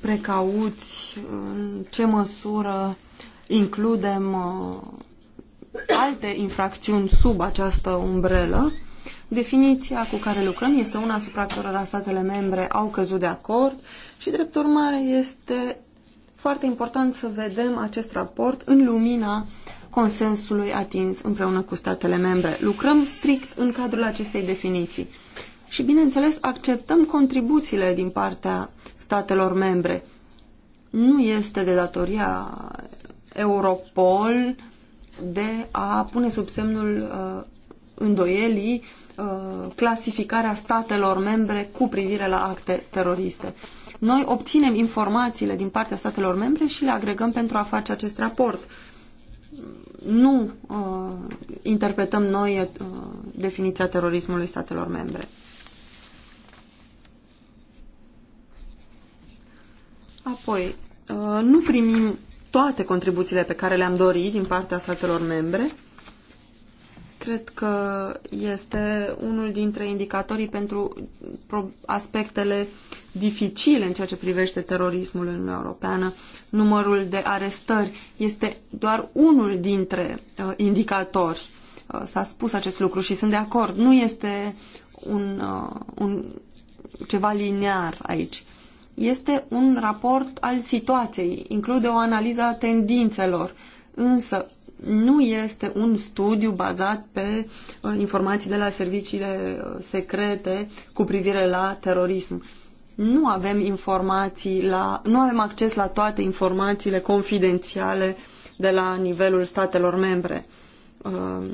precauți în ce măsură includem uh, alte infracțiuni sub această umbrelă. Definiția cu care lucrăm este una asupra cărora statele membre au căzut de acord și, drept urmare, este foarte important să vedem acest raport în lumina consensului atins împreună cu statele membre. Lucrăm strict în cadrul acestei definiții. Și, bineînțeles, acceptăm contribuțiile din partea statelor membre. Nu este de datoria Europol de a pune sub semnul uh, îndoielii uh, clasificarea statelor membre cu privire la acte teroriste. Noi obținem informațiile din partea statelor membre și le agregăm pentru a face acest raport nu uh, interpretăm noi uh, definiția terorismului statelor membre. Apoi, uh, nu primim toate contribuțiile pe care le-am dorit din partea statelor membre, Cred că este unul dintre indicatorii pentru aspectele dificile în ceea ce privește terorismul în Uniunea Europeană. Numărul de arestări este doar unul dintre uh, indicatori. Uh, s-a spus acest lucru și sunt de acord. Nu este un, uh, un ceva linear aici. Este un raport al situației, include o analiză a tendințelor, însă nu este un studiu bazat pe uh, informații de la serviciile uh, secrete cu privire la terorism. Nu avem informații la, nu avem acces la toate informațiile confidențiale de la nivelul statelor membre. Uh,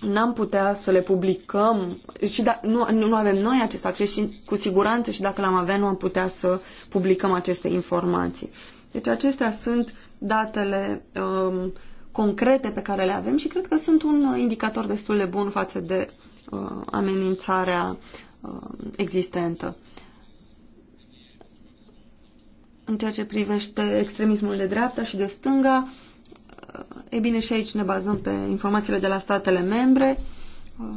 n-am putea să le publicăm și da, nu, nu avem noi acest acces și cu siguranță și dacă l-am avea nu am putea să publicăm aceste informații. Deci acestea sunt datele uh, concrete pe care le avem și cred că sunt un indicator destul de bun față de uh, amenințarea uh, existentă. În ceea ce privește extremismul de dreapta și de stânga, uh, e bine și aici ne bazăm pe informațiile de la statele membre. Uh,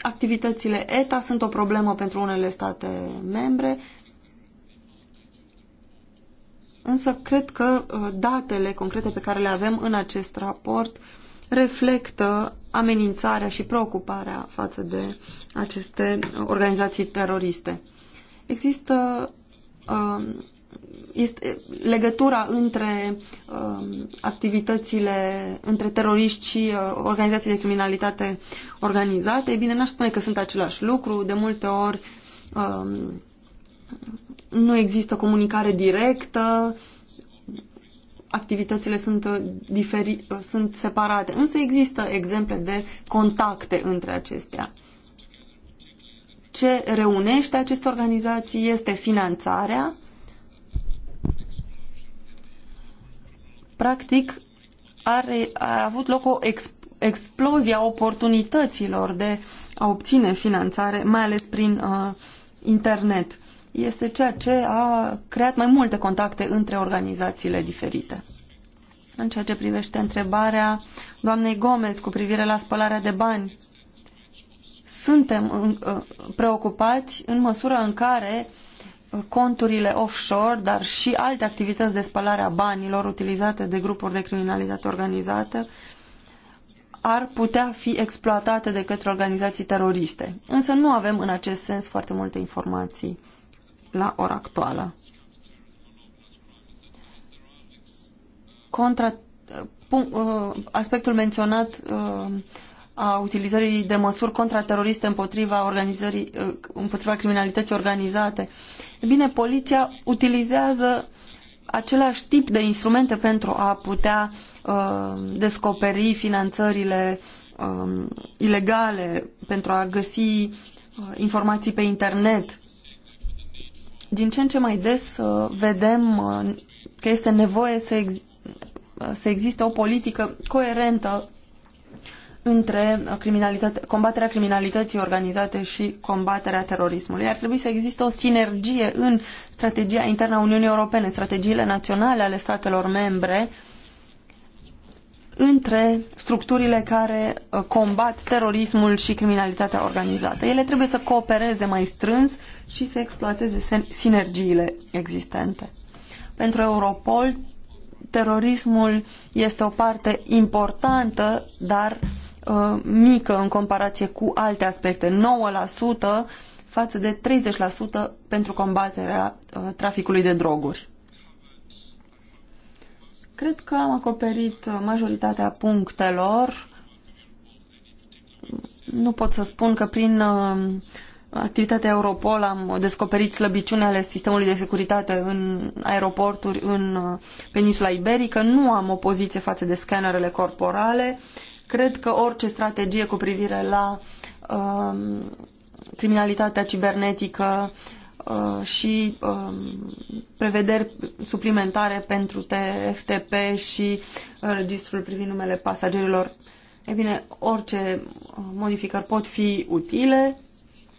activitățile ETA sunt o problemă pentru unele state membre. Uh, însă cred că uh, datele concrete pe care le avem în acest raport reflectă amenințarea și preocuparea față de aceste organizații teroriste. Există um, este legătura între um, activitățile între teroriști și uh, organizații de criminalitate organizate. E bine, n-aș spune că sunt același lucru. De multe ori um, nu există comunicare directă, activitățile sunt, uh, diferi, uh, sunt separate, însă există exemple de contacte între acestea. Ce reunește aceste organizații este finanțarea. Practic, are, a avut loc o exp explozie oportunităților de a obține finanțare, mai ales prin uh, internet este ceea ce a creat mai multe contacte între organizațiile diferite. În ceea ce privește întrebarea doamnei Gomez cu privire la spălarea de bani, suntem uh, preocupați în măsura în care uh, conturile offshore, dar și alte activități de spălare a banilor utilizate de grupuri de criminalitate organizată ar putea fi exploatate de către organizații teroriste. Însă nu avem în acest sens foarte multe informații la ora actuală. Contra, uh, aspectul menționat uh, a utilizării de măsuri contrateroriste împotriva, organizării, uh, împotriva criminalității organizate. E bine, poliția utilizează același tip de instrumente pentru a putea uh, descoperi finanțările uh, ilegale, pentru a găsi uh, informații pe internet. Din ce în ce mai des uh, vedem uh, că este nevoie să, ex- uh, să existe o politică coerentă între criminalitate, combaterea criminalității organizate și combaterea terorismului. Ar trebui să existe o sinergie în strategia internă a Uniunii Europene, strategiile naționale ale statelor membre uh, între structurile care uh, combat terorismul și criminalitatea organizată. Ele trebuie să coopereze mai strâns și să exploateze sinergiile existente. Pentru Europol, terorismul este o parte importantă, dar uh, mică în comparație cu alte aspecte, 9% față de 30% pentru combaterea uh, traficului de droguri. Cred că am acoperit uh, majoritatea punctelor. Nu pot să spun că prin uh, activitatea Europol am descoperit slăbiciunea ale sistemului de securitate în aeroporturi în uh, peninsula iberică. Nu am o poziție față de scanerele corporale. Cred că orice strategie cu privire la uh, criminalitatea cibernetică Uh, și uh, prevederi suplimentare pentru TFTP și uh, registrul privind numele pasagerilor. E bine, orice uh, modificări pot fi utile,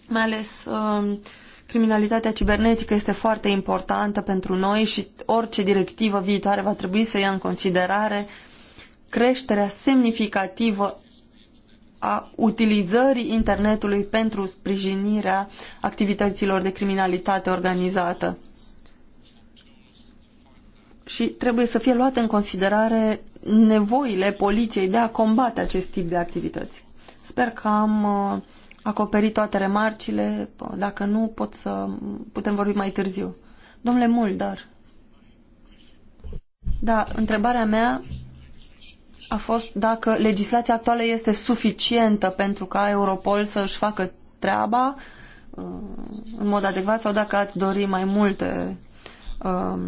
mai ales um, criminalitatea cibernetică este foarte importantă pentru noi și orice directivă viitoare va trebui să ia în considerare creșterea semnificativă a utilizării internetului pentru sprijinirea activităților de criminalitate organizată. Și trebuie să fie luate în considerare nevoile poliției de a combate acest tip de activități. Sper că am uh, acoperit toate remarcile. Dacă nu, pot să putem vorbi mai târziu. Domnule Muldar. Da, întrebarea mea a fost dacă legislația actuală este suficientă pentru ca Europol să își facă treaba uh, în mod adecvat sau dacă ați dori mai multe um,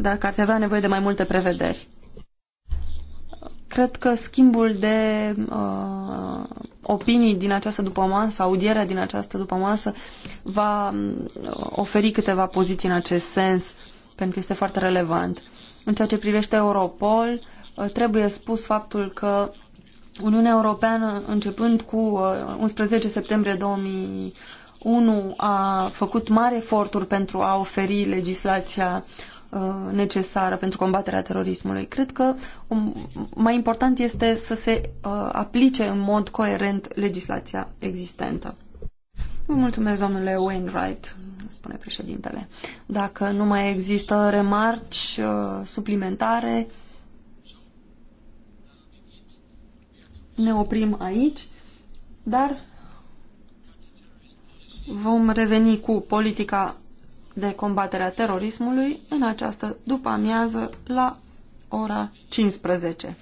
dacă ați avea nevoie de mai multe prevederi. Cred că schimbul de uh, opinii din această dupămasă, audierea din această dupămasă, va uh, oferi câteva poziții în acest sens, pentru că este foarte relevant. În ceea ce privește Europol, uh, trebuie spus faptul că Uniunea Europeană, începând cu 11 uh, septembrie 2001, a făcut mari eforturi pentru a oferi legislația uh, necesară pentru combaterea terorismului. Cred că mai important este să se aplice în mod coerent legislația existentă. Vă mulțumesc, domnule Wainwright, spune președintele. Dacă nu mai există remarci uh, suplimentare, ne oprim aici, dar vom reveni cu politica de combatere a terorismului în această după-amiază la ora 15.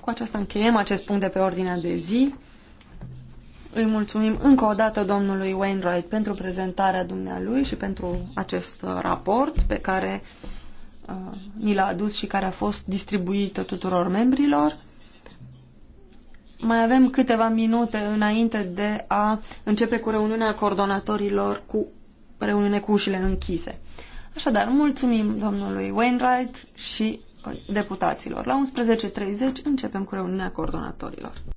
Cu aceasta încheiem acest punct de pe ordinea de zi. Îi mulțumim încă o dată domnului Wainwright pentru prezentarea dumnealui și pentru acest uh, raport pe care uh, ni l-a adus și care a fost distribuită tuturor membrilor. Mai avem câteva minute înainte de a începe cu reuniunea coordonatorilor cu reuniune cu ușile închise. Așadar, mulțumim domnului Wainwright și uh, deputaților. La 11.30 începem cu reuniunea coordonatorilor.